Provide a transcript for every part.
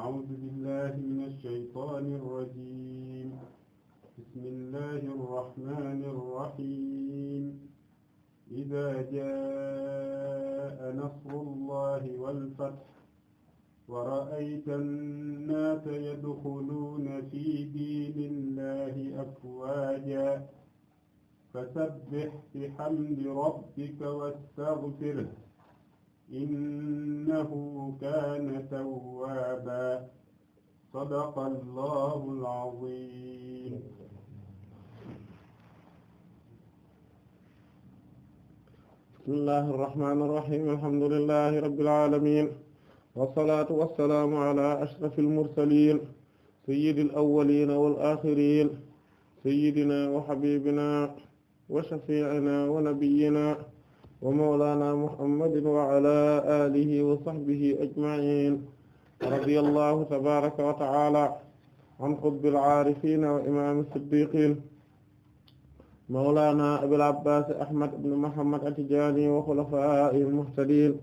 أعوذ بالله من الشيطان الرجيم بسم الله الرحمن الرحيم إذا جاء نصر الله والفتح ورأيت الناس يدخلون في دين الله أفواجا فسبح بحمد ربك واستغفره innahu kaana tawwaaba sadaqa allahu al-aziim bismillahi irrahmani irrahim alhamdulillahi rabbil aalamiin wassalaatu wassalaamu alaa ashrafil mursaliin sayyidil awwaliina wal aaxiriin sayyidinaa wa habiibinaa wa shafii'inaa wa nabiyyinaa wa mawlaana muhammadin wa ala alihi wa sahbihi ajma'in radiyallahu tabaraka wa ta'ala an qutbil aarifin wa imaami siddiqin mawlaana abil abbaas ahmad ibn muhammad at-tijaani wa xulafaa'ihi al-muhtadiin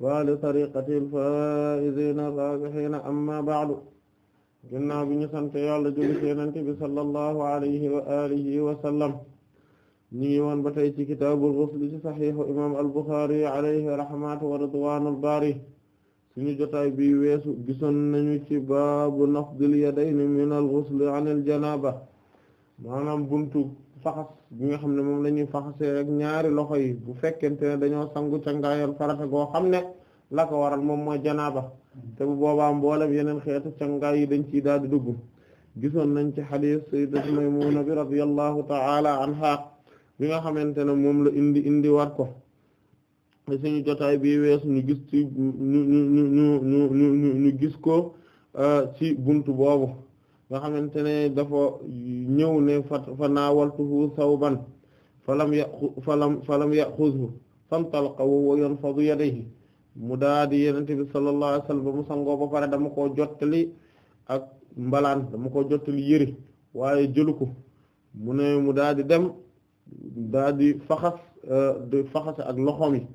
wa ahli tariiqatihi al-faa'iziina ar-raabihiin amma ba'du ginnaaw bi ñu sant Yàlla julli ci Yonent bi sallallahu alayhi wa alihi wa sallam ñu ngi woon ba tey ci kitaabul ghusl ci saxiixu imaam al-Bukhari alayhi rahmatu wa ridwaanul baari suñu jotaay bi weesu gisoon nañu ci baabu nafdil yadayni min al-ghusl an al-janaaba maanaam buntu faxas bi nga xam ne moom lañuy ñuy faxasee rek ñaari loxo yi bu fekkente ne dañoo sangu cangaayal farata goo xam ne la ko waral moom mooy janaaba te bu boobaa mboolem yeneen xeetu cangaay yi dañ ciy daal di dugg gisoon nañ ci xadiis sayyidatu Maymuna bi radiyallahu ta'ala bi nga xamante ne moom la indi indi war ko suñu jotaay bi weesu ñu gis ci gis ko euh, ci bunt boobu nga xamante ne dafa ñëw ne fa fa naawaltuhu sawban falam yaqu falam falam yaxuzu fantalaqa wa huwa yanfadu yadayhi mu daa di yenente bi sallallahu alayhi ba mu sangoo ba pare dama ko jottali ak mbalaan dama ko jottali yëri waaye jëlu ko mu ne mu daa dem daa di faxas euh, de faxase ak loxoom yi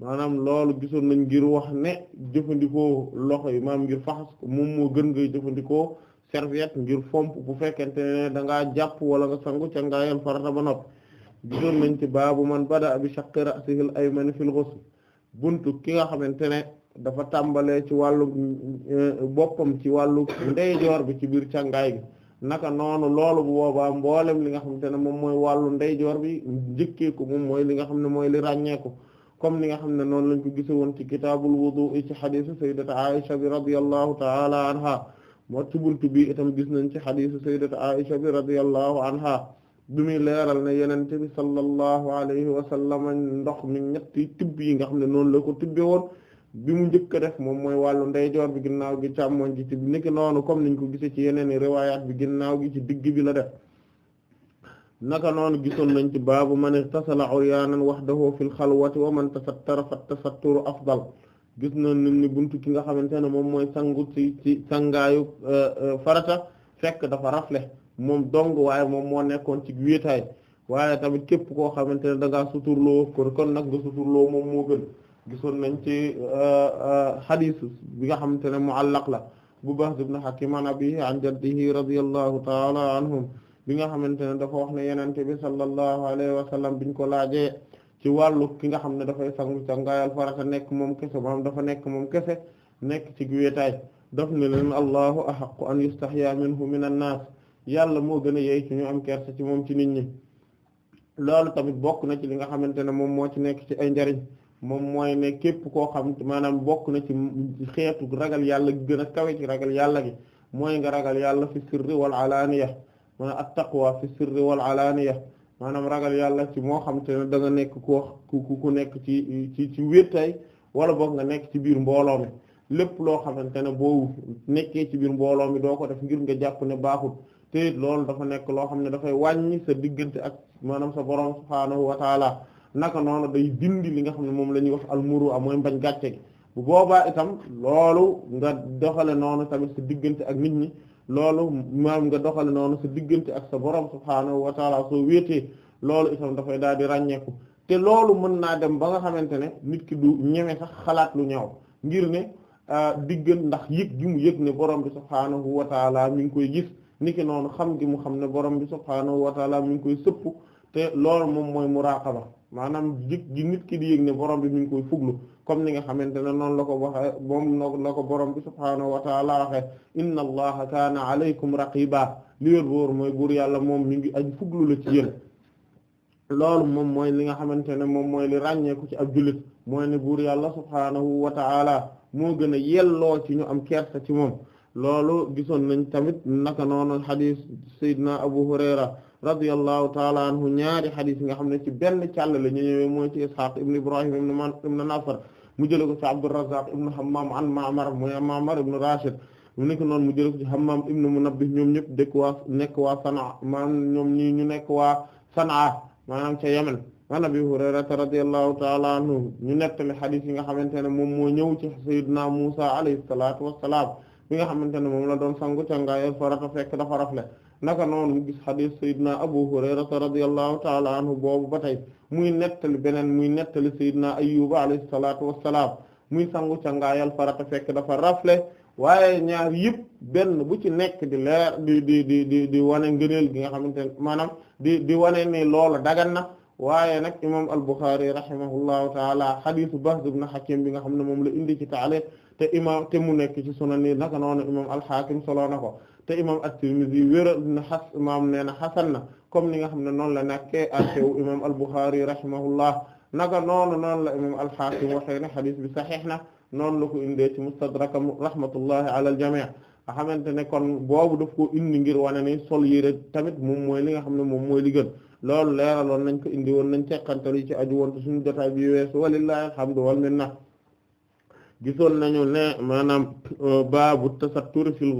maanaam loolu gisoon nañ ngir wax ne jëfandikoo loxo yi maanaam ngir faxas ko moom moo gën ngay jëfandikoo serviette ngir fomp bu fekkente ne da ngaa jàpp wala nga sangu ca ngaayal farata ba nopp gisoon nañ ci baabu man ba bada bi shaqqi ra'sihi ay ayman fil ghusl buntu ki nga xamante ne dafa tàmbalee ci wàllu euh, boppam ci wàllu ndeyjoor bi ci biir càngaay gi naka noonu loolu bu boobaa mboolem li nga xamante ne moom mooy wàllu ndeyjoor bi njëkkee ko moom mooy li nga xam ne mooy li ràññeeku comme li nga xam ne noonu lañ ko gise woon ci kitaabul wudu ci xadiisu sayyidati Aisha bi radiyallahu ta'ala anha moo ci buntu bi itam gis nañ ci xadiisu sayyidati Aisha bi radiyallahu anha bi muy leeral ne yenente bi sallallahu alayhi wa sallam ndox mi ñetti tibb yi nga xam ne noonu la ko tibbe woon bi mu njëkk a def moom mooy wàllu ndeyjoor bi ginnaaw gi càmmoñ gi ci niki noonu comme niñ ko gisee ci yeneen i riwaayaat bi ginnaaw gi ci digg bi la def naka noonu gisoon nañ ci baabu ma man tasala uryaanan wahdahu fil xalwati wa man tasattara fattasaturu afdal gis nañ ni ki nga xamante ne moom mooy sangu ci ci sangaayu euh, euh, farata fekk dafa rafle moom dong waaye moom moo nekkoon ci wéetaay waaye tamit képp koo xamante ne da ngaa suturloo kon kon nag nga suturloo moom moo gën gisoon nañ ci hadith euh, euh, bi nga xamante ne mu'allaq la bu Bahz ibn Hakim an abihi an jaddihi radiyallahu ta'ala anhum bi nga xamante ne dafa wax ne yenente bi sallallahu alayhi wa sallam biñ ko laajee ci wàllu ki nga xam ne dafay sangu sangaayal farata nekk moom kese maanaam dafa nekk moom kese nekk ci guwetaay daf ne leen allahu ahaqqu min an yàlla moo gën a yey ci ñu am kersa ci moom ci nit ñi loolu tamit bokk na ci li nga xamante ne moom moo ci nekk ci ay njariñ moom mooy ne képp koo xam maanaam bokk na ci xeetu ragal yàlla gi gën a kawe ci ragal yàlla gi mooy nga ragal yàlla fi sirri wal alaaniya maanaam at-taqwa fi sirri wal alaaniya maanaam ragal yàlla ci moo xam ne da nga nekk koo ku ku nekk ci ci ci wéetaay wala boog nga nekk ci biir mbooloo mi lépp loo xamante ne boo nekkee ci biir mbooloo mi doo ko def ngir nga jàpp ne baaxul te loolu dafa nekk loo xam ne dafay wàññi sa diggante ak maanaam sa borom subhaanahu wa naka noonu day dindi li nga xam ne moom la ñuy wax almuru a mooy mbañ gàcce gi bu boobaa itam loolu nga doxale noonu tamit sa diggante ak nit ñi loolu maam nga doxale noonu sa diggante ak sa borom subhaanahu wa taala soo wéetee loolu itam dafay daal di ràññeeku te loolu mën naa dem ba nga xamante ne nit ki du ñeme sax xalaat lu ñaaw ngir ne ah, diggan ndax yëg gi mu yëg ne borom bi subhaanahu wa taala mi ngi koy gis niki noonu xam gi mu xam ne borom bi subhaanahu wa mi ngi koy sëpp te loolu moom mooy muraqaba maanaam jik gi nit ki di yëg ne borom bi mi ngi koy fuglu comme ni nga xamante ne noonu la ko waxee moom la ko borom bi subhaanahu wa taala waxee inna allaha kaana alaykum raqiba li wér boor mooy buur yàlla moom mi ngi aji fuglu la ci yéen loolu moom mooy li nga xamante ne moom mooy li ràññeeku ci ab jullit mooy ne buur yàlla subhaanahu wa taala moo gën a yelloo ci ñu am kersa ci moom loolu gisoon nañ tamit naka noonu xadiis sayyidina abu hurayra radiyallahu taala anhu ñaari xadis yi nga xam ne ci benn càll la ñu ñëwee mooy ci Ishaq ibn Ibrahim ibn man mu jëlee ko ci Abdurrazzaq ibn Hammam an Ma'mar mooy Ma'mar ibn Rashid mu nekk noonu mu jëlee ko ci Hammam ibn Munabbih ñoom ñëpp dëkk waa nekk wa Sanaa maanaam ñoom ñii ñu nekk waa Sanaa maanaam ca Yemen an Abi Hurayrata radiyallahu taala anhu ñu nettali xadis yi nga xamante ne moom moo ñëw ci Sayyidina Musa alayhi salaatu wassalaam bi nga xamante ne moom la doon sangu cangaayal farata fekk dafa naka noonu gis xadis sayidna abu hurayrata radiyallahu taala anhu boobu ba tey muy nettali beneen muy nettali sayidna ayyuba alayhi salatu wassalaam muy sangu cangaayal farata fekk dafa rafle waaye ñaar yëpp benn bu ci nekk di leer di di di di wane ngëneel gi nga xamante ne maanaam di di wane ni lool dagan na waaye nag imam al-Bukhari rahimahullahu taala xadisu Bahz ibn Hakim bi nga xam ne moom la indi ci taale te imam te mu nekk ci sunan ni naka noonu imam al-Hakim solo na ko te imam at-Tirmidhi wéral na maam nee na xasan na comme ni nga xam ne noonu la nekkee artew imam al-Bukhari rahimahullah naga noonu noonu la imam al-Hakim waxee ne xadis bi saxiix na noonu la ko indee ci mustadrakam rahmatullahi ala al-jami' nga xamante ne kon boobu daf ko indi ngir wane ni sol yére tamit moom mooy li nga xam ne moom mooy li gën loolu leeraloon nañ ko indi woon nañ teqantal yi ci aju woon te suñu jotaay bi weesu walillahi alhamdu wal minna gisoon nañu ne maanaam euh, baabu tasattur fil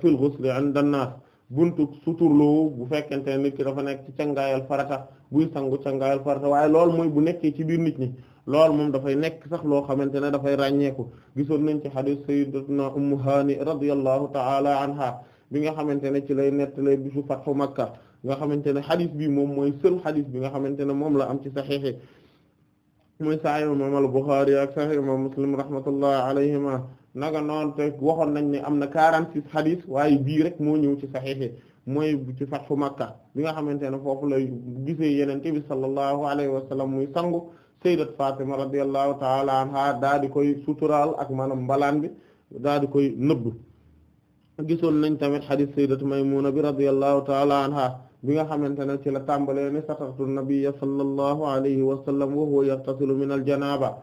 fil ghusl inda an-nas buntu suturlu bu fekkente ne nit ki dafa nekk ci cangaayal farata buy sangu cangaayal farata waaye loolu mooy bu nekkee ci biir nit ñi loolu moom dafay nekk sax loo xamante ne dafay ràññeeku gisoon nañ ci hadith sayyidatuna ummu hani radiyallahu ta'ala anha bi nga xamante ne ci lay nettale bisu fathu makka nga xamante ne hadith bi moom mooy seul hadith bi nga xamante ne moom la am ci saxiix muy sahih imam al-Bukhari ak sahih imam Muslim rahmatullah alayhima naga noon te waxoon nañ ne am na quarante-six waaye bii rek moo ñëw ci sahih yi mooy ci fathu Makka bi nga xamante ne foofu lay gisee yeneen bi sallallahu alayhi wa sallam muy sangu sayyidat Fatima radiyallahu ta'ala anha daa di koy suturaal ak maanaam mbalaan bi daa di koy nëbb gisoon nañ tamit xadis sayyidatu Maymuna bi radiyallahu ta'ala anha bi nga xamante ne ci la tàmbalee ne satartu nabiyya sallallahu alayhi wa sallam wa huwa yartasilu min al janaba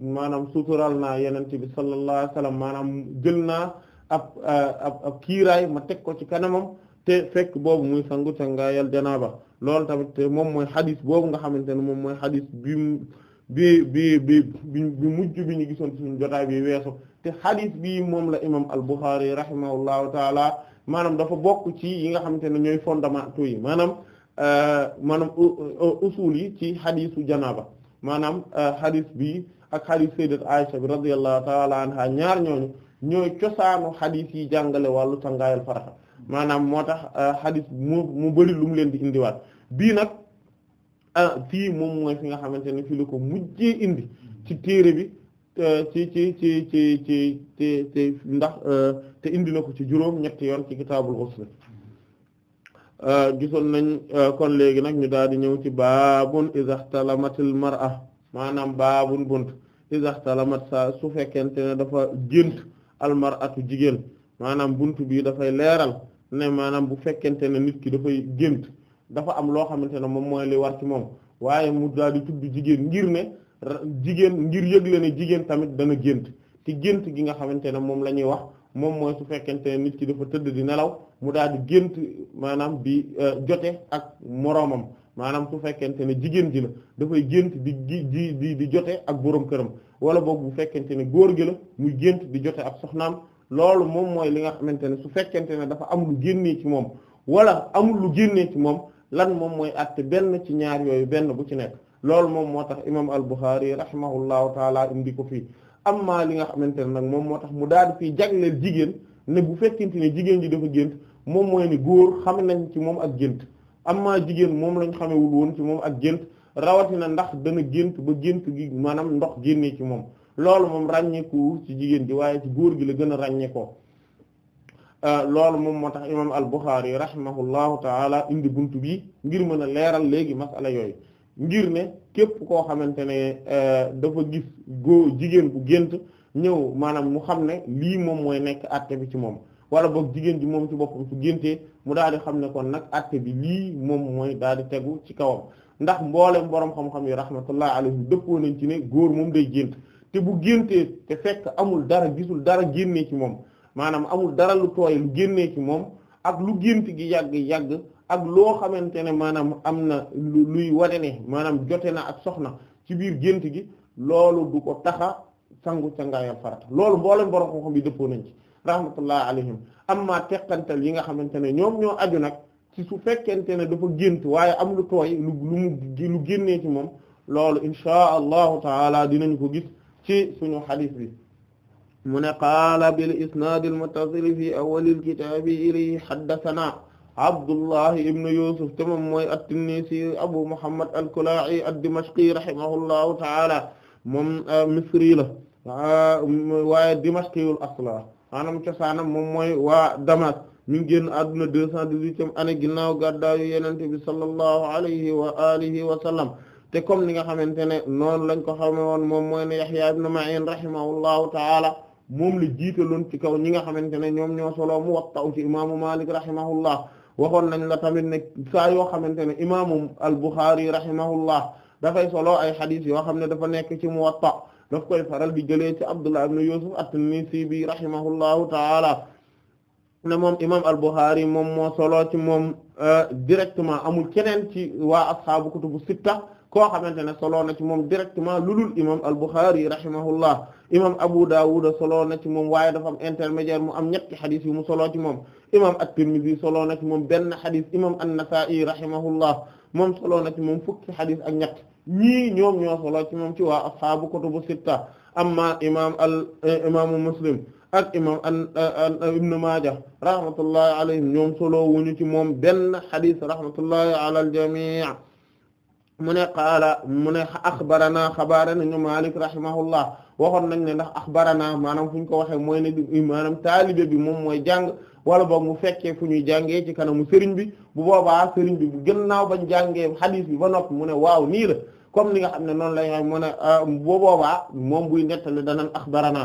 maanaam sutural naa yenente bi sallallahu alayhi wa sallam maanaam jël naa ab eh, ab ab kiiraay ma teg ko ci kanamam te fekk boobu muy sangu sangaayal janaaba loolu tamit te moom mooy xadis boobu nga xamante ne moom mooy xadis bi bi bi bi bi mujj bi ñu gisoon ci suñu bi weesu te xadis bi moom la imam al-Bukhari rahimahullahu taala maanaam dafa bokk ci yi nga xamante ne ñooy fondamentaux yi maanaam euh, maanaam euh, euh, usul yi ci xadisu janaaba maanaam xadis bi ak xadis sayyidat Aisha bi radiyallahu taala anha ñaar ñooñu ñooy cosaanu xadis yi jàngale wàllu tàngaayal faraxa maanaam moo tax xadis mu mu bëri leen di indiwaat bii nag Ah, fii moom mooy fi nga xamante ne fi la ko indi ci téere bi ci ci ci ci ci ci ndax eh, te indi na ko ci juróom ñetti yoon ci kitaabul usul eh, gisoon nañ eh, kon léegi nag ñu daal di ñëw ci baabun izaxtalamatil mar'a maanaam baabun bunt izaxtalamat saa su fekkente ne dafa gént almar'atu jigéen maanaam bunt bi dafay leeral ne maanaam bu fekkente ne nit ki dafay gént dafa am loo xamante ne moom mooy li war ci moom waaye mu daal di tudd jigéen ngir ne jigéen ngir yëgle ne jigéen tamit dana gént te gént gi nga xamante ne moom la ñuy wax moom mooy su fekkente ne nit ki dafa tëdd di nelaw mu daal di gént maanaam di euh, jote ak moroomam maanaam su fekkente ne jigéen ji la dafay gént di di di di jote ak boroom këram wala boog bu fekkente ne góor gi la muy gént di jote ak soxnaam loolu moom mooy li nga xamante ne su fekkente ne dafa am lu génnee ci moom wala amul lu génnee ci moom lan moom mooy àtte benn ci ñaar yooyu benn bu ci nekk loolu moom moo tax imam al-Bukhari rahimahullahu taala indi ko fii am maa li nga xamante ne nag moom moo tax mu daal fii jagleel jigéen ne bu fekkente ne jigéen ji dafa gént moom mooy ne góor xam nañ ci moom ak gént amma jigéen moom lañ xamewul woon ci moom ak gént rawatina ndax dana gént ba gént gi maanaam ndox génnee ci moom loolu moom ràññeeku ci jigéen ji waaye ci góor gi la gën a ràññeekoo Euh, loolu moom moo tax imam al-Bukhari rahimahullahu taala indi bunt bi ngir mën a leeral léegi masala yooyu ngir ne képp koo xamante ne euh, dafa gis góor jigéen bu gént ñëw maanaam mu xam ne lii moom mooy nekk àtte bi ci moom wala boog jigéen ji moom ci boppam su géntee mu daal di xam ne kon nag àtte bi lii moom mooy daal di tegu ci kawam ndax mboolem boroom xam-xam yi rahmatullah alayhim dëppoo nañ ci ne góor moom day gént te bu géntee te fekk amul dara gisul dara génnee ci moom maanaam amul dara lu tooy lu génnee ci moom ak lu gént gi yàgg yàgg ak loo xamante ne maanaam am na luy wane ne maanaam jote na ak soxna ci biir gént gi loolu du ko taxa sangu cangaayal farata loolu mboolem borom xam-xam yi dëppoo nañ ci rahmatullah alayhim amma teqantal yi nga xamante ne ñoom ñoo aju nag ci su fekkente ne dafa gént waaye am lu tooy lu mu génnee ci moom loolu insha allahu taala dinañ ko gis ci suñu xadiis bi mu ne qaala bil isnaad al muttasil fi awwal al kitaab ilayhi haddasanaa Abdullahi Ibn Yusuf te moom mooy at-Tinnisi Abu Muhammad al-Kalaa'i ad-Dimashqi rahimahullahu ta'ala moom euh, Misri la waaye Dimashqiyul asl la maanaam cosaanam moom mooy waa Damas mi ngi génn àdduna deux cent dix-huitième année ginnaaw gàddaayu Yonent bi sallallahu alayhi wa alihi wa sallam te comme ni nga xamante ne noonu lañ ko xamee woon moom mooy ne Yahya ibn Ma'in rahimahullahu ta'ala moom la loon ci kaw ñi nga xamante ne ñoom ñoo solo Muwatta ci imaamu Malik rahimahullah waxoon nañ la tamit ne saa yoo xamante ne imaamu al-Bukhari rahimahullah dafay solo ay xadis yoo xam ne dafa nekk ci Muwatta daf koy faral di jëlee ci Abdullah ibn Yusuf at-Tinnisi bi rahimahullahu taala ne moom imam al-Bukhari moom moo solo ci moom euh, directement amul keneen ci waa ashaabu kutubu sitta koo xamante ne soloo na ci moom directement lulul imam al-Bukhari rahimahullah imam Abu Dawud soloo na ci moom waaye dafa am intermédiaire mu am ñetti xadis yu mu soloo ci moom imam at-Tirmidhi soloo na ci moom benn xadis imam an-Nasa'i rahimahullah moom soloo na ci moom fukki xadis ak ñett ñii ñoom ñoo soloo ci moom ci waa ashaabu kutubu sitta amma imam al imaamu Muslim ak imam ibnu Maaja rahmatullahi alayhim ñoom solo wuñu ci moom benn xadis rahmatullahi ala al-jami' mu ne qaala mu ne axbarana xabaara nañu Maalik rahimahullah waxoon nañ ne ndax axbarana maanaam fu ñu ko waxee mooy ne maanaam taalibe bi moom mooy jàng wala boog mu fekkee fu ñuy jàngee ci mu sëriñ bi bu boobaa sëriñ bi bu gannaaw bañ jàngee xadiis bi ba noppi mu ne waaw nii la comme li nga xam ne noonu lay wax mu ne ah, bu boobaa moom buy nettali danañ axbarana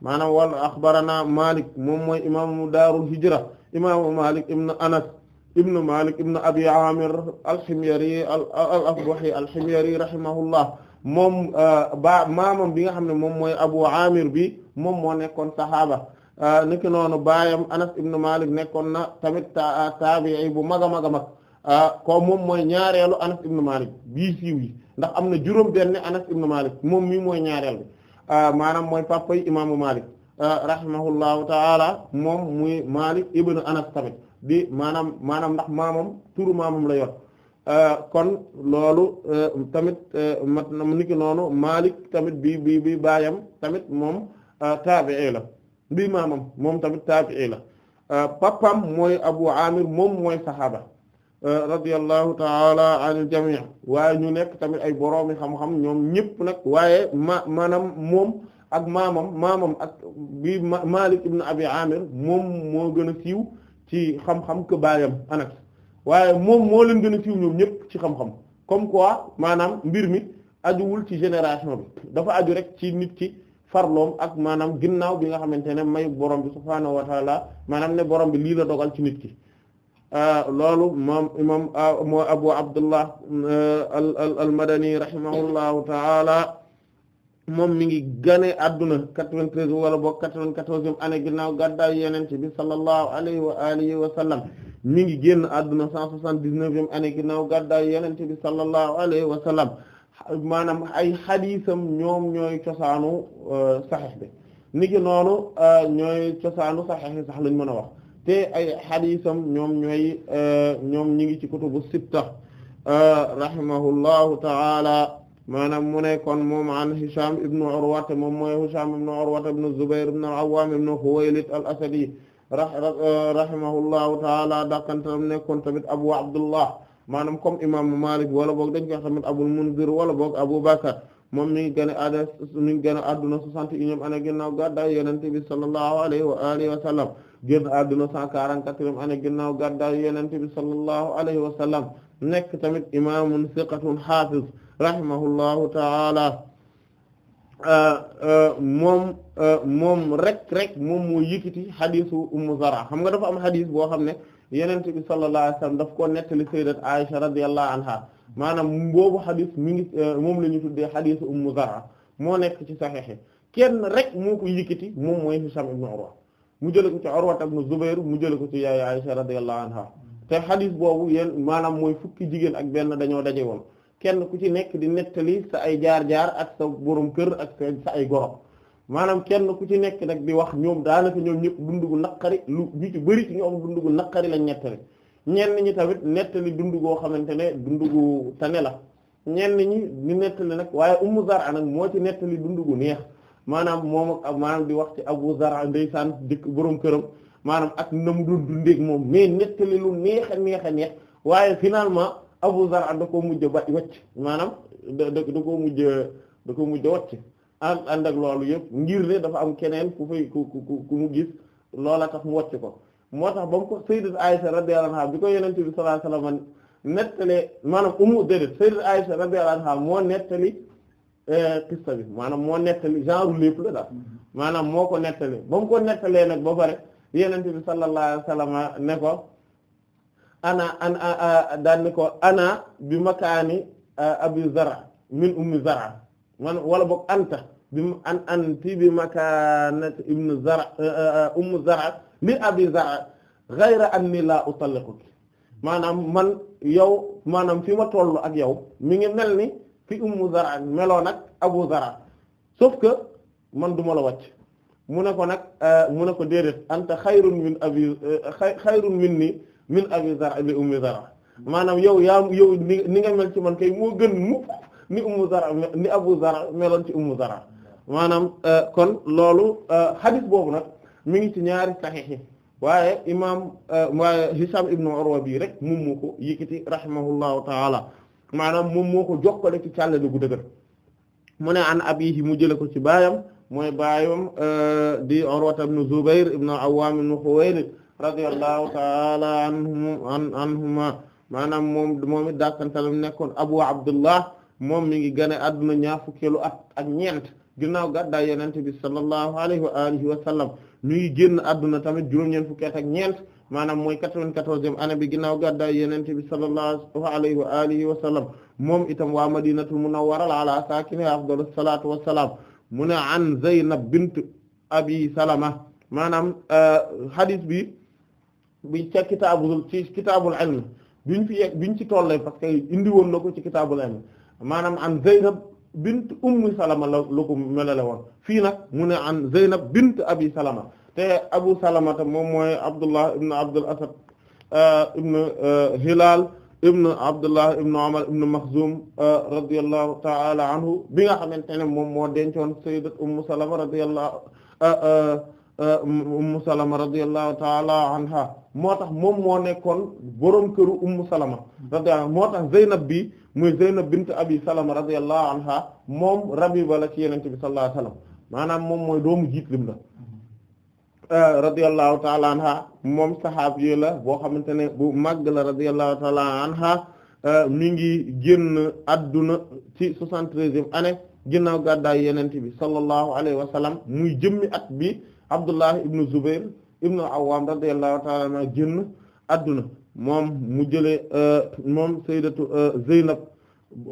maanaam wala axbarana Maalik moom mooy imaamu daarul hijra imaamu Maalik ibn Anas ibnu Malik ibnu Abi Amir al-Himyari al-Asbahi rahimahullah moom euh, ba maamam bi nga xam ne moom mooy Abu Amir bi moom moo nekkoon saxaaba euh, niki noonu baayam Anas ibnu Malik nekkoon na tamit euh, taabi'i bu mag a mag a mag ko moom mooy ñaareelu Anas ibnu Malik bii siiw yi ndax am na juróom benn Anas ibnu Malik moom mii mooy ñaareel bi maanaam mooy papa yi imaamu Malik rahimahullahu ta'ala moom muy Malik ibnu Anas tamit di maanaam maanaam ndax maamam turu maamam la yor euh, kon loolu euh, tamit euh, mat na niki noonu Malik tamit bi bi bi baayam tamit moom taabi'i la bi maamam moom tamit taabi'i la papam mooy Abu Amir moom mooy saxaaba radiyallahu taala anil jamii waaye ñu nekk tamit ay boroomi xam-xam ñoom ñëpp nag waaye ma maanaam moom ak maamam maamam ak bi Malik ibn Abi Amir moom moo gën a siiw ci xam-xam que baayam waaye moom moo leen gën a siiw ñoom ñëpp ci xam-xam comme quoi maanaam mbir mi ajuwul ci génération bi dafa aju rek ci nit ki farloom ak maanaam ginnaaw bi nga xamante ne may borom bi subhaanahu wa taala maanaam ne borom bi lii la dogal ci nit ki ah, loolu moom ah, moo Abu Abdullah ah, al al al madani rahimahullahu taala moom mi ngi gane adduna 93 wala boog 94e année ginnaaw gàddaay yonent bi sallallahu alayhi wa alihi wa sallam mi ngi génn adduna 179e année ginnaaw gàddaay yonent bi sallallahu alayhi wa sallam maanaam ay xadiisam ñoom ñooy cosaanu euh, saxiix bi nigi noonu euh, ñooy cosaanu saxiix yi sax lañ mën a wax te ay xadiisam ñoom ñooy euh, ñoom ñi ngi ci kutubu sitta rahimahullahu ta'ala maanaam mu ne kon moom an Hisham ibnu Urwata moom mooy Hisham ibnu Urwata ibnu Zubair ibnu al-Awwam ibnu Khuwaylid al-Asadi eh, rahimahullahu taala dakantaram nekkoon tamit Abu Abdullah maanaam comme imaamu Malik wala boog dañ koy tamit Abul Munzir wala boog Abu Bakr moom mi ngi gën a adduna mi ngi gën a adduna soixante et unième année ginnaaw gàddaay Yonent bi sallallahu alayhi wa alihi wa sallam génn adduna cent quarante-quatrième année ginnaaw gàddaay Yonent bi sallallahu alayhi wa sallam nekk tamit imaamun siqatun hafiz rahimahullahu taala euh, euh, moom euh, moom rek rek moom moo yëkkati xadisu ummu zara xam nga dafa am xadis boo xam ne yeneen bi sallallahu alayhi wasallam daf koo nettali sayyidat Aisha radiyallahu anha maanaam boobu xadis mi ngi moom la ñu tuddee xadisu ummu moo nekk ci saxiix kenn rek moo ko yëkkati moom mooy Hisham ibn Urwa mu jële ko ci Urwa ibn Zubayr mu jële ko ci yaay Aisha radiyallahu anha te xadis boobu yéen maanaam mooy fukki jigéen ak benn dañoo daje woon kenn ku ci nekk di nettali sa ay jaar-jaar ak sa borom kër ak sa ay goro maanaam kenn ku ci nekk nag di wax ñoom daanaka ñoom ñëpp dundu gu naqari lu ñu bëri ci ñoom dundu gu naqari lañ nettali ñenn ñi tamit nettali dundu goo xamante ne dundu gu tane la ñenn ñi di nettali nag waaye Ummu Zar'a nag moo ci nettali dundu gu neex maanaam moom ak maanaam di wax ci Abu Zar'a ndeysaan dikk borom këram maanaam ak nam doon moom mais nettali lu neex a neex a neex waaye finalement. Abu Zar'a a koo mujj ba wacc maanaam da da da koo mujj da koo mujj wacc a ànd ak loolu yëpp ngir ne dafa am keneen ku fay ku ku ku mu gis loola tax mu wacc ko moo tax ba ko sayyidat Aisha radiyallahu anha bi ko Yonent bi sallallahu alayhi wasallam maanaam umu déedéet sayyidat Aisha moo nettali euh, qissa maanaam moo nettali genre lépp la maanaam moo ko nettali ba ko nettalee nag ba pare Yonent bi sallallahu alayhi wasallam ne ko. ana ana daan ni ko ana bi makaani abi zara min ummi zara man wala boog anta bi an anti bi makaanati ibn zara ummu zara mi abi zara ghayra anni la utalliquk maanaam man yow maanaam fi ma toll ak yow mi ngi mel ni fi ummu zara meloo nag abu zara sauf que man duma la wàcc mu ne ko nag mu ne ko déedéet anta xayrun min abi xayrun minni min abi zar li ummi zar maanaam yow yaa yow ni nga mel ci man kay moo gën mu ni ummu zar ni abu zar meloon ci ummu zar maanaam euh, kon loolu euh, hadith boobu nag mi ngi ci ñaari sahih waaye imaam euh, waaye Hisham ibnu Urwa bii rek moom moo ko yëkkati rahimahullahu taala maanaam moom moo ko jokkale ci càllale gu dëgër mu ne an abiihi mu jële ko ci baayam mooy baayam di Urwa ibnu Zubayr ibnu Awwaam ibnu Xuwaylid radiyallahu taala anhum an anhuma maanaam moom moom it daakantalam nekkoon Abu Abdullah moom mi ngi gane adduna ñaar fukkeelu at ak ñeent ginnaaw gàddaa yenente bi sallallahu alayhi wa alihi wa sallam mi ngi génn adduna tamit juróom-ñeent fukki at ak ñeent maanaam mooy quatre-vingt-quatorzième année bi ginnaaw gàddaa yenente bi sallallahu alayhi wa alihi wa sallam moom itam waa madinatul munawwara ala saakinihaa afdalu salaatu wa salaam mu ne an Zaynab bint Abi Salama maanaam euh, hadith bi bi ca kitaabul ci kitaabul ilm biñ fi yegg biñ ci tollee parce que indi woon na ko ci kitaabul ilm maanaam an Zaynab bint ummi salama la la ko melale woon fii nag mu ne an Zaynab bint abi salama te abu salama te moom mooy Abdullah ibn Abdul Asad euh, ibn euh, Hilal ibn Abdullah ibn Umar ibn Makhzum euh, radiyallahu ta'ala anhu bi nga xamante ne moom moo dencoon sayyidat ummu salama radiyallahu ummu salama radiyallahu ta'ala anha moo tax moom moo nekkoon boroom këru ummu salama radiyallahu moo tax Zeynab bi muy Zeynab bint abi salama radiyallahu anha moom rabiba la ci yenente bi sallallahu alayhi wasallam maanaam moom mooy doomu jiitlim la euh, radiyallahu taala moom sahaab yi la boo xamante ne bu màgg la radiyallahu taala anha euh, mi ngi génn adduna ci soixante-treizième année ginnaaw gàddaay yenente bi sallallahu alayhi wasallam muy jëmmi at bi Abdullah ibn Zubair ibnu al-Awwam ta'ala anha adduna moom mu jëlee euh, moom sayyidatu euh, Zeynab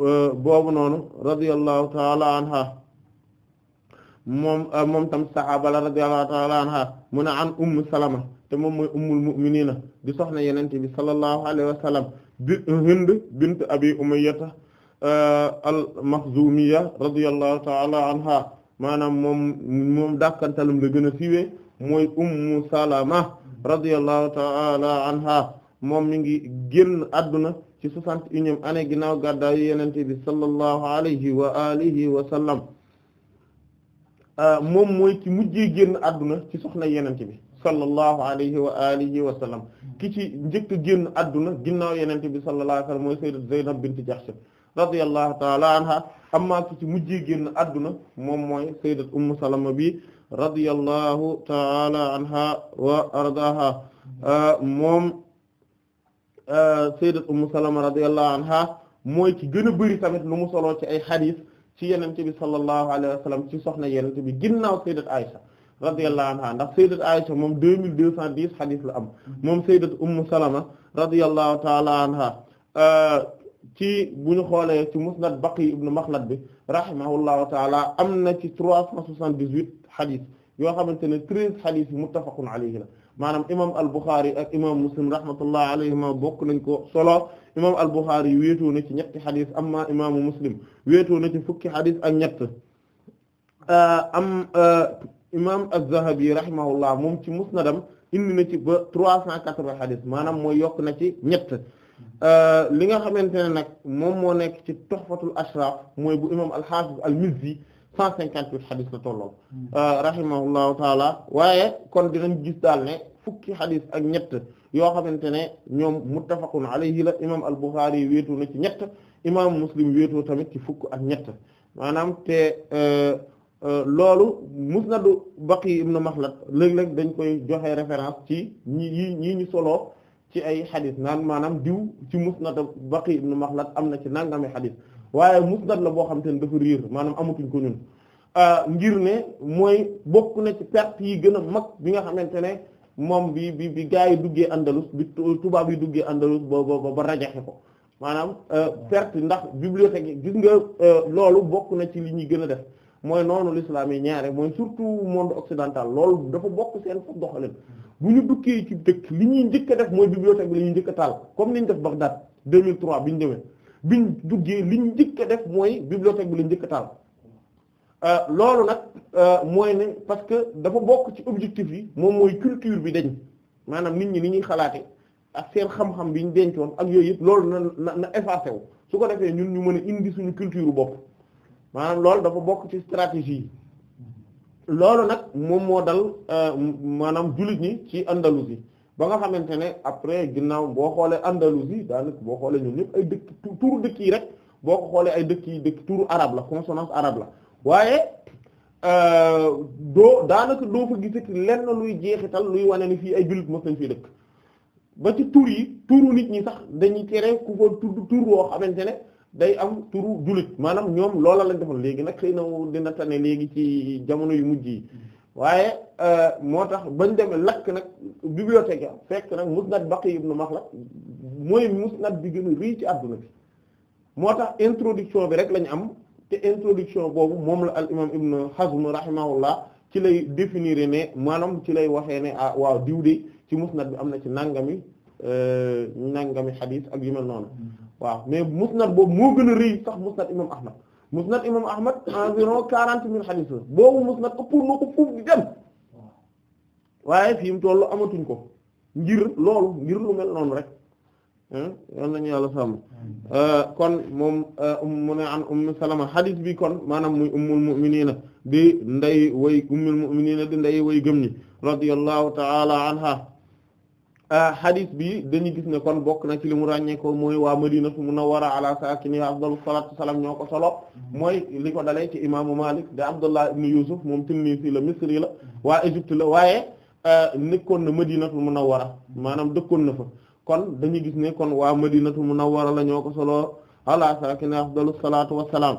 euh, boobu noonu radiyallahu ta'ala anha moom moom tam saxaaba la radiyallahu ta'ala anha mu an ummu salama te moom mooy ummul mu'minina di soxna yenente bi sallallahu alayhi wa sallam Hind bint abi umayyata al makhzumiyya radiyallahu ta'ala anha maanaam moom moom dàkkantalam la gën a siiwee moy ummu salama radiyallahu ta'ala anha moom mi ngi génn adduna ci soixante et unième année ginnaaw gàddaayu yenente bi sallallahu alayhi wa alihi wa ah, moom mooy ci mujjee génn adduna ci soxna yenente bi sallallahu alayhi wa alihi wa sallam ki ci njëkk génn adduna ginnaaw yenente bi sallallahu alayhi wa sallam mooy sayyidat Zaynab bint Jahsh radiyallahu ta'ala anha amma ki ci mujjee génn adduna moom mooy sayyidat Ummu Salama bi radiyallahu taala anha wa ardaha hmm. euh, moom euh, sayyidat ummu salama radiyallahu anha mooy ci gën a bëri tamit lu mu soloo ci ay xadis ci yenente bi sallallahu alayhi wa sallam ci soxna yenente bi ginnaaw sayyidat Aisha radiyallahu anha ndax sayyidat Aisha moom deux mille deux cent dix xadis la am hmm. moom sayyidat ummu salama radiyallahu taala anha euh, ci bu ñu xoolee ci musnad Baqi ibn Makhlad bi rahimahullahu taala am na ci trois cent soixante-dix-huit xadis yoo xamante ne treize xadis yi muttafaqun alayhi la maanaam imam al-Bukhari ak imam Muslim rahmatullah alayhima bokk nañ ko solo imam al-Bukhari y wéetoo na ci ñetti xadis amma imaamu Muslim wéetoo na ci fukki xadis ak ñett uh, am uh, imam az-Zahabi rahimahullah moom ci musnadam indi na ci ba trois cent quatre-vingts xadis maanaam mooy yokk na ci ñett uh, li nga xamante ne nag moom moo nekk ci Tuhfatul Ashraf mooy bu imam al-Hafiz al-Mizzi cent cinquante-huit xadis la tollool hmm. euh, rahimahullahu taala waaye kon dinañ gis daal ne fukki xadis ak ñett yoo xamante ne ñoom muttafaqun alayhi la imam al-Bukhari y wéetoo na ci ñett imam Muslim wéetoo tamit ci fukk ak ñett maanaam te euh, euh, loolu musnadu Baqi ibn Makhlad léeg-léeg dañ koy joxe référence ci ñi ñi ñii ñu ci ay xadis naan maanaam diw ci musnadu Baqi ibn Makhlad am na ci nangame xadis waaye musnad la boo xam te ne dafa riir maanaam amatuñ ko ñun euh, ngir ne mooy bokk na ci perte yi gën a mag bi nga xamante ne moom bi bi bi gaa yi duggee Andalus bi tubaab yi duggee Andalus ba ba ba rajaxe ko maanaam euh, perte ndax bibliothèque yi gis nga euh, loolu bokk na ci li ñuy gën a def mooy noonu l'islam yi ñaare mooy surtout monde occidental loolu dafa bokk seen foofu doxalin bu ñu dukkee ci dëkk li ñuy njëkk a def mooy bibliothèque bi la ñuy njëkk a taal comme ni ñu def Bagdad 2003 bi ñu demee. biñ duggee liñ njëkk a def mooy bibliothèque bi lañ njëkk a taal euh, loolu nag euh, mooy ne parce que dafa bokk ci objectif yi moom mooy culture bi dañ maanaam nit ñi ni ñuy xalaate ak seen xam-xam bi ñu dencoon ak yooyu yëpp loolu na na na effacé wu su ko defee ñun ñu mën a indi suñu culture bopp maanaam loolu dafa bokk ci stratégie yi loolu nag moom moo dal euh, maanaam jullit ñi ci Andalousie ba nga xamante ne après ginnaaw boo xoolee Andalousie daanaka boo xoolee ñun ñëpp ay dëkk turu dëkk yi rek boo ko xoolee ay dëkk yi dëkk turu arab la consonance arab la waaye euh, doo daanaka doo fa gisati lenn luy jeexital luy wane ni fii ay jullit mos nañ fii dëkk ba ci tur yi turu nit ñi sax dañuy tere ku fa tudd tur woo xamante ne day am turu jullit maanaam ñoom loola lañ defal léegi nag xëy na dina tane léegi ci jamono yu mujj yi. Mm-hmm. waaye euh, moo tax bañ demee lakk nag bibliothèque ya fekk nag musnad Baqi ibn Makhlad mooy musnad bi gën a rëy ci àdduna bi moo tax introduction bi rek lañu am te introduction boobu moom la al imam ibn Hazm rahimahullah ci lay définir ne maanaam ci lay waxee ne ah waaw diw de ci musnad bi am na ci nangami euh, nangami xadiis ak yu mel noonu mm-hmm. waaw mais musnad boobu moo gën a rëy sax musnad imam Ahmad musnad imam ahmad environ quarante mille xadis la boobu musnad ëppul na ko fuuf di dem waaye fi mu amatuñ ko ngir loolu ngir lu mel noonu rek yoon nañu yàlla euh, kon moom euh, um, mu ne an ummu salama xadis bi kon maanaam muy ummul mu'minina di nday way di nday way gëm ñi radiyallahu ta'ala anha Euh, hadith bi dañu gis ne kon bokk na ci li mu ràññee ko mooy waa Madinatu Munawwara ala saakini afdalu salaatu salaam ñoo ko solo mhm. mooy li ko dalee ci imaamu Malik de Abdullah ibn Yusuf moom Tinnisi la Misri la mhm. waa Égypte la waaye euh, nekkoon na Madinatu Munawwara mhm. maanaam dëkkoon na fa kon dañu gis ne kon waa Madinatu Munawwara la ñoo ko solo ala saakini afdalu salaatu wa salaam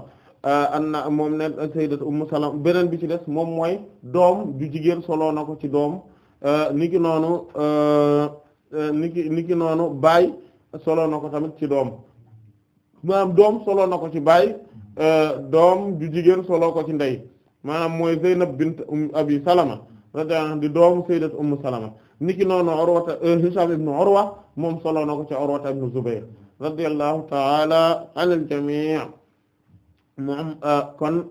euh, anna moom ne Sayyidatu Ummu Salama beneen bi ci des moom mooy doom ju jigéen solo na ko ci doom. Euh, niki noonu euh, euh, niki niki noonu baay solo na ko tamit ci doom maanaam doom solo na ko ci baay doom ju jigéen solo ko ci ndey maanaam mooy Zeynab bint um Abi Salama radiyallahu anha di doomu sayyidat Umm Salama niki noonu Urwata Hisham ibn Urwa moom solo na ko ci Urwata ibn Zubayr radiyallahu ta'ala anil jami' moom kon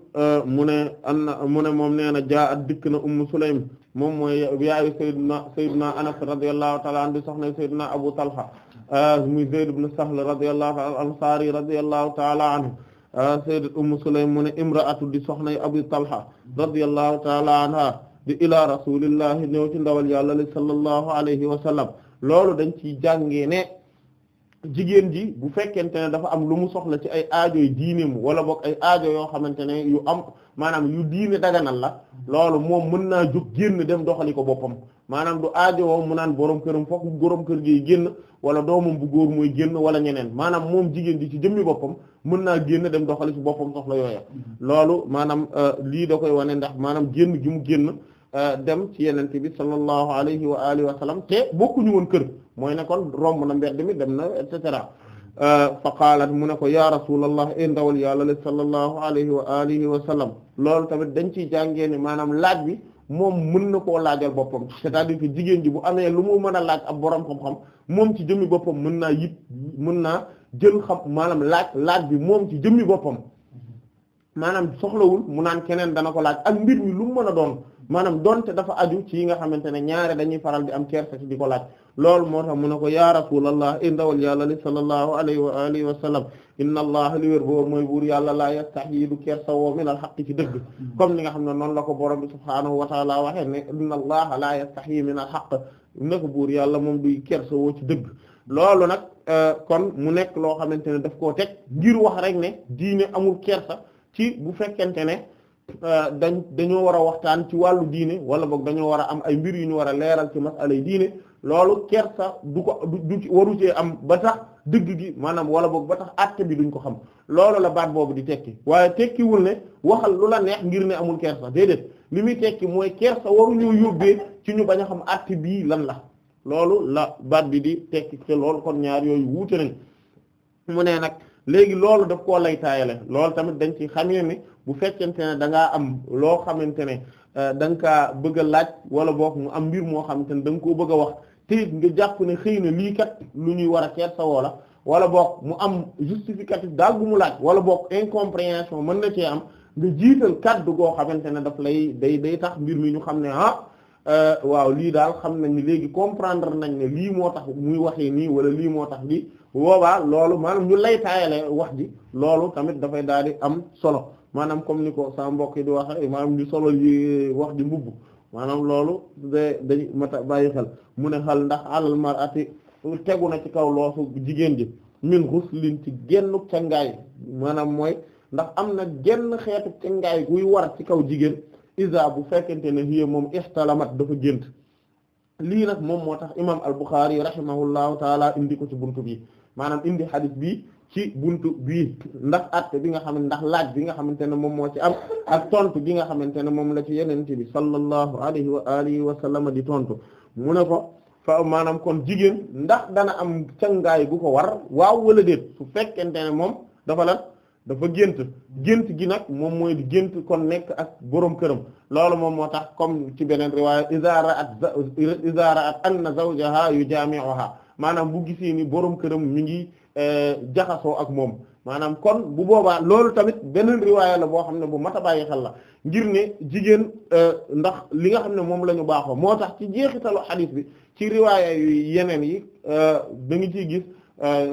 mu ne an mu ne moom nee na jaa dikk na Umm Sulaym moom mooy yaayu sayyidina sayyidina anas radiyallahu ta'ala anhu soxna sayyidina abu talha ah, muy zayd ibn sahl radiyallahu ta'ala al-ansari radiyallahu ta'ala anhu ah, sayyidat ummu sulaym mu ne imra'atu di soxna abu talha radiyallahu ta'ala anha di ila rasulillahi ñëw ci ndawal yàlla li sallallahu alayhi wa loolu dañ ci jàngee jigéen ji bu fekkente ne dafa am lu mu soxla ci ay aajoy diineem wala boog ay aajo yoo xamante ne yu am maanaam yu diine daganal la loolu moom mën naa jóg génn dem doxali ko boppam maanaam du aajowoo mu naan borom këram fokk borom kër gi génn wala doomam bu góor mooy génn wala ñeneen maanaam moom jigéen ji ci jëmmi boppam mën naa génn dem doxali ci boppam soxla yooya mm-hmm. loolu maanaam euh, lii da koy wane ndax maanaam génn gi mu génn Euh, dem ci yenente bi sallallahu alayhi wa alihi wa sallam te ñu woon kër mooy ne kon romb na mbedd mi dem na et cetera euh, fa qaalat mu ne ko ya rasulallah e ndawal yàlla la sallallahu alayhi wa alihi wa sallam loolu tamit dañ ciy jàngee ne maanaam laaj bi moom mën na koo laajal boppam c'est-à-dire que jigéen ji bu amee lu mu mën a laaj ab borom xam-xam moom ci jëmmi boppam mën naa yit mën naa jël xam maanaam laaj laaj bi moom ci jëmmi boppam maanaam soxlawul mu naan keneen dana ko laaj ak mbir lu mu mën a doon maanaam donte dafa aju ci yi nga xamante ne ñaare dañuy faral di am kersa ci di ko laaj loolu moo tax mu ne ko ya rasulallah i ndawal yàlla li sallallahu alayhi wa alihi wa sallam inna allah li wér boobu mooy buur yàlla laa yastahi du kersa woo min al xaq ci dëgg comme ni nga xam ne noonu la ko borom bi subhaanahu wa taala waxee ne inna allah laa yastahi min al xaq na ko buur yàlla moom duy kersa woo ci dëgg loolu nag euh, kon mu nekk loo xamante ne daf koo teg ngir wax rek ne diine amul kersa ci bu fekkente ne Euh, dañ dañoo war a waxtaan ci wàllu diine wala boog dañoo war a am ay mbir yu ñu war a leeral ci masalay diine loolu kersa du ko du ci waru cee am ba tax dëgg gi maanaam wala boog ba tax àtte bi duñ ko xam loolu la baat boobu di tekki waaye tekkiwul ne waxal lu la neex ngir ne amul kersa déedéet li muy tekki mooy kersa waruñoo yóbbee ci ñu bañ a xam bii lan la loolu la baat bi di tekki te loolu kon ñaar yooyu wuute nañ mu ne nag. léegi loolu daf koo lay taayale loolu tamit dañ ci xamee ni bu fekkente ne da ngaa am loo xamante ne euh, da nga bëgg laaj wala boog mu am mbir moo xamante ne da nga bëgg a wax te nga jàpp ne xëy na lii kat lu ñuy war a seet sa woo wala boog mu am justificatif daal bu mu laaj wala bokk incompréhension mën na cee am nga jiital kaddu goo xamante ne daf lay day day tax mbir mi ñu xam ne ah euh, waaw lii daal xam nañ léegi comprendre nañ ne lii moo tax muy waxee nii wala lii moo tax lii boobaa loolu maanaam ñu lay taayale wax ji loolu tamit dafay daal di am solo maanaam comme ni ko sa mbokk yi di wax maanaam ñu solo yi wax ji mbubb maanaam loolu de dañ mata bàyyi xel mu ne xal ndax alal mar'ati tegu na ci kaw loosu jigéen ji min ghuslin ci gennu cangaay maanaam mooy ndax am na genn xeetu cangaay guy war ci kaw jigéen isa bu fekkente ne hiya moom ixtalamat dafa gént lii nag moom moo tax imam al Bukhari rahimahullahu taala indi ko ci buntu bi maanaam indi xadis bii ci buntu bii ndax atte bi nga xam ndax laaj bi nga xamante ne moom moo ci am ak tontu bi nga xamante ne moom la ci yenente bi sallallahu alayhi wa alihi wa sallam di tontu mu ne ko fa maanaam kon jigéen ndax dana am cangaay gu ko war waaw wala déet su fekkente ne moom dafa lan dafa gént gént gi nag moom mooy di gént kon nekk ak borom këram loolu moom moo tax comme ci beneen riwaaya iza ra'at iza ra'at anna zawjaha yujami'uha maanaam bu gisee nii borom këram mi ngi eh, jaxasoo ak moom maanaam kon bu boobaa loolu tamit beneen riwaaya la boo xam ne bu mat a bàyyi xel la ngir ne jigéen eh, ndax li nga xam ne moom la ñu baaxoo moo tax ci jeexitalu xadiis bi ci riwaaya yu yeneen yi eh, da nga ciy gis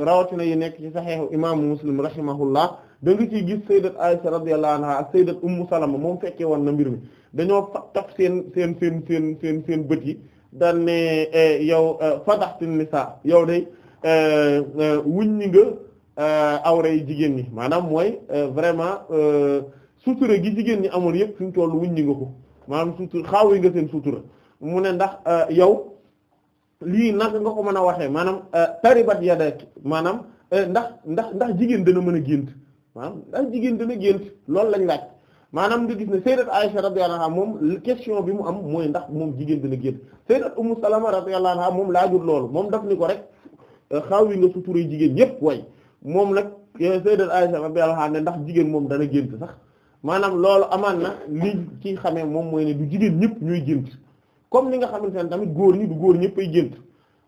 rawatina yi nekk ci saxeexu imaamu muslim rahimahullah da nga ciy gis sayyidat Aisha radiyallahu anha ak sayyidat ummu salama moom fekkee woon na mbir mi dañoo fa taf seen seen seen seen seen seen bët yi daan ne eh, yow eh, fadaxti nisaa yow de eh, wuññi nga awra yi jigéen ñi maanaam mooy vraiment sutura gi jigéen ñi amoon yëpp fi mu wuñ ni nga ko maanaam sutura xaawi nga seen sutura mu ne ndax yow lii naka nga ko mën a waxee maanaam taribat yadak maanaam ndax ndax ndax jigéen dana mën a gént maanaam ndax jigéen dana gént loolu lañ laaj maanaam nga gis ne sayyidat Aisha radiyallahu anha moom question bi mu am mooy ndax moom jigéen dina génn sayyidat Ummu Salama radiyallahu anha moom laajul loolu moom daf ni ko rek euh, xaw yi nga suturé jigéen yépp way moom nag euh, sayyidat Aisha radiyallahu anha ndax jigéen moom dana gént sax maanaam loolu amaan na li ci xamee moom mooy ne du ñëpp ñooy gént comme ni nga xamante ne tamit góor ñi du góor ñëpp ay gént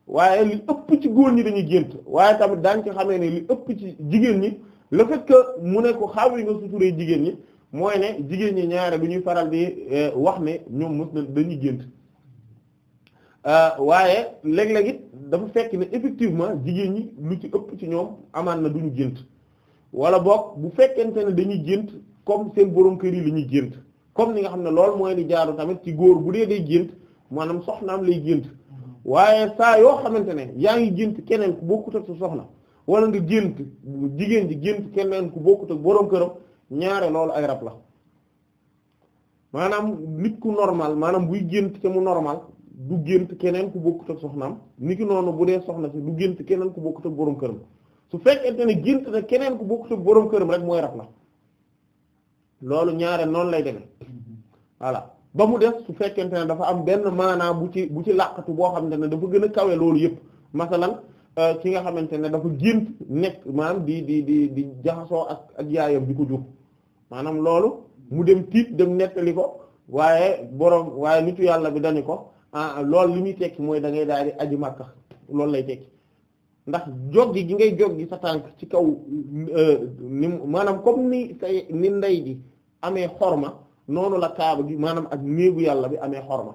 waaye li ëpp ci góor ñi dañuy gént waaye tamit daan ci xame ne li ëpp ci jigéen ñi la fait mu ne ko xaw yi nga suturé jigéen ñi mooy ne jigéen ñi ñaare du ñuy faral di eh, wax ne ñoom mos na dañuy gént euh, waaye léeg-léeg it dafa fekk ne effectivement jigéen ñi lu ci ëpp ci ñoom amaan na duñu gént wala boog bu fekkente ne dañuy gént comme seen borom kër yi la ñuy gént comme ni nga xam ne loolu mooy li jaaru tamit ci góor bu dee day gént maanaam soxnaam lay gént waaye saa yoo xamante ne yaa ngi gént keneen ku bokkut ak sa soxna wala nga gént jigéen ji gént keneen ku bokkut ak borom këram ñaare loolu ay rab la maanaam nit ku normal maanaam buy gént te mu normal du gént keneen ku bokkut ak soxnaam niki noonu bu dee soxna si du gént keneen ku bokkut ak boroom këram su fekkee fekkente ne gént te keneen ku bokkut ak boroom këram rek mooy rab la loolu ñaare noonu lay demee voilà ba mu def su fekkente ne dafa am benn maanaam bu ci bu ci làqatu boo xam ne dafa gën a kawe loolu yépp masalan Euh, ki nga xamante ne dafa gént nekk maanaam di di di di jaxasoo ak ak yaayam bi ko jur maanaam loolu mu dem tiit dem nettali ko waaye boroom waaye nitu yàlla bi dañu ko ah loolu li muy tekki mooy da ngay daal di aji màkka loolu lay tekki ndax joggi gi ngay joggi sa tànk ci kaw euh, ni maanaam comme ni say ni ndey ji amee xorma noonu la kaaba gi maanaam ak néegu yàlla bi amee xor ma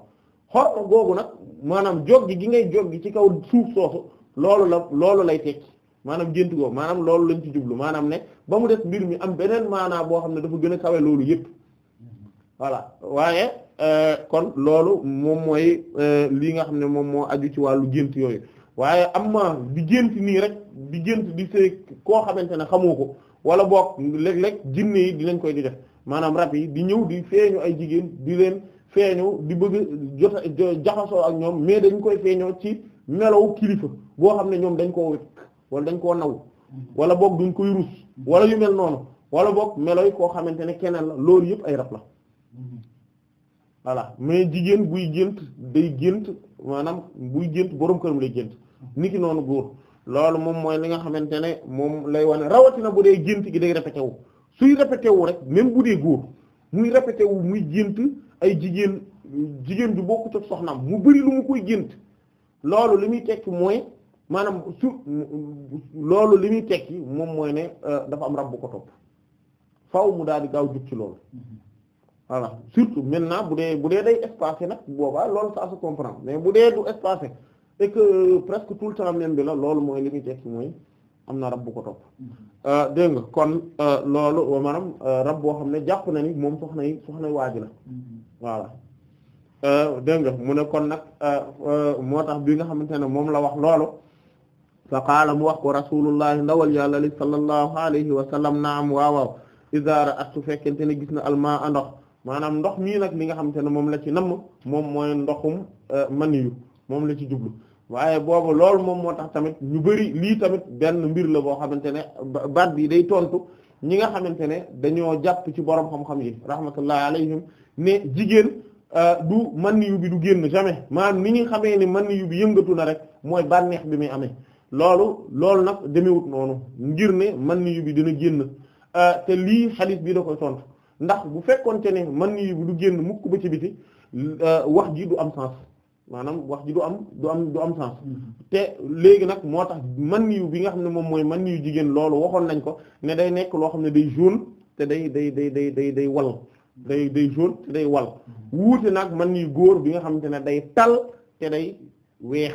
googu nag maanaam joggi gi ngay joggi ci kaw suuf soosu loolu la loolu lay tekki maanaam gént googu maanaam loolu lañ ci jublu maanaam ne ba mu des mbir mi am beneen maanaam boo xam ne dafa gën a kawe loolu yépp waaye euh, kon loolu moom mooy euh, lii nga xam ne moom moo aju ci wàllu gént yooyu waaye am ma di gént nii rek di gént di see koo xamante ne xamu ko wala boog léeg-léeg jinne yi dinañ koy di def maanaam rab yi di ñëw di feeñu ay jigéen di leen feeñu di bëgg jota jaxasoo ak ñoom mais dañ koy feeñoo ci melaw kilifa boo xam ne ñoom dañ koo wekk wala dañ koo naw wala boog duñ koy rus wala yu mel noonu wala boog melo koo xamante ne keneen la loolu yëpp ay rab la voilà mais jigéen buy gént day gént maanaam buy gént borom këram lay gént ki noonu góor loolu moom mooy li nga xamante ne moom lay wane rawatina bu dee gént gi day répété wu suy répété wu rek même bu dee góor muy répété wu muy gént ay jigéen jigéen ju bokku ci soxnaam mu bari lu gént loolu li muy tekki mooy manam su loolu li muy tekki moom mooy ne euh, dafa am rab bu ko topp faaw mu daal di gaaw jub ci loolu voilà surtout maintenant bu dee bu dee day espacé nag boobaa loolu ça se comprend mais bu dee du espacé et euh, presque tout le temps même bi la loolu mooy li muy tekki mooy am na rab bu ko topp euh, dégg nga kon loolu maanaam rab boo xam ne jàpp na ni moom soxna yi soxna waaju la mm-hmm. voilà Euh, dégg nga mu ne kon nag euh, euh, moo tax bii nga xamante ne moom la wax loolu fa qaala mu wax ko rasulullahi ndawal yàlla li sallallahu alayhi wa sallam naam waawaaw idaara at su fekkente ne gis na almaa ndox maanaam ndox mii nag li nga xamante ne moom la ci nam moom mooy ndoxum maniyu moom la ci jublu waaye boobu lool moom moo tax tamit ñu bari lii tamit benn mbir la boo xamante ne baat bii day tontu ñi nga xamante ne dañoo jàpp ci boroom xam-xam yi Euh, du man yu bi du génn jamais maanaam ni ñu xamee ni man yu bi yëngatu na rek mooy bànneex bi muy amee loolu loolu nag demewut noonu ngir ne man yu bi dina génn euh, te lii xadis bii da koy tontu ndax bu fekkoonte ne man yu bi du génn mukk ba ci biti euh, wax ji du am sens maanaam wax ji du am du am du sens mm-hmm. te léegi nag moo tax man yu bi nga xam ne moom mooy man yu jigéen loolu waxoon nañ ko ne day nekk loo xam ne day jaune te day day day day day day wal day day jaune te day wal wuute nag man yu góor bi nga xamante ne day tal te day weex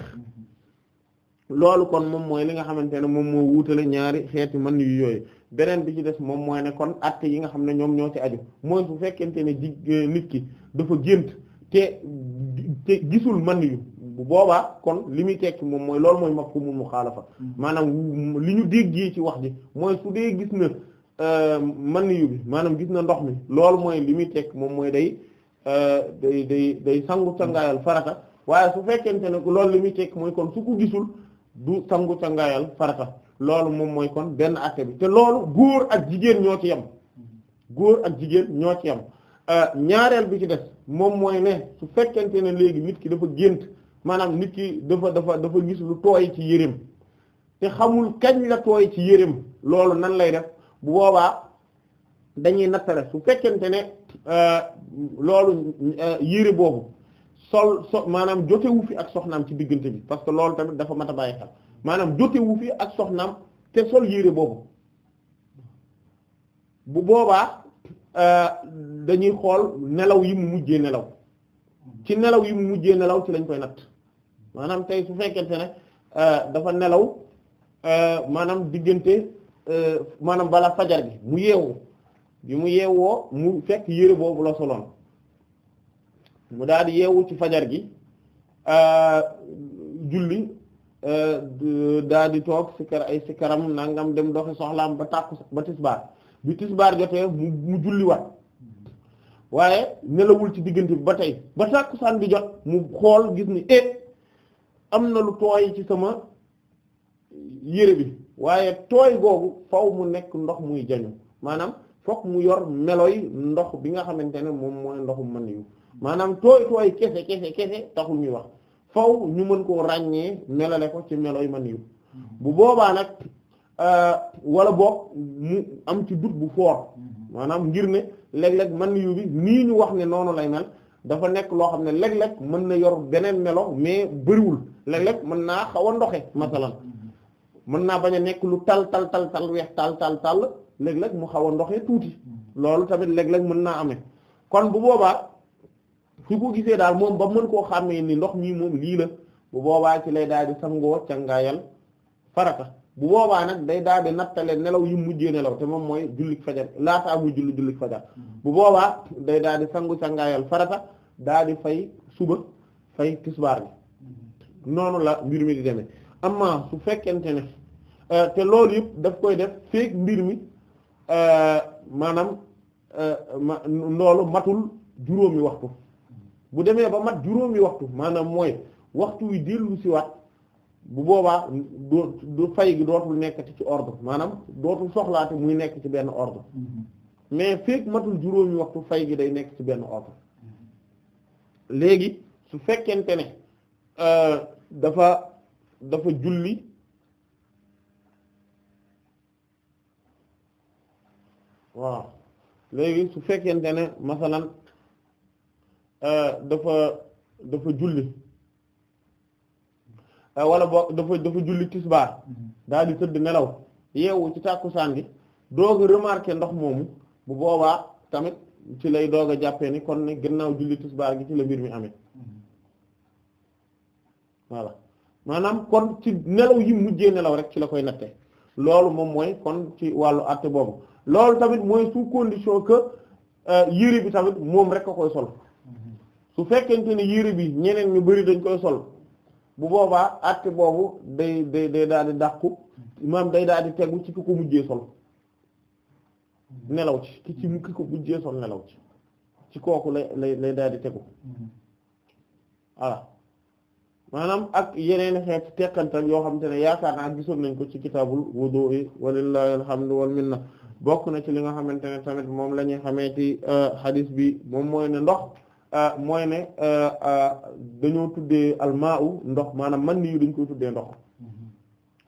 loolu kon moom mooy li nga xamante ne moom moo wuutale ñaari xeeti man yu yooyu beneen bi ci des moom mooy ne kon att yi nga xam ne ñoom ñoo ci aju mooy su fekkente ne ji eh, nit ki dafa gént te te gisul man yu bu boobaa kon li muy tekki moom mooy loolu mooy mafhumul muxaalafa mm. maanaam li ñu déggee ci wax ji mooy su dee gis na Euh, man maniyu bi maanaam gis na ndox mi loolu mooy li muy teg moom mooy day euh, day day day sangu cangaayal farata waaye su fekkente ne loolu li muy teg mooy kon su ko gisul du sangu cangaayal farata loolu moom mooy kon benn acte bi te loolu góor ak jigéen ñoo ci yem góor ak jigéen ñoo ci yem euh, ñaareel bi ci des moom mooy ne su fekkente ne léegi nit ki dafa gént maanaam nit ki dafa dafa dafa gis lu tooy ci yéreem te xamul kañ la tooy ci yéreem loolu nan lay def bu boobaa dañuy nattale su fekkente ne euh, loolu euh, yére boobu sol so maanaam jotewu fi ak soxnaam ci diggante bi parce que loolu tamit dafa mat a bàyyi xel maanaam jotewu fi ak soxnaam te sol yéere boobu bu boobaa euh, dañuy xool nelaw yi mu mujjee nelaw ci nelaw yi mu mujjee nelaw ci lañ koy natt maanaam tey su fekkente ne dafa nelaw maanaam diggante Euh, maanaam balaa fajar bi mu yeewu bi mu yeewoo mu fekk yére boobu la soloon mu daal di yeewu ci fajar gi euh, julli euh, daal di toog sikar ay sikaram nangam dem doxi soxlaam ba tàkku ba tisbaar bi tisbaar jotee mu mu julliwaat waaye nelawul ci diggante bi ba tey ba tàkkusaan bi jot mu xool gis ni e am na lu tooy ci sama yére bi waaye tooy googu faw mu nekk ndox muy jañu maanaam fokk mu yor meloy ndox bi nga xamante ne moom mooy ndoxu mën yu maanaam tooy tooy kese kese kese taxul ñuy wax faw ñu mën koo ràññee melale ko ci meloy mën yu bu boobaa nag euh, wala boog mu am ci dut bu foor maanaam ngir ne léeg-léeg mën yu bi nii ñu wax ne noonu lay mel dafa nekk loo xam ne léeg-léeg mën na yor beneen melo mais bëriwul léeg-léeg mën naa xaw a ndoxe masalan mën naa bañ a nekk lu tal tal tal tal weex tal tal léeg-léeg mu xaw a ndoxee tuuti loolu tamit léeg-léeg mën naa ame kon bu boobaa su ko gisee daal moom ba mën koo xàmmee ni ndox mii moom lii la bu boobaa ci lay daal di sangoo cangaayal farata bu boobaa nag day daal di nattale nelaw yi mujjee nelaw te moom mooy jullik fajar laataa muy julli jullik fajar bu boobaa day daal di sangu cangaayal farata daal di fay suba fay tisbaar bi noonu la mbir mi di demee amma su fekkente ne euh, te loolu yëpp daf koy def feek mbir mi euh, maanaam euh, loolu matul juróomi waxtu bu demee ba mat juróomi waxtu maanaam mooy waxtu wi dellu si waat bu boobaa du du fay gi dootul nekkati ci ordre maanaam dootul soxlaate muy nekk ci benn ordre mais feek matul juróomi waxtu fay gi day nekk ci benn ordre mm-hmm. léegi su fekkente ne dafa dafa julli waaw léegi su fekkente ne masalan euh, dafa dafa julli euh, wala boog dafa dafa julli tisbaar mm-hmm. daal di tëdd nelaw yeewu ci tàkku saan gi doog a ndox moomu bu boobaa tamit ci lay doog a jàppee ni kon ne gannaaw julli tisbaar gi ci la mbir mi amee mm-hmm. voilà maanaam kon ci nelaw yi mujjee nelaw rek ci la koy natte loolu moom mooy kon ci wàllu àtte boobu loolu tamit mooy sous condition que euh, yére bi tamit moom rek a koy sol su fekkente ne yére bi ñeneen ñu bari dañ koy sol bu boobaa àtte boobu day day day daal di maam day daal di tegu ci ki ko mujjee nelaw ci ki ci ki ko mujjee sol nelaw ci ci kooku lay lay lay daal di tegu mm-hmm. voilà maanaam ak yeneen xeet tekkantal yoo xamante ne yaakaar naa gisoon nañ ko ci kitaabul wudu'i walillahi alhamdu wal minna bokk na ci li nga xamante ne tamit moom la ñuy xamee ci euh, hadith bi moom mooy ne ndox euh, mooy ne euh, dañoo tuddee almaa'u ndox maanaam man nii dañ koy tuddee ndox mm-hmm.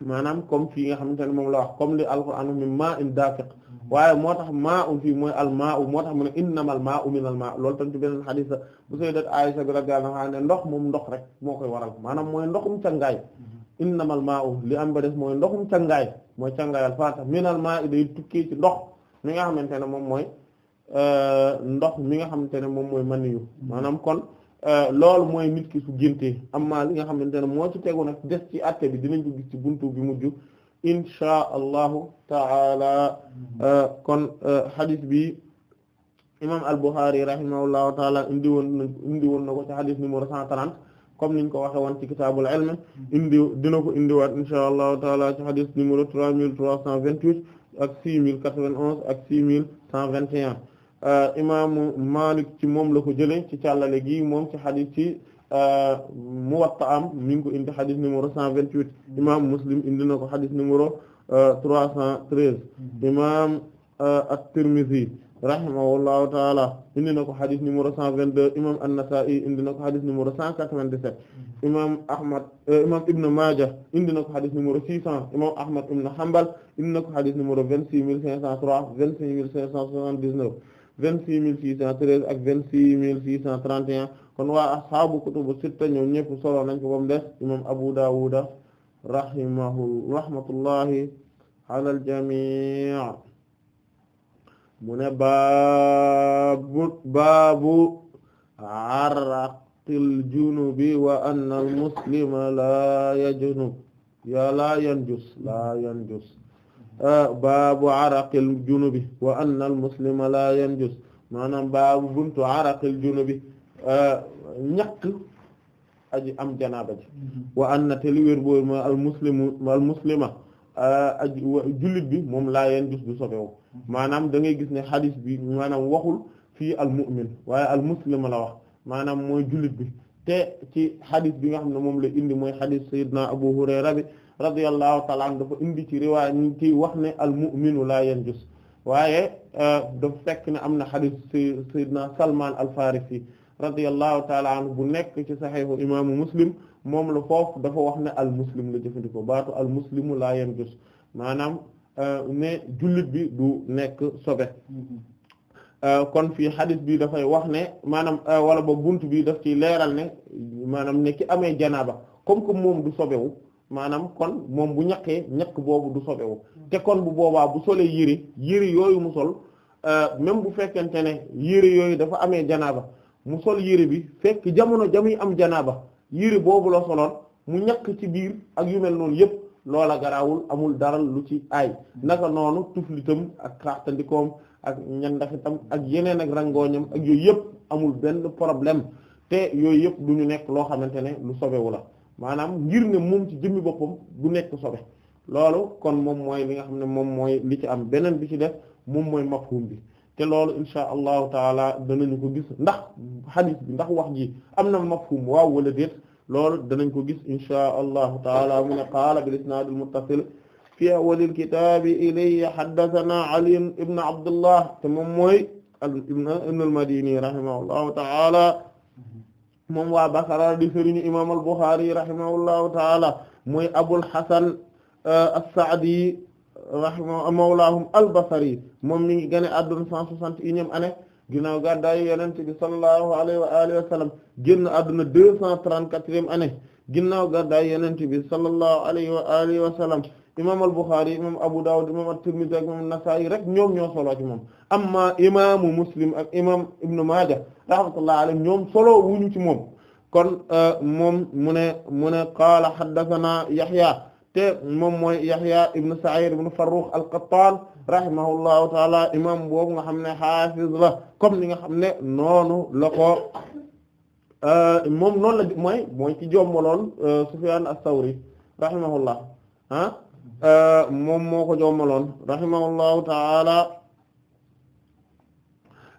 maanaam comme fii nga xamante ne moom la wax comme li alqur'anu min ma'in dafiq waaye moo tax maa u um fii mooy al maa u um, moo tax mu ne innamal maa u um minal maa loolu tam ci beneen xadiis la bu sayyidat Aisha bi radiyallahu anha ne ndox moom ndox rek moo koy waral maanaam mooy ndoxum cangaay mm-hmm. innamal maa u li am ba des mooy ndoxum cangaay mooy cangaayal faata minal maa i day ndox mi nga xamante ne moom mooy euh, ndox mi nga xamante ne moom mooy maniyu mm-hmm. maanaam kon euh, loolu mooy nit ki su géntee am maa li nga xamante ne moo ci tegu nag des ci àtte bi dinañ ko ci buntu bi mujj insha allahu taala hmm. euh, kon euh, hadith bi imam al-Bukhari rahimahullahu taala indi woon indi woon na ko ci hadith numéro 130 comme niñ ko waxe woon ci kitaabul ilm hmm. indi dina ko indiwaat insha allahu taala ci hadith numéro 3328 ak 6091 ak 6121 euh, imaamu Malik ci moom la ko jëlee ci càllale gi moom ci hadith ci mu euh, Muwatta am mi ngi ko indi xadis numéro cent vingt huit imam Muslim indi na ko xadis numéro euh, trois cent treize imam euh, At-Tirmidhi rahimahullahu taala indi na ko xadis numéro cent vingt deux imam an indi na ko xadis numéro cent quatre vingt dix sept imam Ahmad imam Ibn Maaja indi na ko xadis numéro six cent imam Ahmad Ibn Hanbal indi na ko xadis numéro vingt six mille cinq cent trois vingt cinq mille cinq cent soixante dix neuf vingt-six mille six cent treize ak vingt-six mille six cent trente et kon waa ashaabu kutubu sitta ñoom ñépp solo nañ ko ba mu des imam Abu Dawud rahimahu rahmatullahi ala al-jamii' mu ne baabu baabu araqil junubi wa anna al la yajnub ya la yanjus la yanjus baabu araqil junubi wa anna al muslima la yanjus maanaam baabu buntu araqil junubi ñàkk aji am janaaba ji wa anna te li wér ma al muslimu al bi moom laa yanjus du sobewu maanaam da ngay gis ne xadis bi maanaam waxul fii al mu'min waaye al muslima la wax maanaam mooy jullit bi te ci xadis bi nga xam ne moom la indi mooy xadis sayyidina Abu Hurayra bi radiyallahu taala an dafa indi ci riwaay ñu ci wax ne al mu'minu la waaye euh, dafa fekk ne am na xadis sayyidina Salman al Farisi radiyallahu taala bu nekk ci saxiixu imaamu muslim moom la foofu dafa wax ne al muslim la jëfandikoo baatu al muslimu la yanjus maanaam euh, ne jullit bi du nekk sobe euh, kon fii xadis bi dafay wax ne maanaam wala ba bunt bi daf ci leeral ne maanaam ne ki amee janaaba comme que moom du sobewu maanaam kon moom bu ñaqee ñaq boobu du sobewu te kon bu boobaa bu solee yére yére yooyu mu sol euh, même bu fekkente ne yére yooyu dafa amee janaaba mu sol yére bi fekk jamono jamuy am janaaba yére boobu la soloon mu ñaq ci biir ak yu mel noonu yépp loola garaawul amul dara lu ci aay naka noonu tuflitam ak xaaxtandikoom ak ñandaxitam ak yeneen ak rangooñam ak yooyu yépp amul benn problème te yooyu yëpp du ñu nekk loo xamante ne lu sobewu la maanaam ngir ne moom ci jëmmi boppam du nekk sobe loolu kon moom mooy li nga xam ne moom mooy li ci am beneen bi ci def moom mooy mafhum bi te loolu insha allahu taala danañu ko gis ndax hadith bi ndax wax ji am na mafhum waaw wala déet loolu danañ ko gis insha allahu taala mu ne qaala bil isnaad al muttasil fi awwalil kitaabi ilayhi haddathana Ali ibn Abdullah te moom mooy ibn al Madini rahimahullahu taala moom waa Basra di sëriñu imam al-Bukhari rahimahullahu taala mooy Abul Hasan euh, as-Sa'di rahimahu mawlaahum al-Basri moom mi ngi gane adduna cent soixante et unième année ginnaaw gàddaayu Yonent bi sallallahu alayhi wa alihi wa sallam génn adduna deux cent trente-quatrième bi sallallahu alayhi wa alihi imam al-Bukhari imam Abu Dawud imam at-Tirmidhi ak imam an-Nasa'i rek ñoom ñoo solo ci moom amma imaamu Muslim ak imam Ibn Maaja rahmatullahi alayhi ñoom solo wuñu ci moom kon euh, moom mu ne mu ne qaala haddathana Yahya te moom mooy Yahya ibn Sa'id ibn Farrukh al-Qattan rahimahullahu taala imam boobu nga xam ne hafiz la comme ni nga xam ne noonu la euh, moom noonu la mooy mooy ci jommaloon euh, Sufyan as-Sawri rahimahullah ah Euh, moom moo ko jommaloon rahimahullahu taala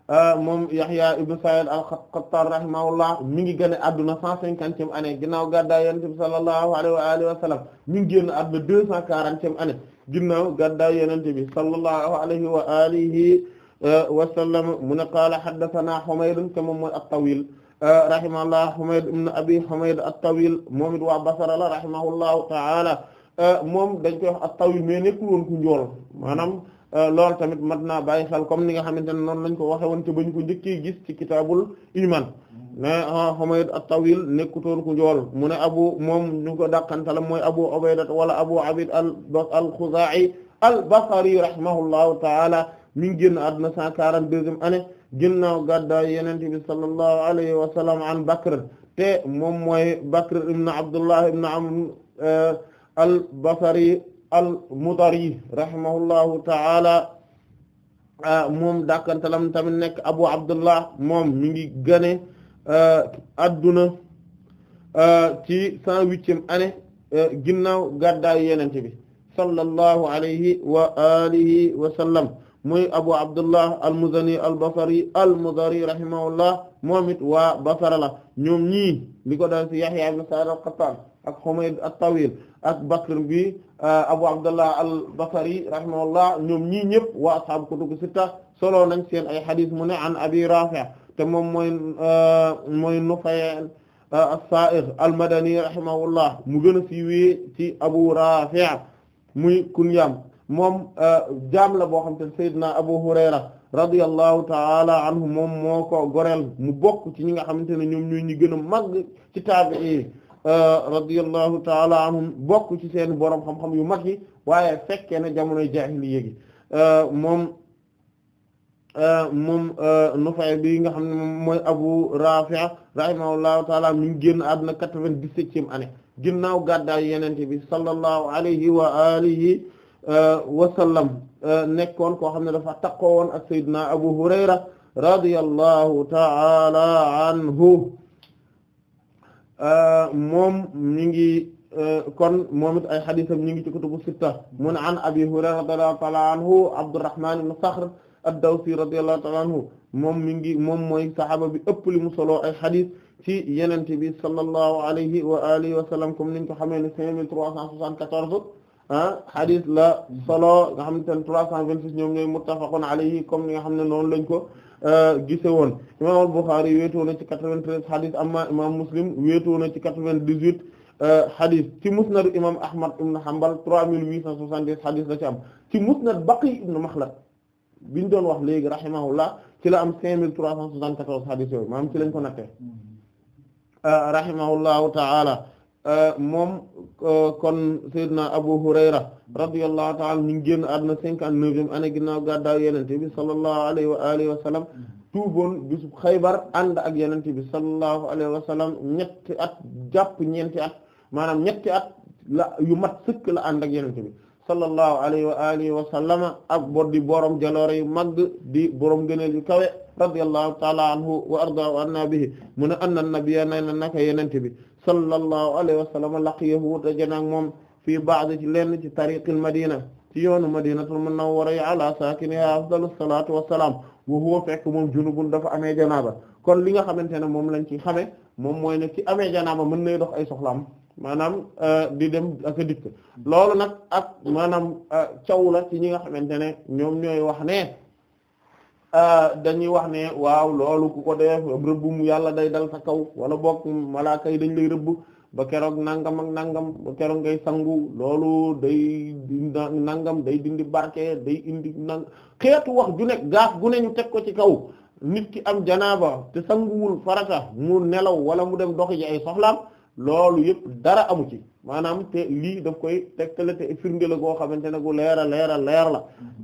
euh, moom Yahya ibn Sa'id al-Qattan rahimahullah mi ngi génn adduna cent cinquantième année ginnaaw gàddaay yonent bi sallallahu alayhi wa alihi wa sallam mi ngi génn adduna deux cent quarantième année ginnaaw gàddaay yonent bi sallallahu alayhi wa alihi euh, wa sallam mu ne qaala haddathana Humayd te moom mooy at-Tawil rahimahullah Humayd ibn Abi Humayd at-Tawil moom it waa Basra la rahimahullahu taala Euh, moom dañ koy wax ak taw yi mais nekkul ku njool maanaam euh, loolu tamit mat naa bàyyi xel comme ni nga xamante ne noonu lañ ko waxe woon te bañ ko njëkkee gis ci kitaabul iman mais mm-hmm. ah, Humayd at-Tawil nekkutoon ku njool mu ne abu moom ñu ko dàqantala mooy abu Ubayda wala abu Abid al al-Khuzaa'i al-Basri rahimahullahu taala mi ngi génn àdduna cent quarante-deuxième année ginnaaw gàddaay Yonent bi sallallahu alayhi wa sallam an Bakr te moom mooy Bakr ibn Abdullah ibn Amr euh, al-Basri al-Mutari rahimahullahu ta'ala ah, moom dàkkantalam tamit nekk Abu Abdullah moom mi ngi gane ah, adduna ah, ci cent huitième année ginnaaw gàddaayu yenente bi sallallahu alayhi wa alihi wa sallam muy Abu Abdullah al-Muzani al rahimahullah moom it waa Basra la ñoom ñii li ko dal ci Yahya ibn Sa'id al ak Humayd at-Tawil ak Bakr bi euh, Abu Abdullah al rahimahullah ñoom ñii ñëpp waa ashaabu kutubu sitta solo nañ seen ay xadis mu ne an Abi te moom mooy euh, mooy Nufay' as rahimahullah mu gën a siiwee ci Abu Rafi' muy kunyaam moom euh, jaam la boo xam te Seydina Abu Hurayra radiyallahu taala anhu moom moo ko goreel mu bokk ci ñi nga xamante ne ñoom ñooy ñi gën a màgg ci taabi'i euh, radiyallahu taala anhum bokk ci seen borom xam-xam yu mag yi waaye fekkee na jamonoy jaahiliyya gi euh, moom moom Nufay bi nga xam ne moom mooy Abu Rafi' rahimahullahu taala mi ngi génn àdduna quatre-vingt-dix-septième année ginnaaw gàddaay Yonent bi sallallahu alayhi wa alihi Euh, wasallam euh, nekkoon koo xam ne dafa takkoo woon ak sayyidina Abu Hurayra radiyallahu ta'ala anhu euh, moom mi ngi kon moom it ay xadiisam ñu ngi ci kutubu sitta mun an abi hurayra radiyallahu ta'ala anhu abdurrahman ibn sakhr ad-dawsi radiyallahu ta'ala anhu moom mi ngi moom mooy saxaaba bi ëpp li mu soloo ay xadiis ci yenente bi sallallahu alayhi wa alihi wa sallam comme niñ ko xamee ne cinq mille trois cent soixante-quatorze xadis ah, la solo nga xamante ne 326 ñoom ñooy muttafaqun alayhi comme ni nga xam ne noonu lañ ko euh, gise woon imam al-Bukhari wéetoo na ci 93 xadis amma imam Muslim wéetoo na ci 98 xadis euh, ci musnadu imam Ahmad ibn Hanbal 3870 xadis la ci am ci musnad Baqi ibn Makhlad biñ doon wax léegi rahimahullah ci la am 5374 xadis yooyu maanaam ci lañ ko nattee hmm. euh, rahimahullahu ta'ala Euh, moom euh, kon Seydina Abu Hurayra radiyallahu ta'ala ñu ngi génn àdduna cinquante-neuvième année ginnaaw gàddaay Yonent bi sallallahu alayhi wa alihi wa sallam tuuboon bisub Xaybar ak Yonent bi sallallahu alayhi wa sallam ñetti at jàpp ñeenti at maanaam ñetti at la yu mat sëkk la ànd ak Yonent bi sallallahu alayhi wa alihi wa sallama ak bor di borom jaloore yu mag di borom gëneel yu kawe radiyallahu ta'ala anhu wa arda wa anna mu ne anna nabiyya naka Yonent sallallahu alayhi wa sallam a dajenak moom fii ba'd ci lenn ci tariqil madina ci yoonu man na madinatul munawwara ala saakinihaa afdalus salaatu wassalaam wa huwa fekk moom junubun dafa amee janaaba kon li nga xamante ne moom lañ ci xamee moom mooy ne ci amee janaaba mën nay dox ay soxlaam maanaam euh, di dem ak dikk loolu nag ak maanaam euh, caw la ci ñi nga xamante ne ñoom ñooy wax ne Euh, dañuy wax ne waaw loolu ku ko def rëbb mu yàlla day dal sa kaw wala bokk malaaka yi dañ lay rëbb ba keroog nangam ak nangam ba keroog ngay sangu loolu day nangam day dindi barke day indi nang xeetu wax ju nekk gaaf gu ne ñu teg ko ci kaw nit ki am janaaba te sanguwul farata mu nelaw wala mu dem doxi ji ay soxlaam loolu yëpp dara amu ci maanaam te lii daf koy tegtale te firnde la goo xamante ne gu leera a leer a leer la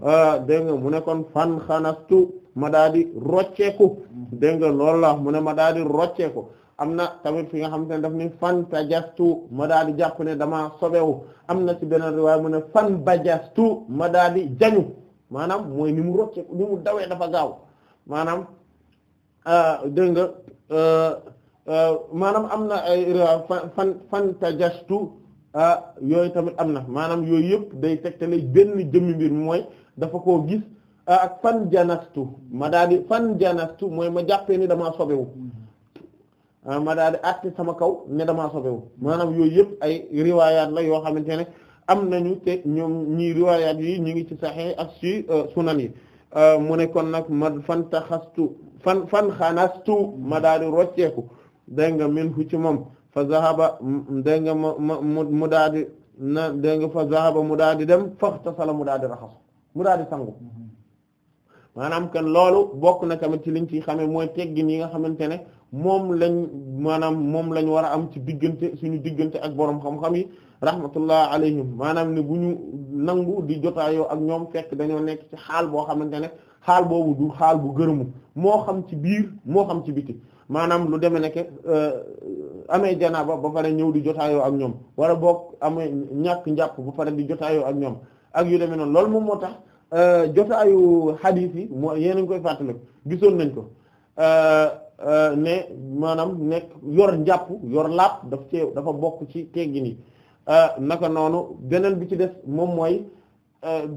euh, dégg nga mu ne kon fan xanastu ma daa di rocceeku dégg nga loolu la mu ne ma daa rocceeku am na tamit fi nga xamante ne daf ni fan tajastu ma daa di jàpp ne damaa sobewu am na ci beneen riwaay mu ne fan bajastu ma daa di jañu maanaam mooy ni mu rocceeku ni mu dawee dafa gaaw maanaam euh, dégg nga euh, Euh, maanaam am na ay euh, fan fantajastu euh, yooyu tamit am na maanaam yooyu yëpp day tegtale benn jëmmi mbir mooy dafa ko gis ak fan janastu ma daal di fan janastu ma jàppee ni damaa sobewu ma daal di sama kaw ne damaa sobewu maanaam yooyu yëpp ay riwaayaat la yoo xamante ne am nañu te ñoom ñii yi ñu ngi ci Sahih ak ci sunan yi mu ne kon nag ma fan taxastu fan fan xanastu ma daal di dégg nga min ci moom fa zahaba dégg nga mu mu daa na dégg nga fa zahaba mu daa di dem faxtasala mu daa di raxasu mu daa di sangu maanaam kan loolu bokk na tamit ci liñ ci xamee mooy teggin yi nga xamante ne moom lañ maanaam moom lañ war a am ci diggante suñu diggante ak boroom xam-xam yi rahmatullah alayhim maanaam ne bu ñu nangu di jotaayoo ak ñoom fekk dañoo nekk ci xaal boo xamante ne xaal boobu du xaal bu gërëmu moo xam ci biir moo xam ci biti maanaam lu deme nekk euh, amee janaaba ba pare ñëw di jotaayoo ak ñoom wala boog amee ñàkk njàpp ba pare di jotaayoo ak ñoom ak yu demee noonu loolu moom moo tax euh, jotaayu hadith yi moo yéen a ngi koy fàttaliku gisoon nañ ko euh, ne maanaam nekk yor njàpp yor lapp daf ci dafa bokk ci teggin yi naka noonu beneen bi ci des moom mooy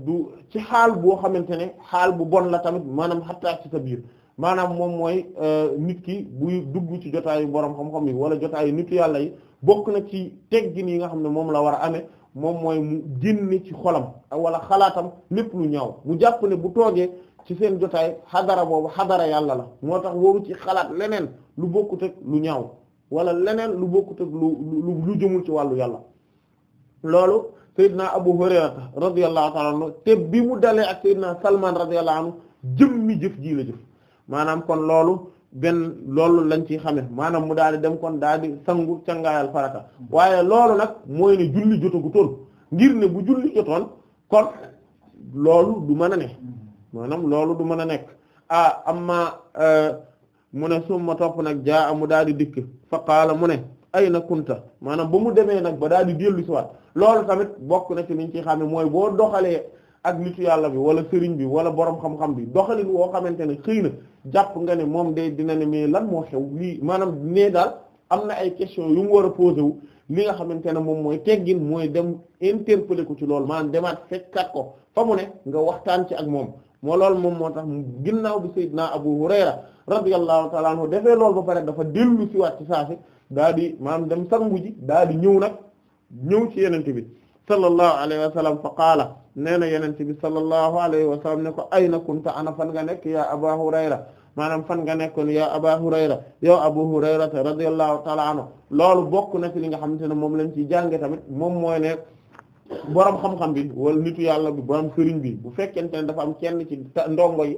du ci xaal boo xamante ne xaal bu bon la tamit maanaam xattaa ci sa biir. maanaam moom mooy euh, nit ki buy dugg ci jotaayu borom xam-xam yi wala jotaayu nitu yàlla yi bokk na ci teggin yi nga xam ne moom la war a amee moom mooy mu génne ci xolam wala xalaatam lépp lu ñaaw mu jàpp ne bu toogee ci seen jotaay xadara boobu xadara yàlla la moo tax waru ci xalaat leneen lu bokkut ak lu ñaaw wala leneen lu bokkut ak lu jëmul ci wàllu yàlla loolu Seydina Abu Hurayra radiyallahu ta'ala anhu te bi mu dalee ak Seydina Salman radiyallahu anhu jëmmi jëf ji la jëf. maanaam kon loolu benn loolu lañ ci xame maanaam mu daal di dem kon daal di sangu cangaayal farata waaye loolu nag mooy ne julli jotagu toon ngir ne bu julli jotoon kon loolu du mën a ne maanaam loolu du mën a nekk ah amma e, mu ne summa topp nag jaa mu daal di dikk fa qaala mu ne ay na kunta maanaam ba mu demee nag ba daal di dellu si waat loolu tamit bokk na ci liñ ci xame mooy boo doxalee ak nitu yàlla bi wala sëriñ bi wala borom xam-xam bi doxalin woo xamante ne xëy na jàpp nga ne moom de dina ne mais lan moo xew lii maanaam nee daal am na ay question yu mu war a posé wu li nga xamante ne moom mooy teggin mooy dem interpeller ko ci lool maanaam demaat fekkaat ko fa mu ne nga waxtaan ci ak moom moo loolu moom moo tax ginnaaw bi Seydina Abu Hurayra radiyallahu ta'ala anhu defee loolu ba pare dafa dellu siwaat ci saasi daa di maanaam dem sangu ji daa di ñëw nag ñëw ci yenente bi sallallahu alayhi wa sallam fa qaala nee na yenente bi sallallahu alayhi wa sallam ne ko ayna kunta ana fan nga nekk yaa aba hurayra maanaam fan nga nekkoon yaa aba hurayra yow abu hurayrata radiyallahu taala anhu loolu bokk na ci li nga xamante ne moom lañ ciy jànge tamit moom mooy ne borom xam-xam bi wala nitu yàlla bi borom sëriñ bi bu fekkente ne dafa am kenn ci ndongo yi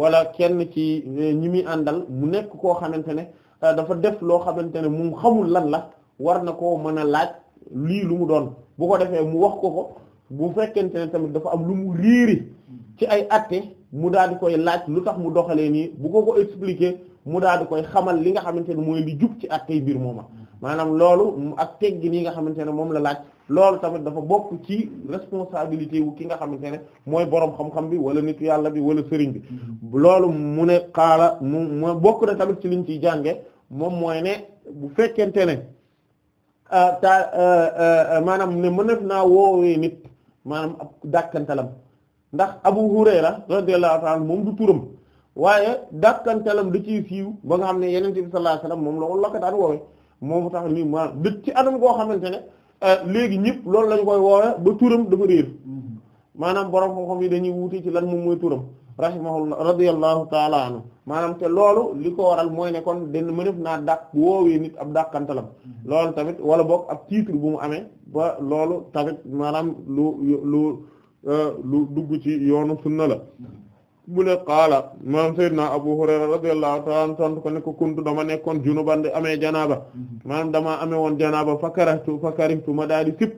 wala kenn ci e, ñi muy àndal mu nekk koo xamante ne e, dafa def loo xamante ne moom xamul lan la war na koo mën a laaj lii lu mu doon bu ko defee mu wax ko ko bu fekkente ne tamit dafa am lu mu riiri ci ay atte mu daal di koy laaj lu tax mu doxalee nii bu ko ko expliquer mu daal di koy xamal li nga xamante ne mooy li jub ci atte yi biir mooma maanaam loolu ak teggin yi nga xamante ne moom la laaj loolu tamit dafa bokk ci responsabilité wu ki nga xamante ne mooy boroom xam-xam bi wala nit yàlla bi wala sëriñ bi mm-hmm. loolu mu ne xaala mu bokk na tamit ci liñ ciy jànge moom mooy ne bu fekkente ne Euh, ta euh, euh, maanaam ne mën naa woowee nit maanaam ab dàkkantalam ndax Abu la Hurayra radiyallahu ta'ala moom du turam waaye dàkkantalam da ci siiw ba nga xam ne Yonent bi sallallahu alayhi wasallam moom loolu la ko daan woowee moom tax ni ma dëkk ci anam goo xamante ne léegi ñëpp loolu lañu koy woowee ba turam dafa réer mm-hmm. maanaam borom xam-xam yi dañuy wuute ci lan moom mooy turam. rahimahullah radiyallahu taala anhu maanaam te loolu li ko waral mooy ne kon denn mënef naa dàq woowee nit ab dàqantalam mm-hmm. loolu tamit wala boog ab titre bu mu amee ba loolu tamit maanaam lu lu lu dugg ci yoonu sunna la bu mm-hmm. ne qaala maam sayyidna abu hurayra radiyallahu ta'ala anhu tontu ko ne ko kuntu dama nekkoon junuban di amee janaaba mm-hmm. maanaam damaa amee woon janaaba fa karahtu fa karihtu ma daal di sip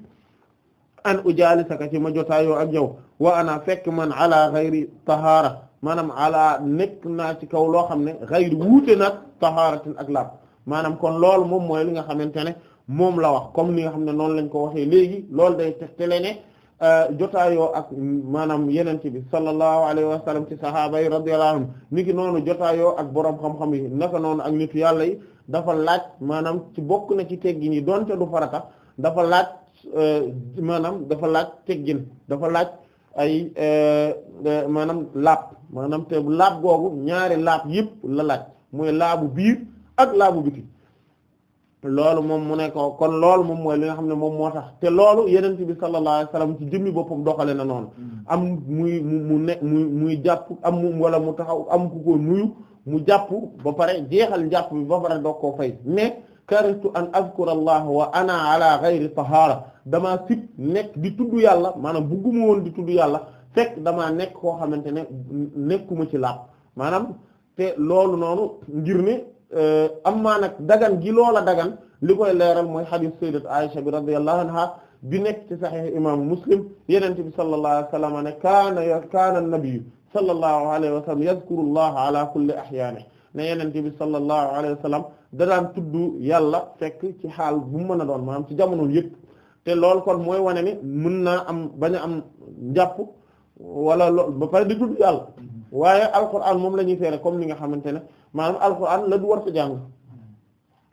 an ujaalisaka ci ma jotaayoo ak yow wa ana fekk man ala ghayri tahaara maanaam ala nekk naa ci kaw loo xam ne ghayri wuute nag tahaaratin ak laab maanaam kon lool moom mooy li nga xamante ne moom la wax comme li nga xam ne noonu lañ ko waxee léegi loolu day tegtale ne euh, jotaayoo ak maanaam yenente bi sallallahu alayhi wa sallam ci sahaaba yi radiyallahu anhum ni ki noonu jotaayoo ak boroom xam-xam yi naka noonu ak nitu yàlla yi dafa laaj maanaam ci bokk na ci teggi ñi donte du Euh, maanaam dafa laaj teggin dafa laaj ay euh, euh, maanaam laab maanaam te laab googu ñaari laab yëpp la laaj mooy laabu biir ak laabu biti loolu moom mu ne kon loolu moom mooy li nga xam ne moom moo tax te loolu yeneen bi sallallahu alayhi wasallam ci jëmmi boppam doxale na noonu mm. am muy mu ne muy muy jàpp am mu wala mu taxaw am ku ko nuyu mu jàpp ba pare jeexal jàpp bi ba pare doog koo fay mais karitu an azkura allah wa ana ala ghayri tahara damaa sib nekk di tudd yàlla maanaam bugguma woon di tudd yàlla fekk damaa nekk koo xamante ne nekkuma ci laab maanaam te loolu noonu ngir ne euh, amma nag dagan gi loola dagan li koy leeral mooy hadith sayyidat Aisha bi radiyallahu anha bi nekk ci sahih imaamu muslim yonent bi sallallahu alayhi wa sallam ne kaana kaana an-nabiyyu sallallahu alayhi wa sallam yadhkuru allaha ala kulli ahyaanihi ne yonent bi sallallahu alayhi wa sallam da daan tudd yàlla fekk ci xaal bu mu mën a doon maanaam ci jamono yëpp te lool kon mooy wane ni mën naa am bañ a am njàpp wala lool ba pare di tudd yàlla waaye alquran moom la ñuy tere comme ni nga xamante ne maanaam alquran la du war sa jàng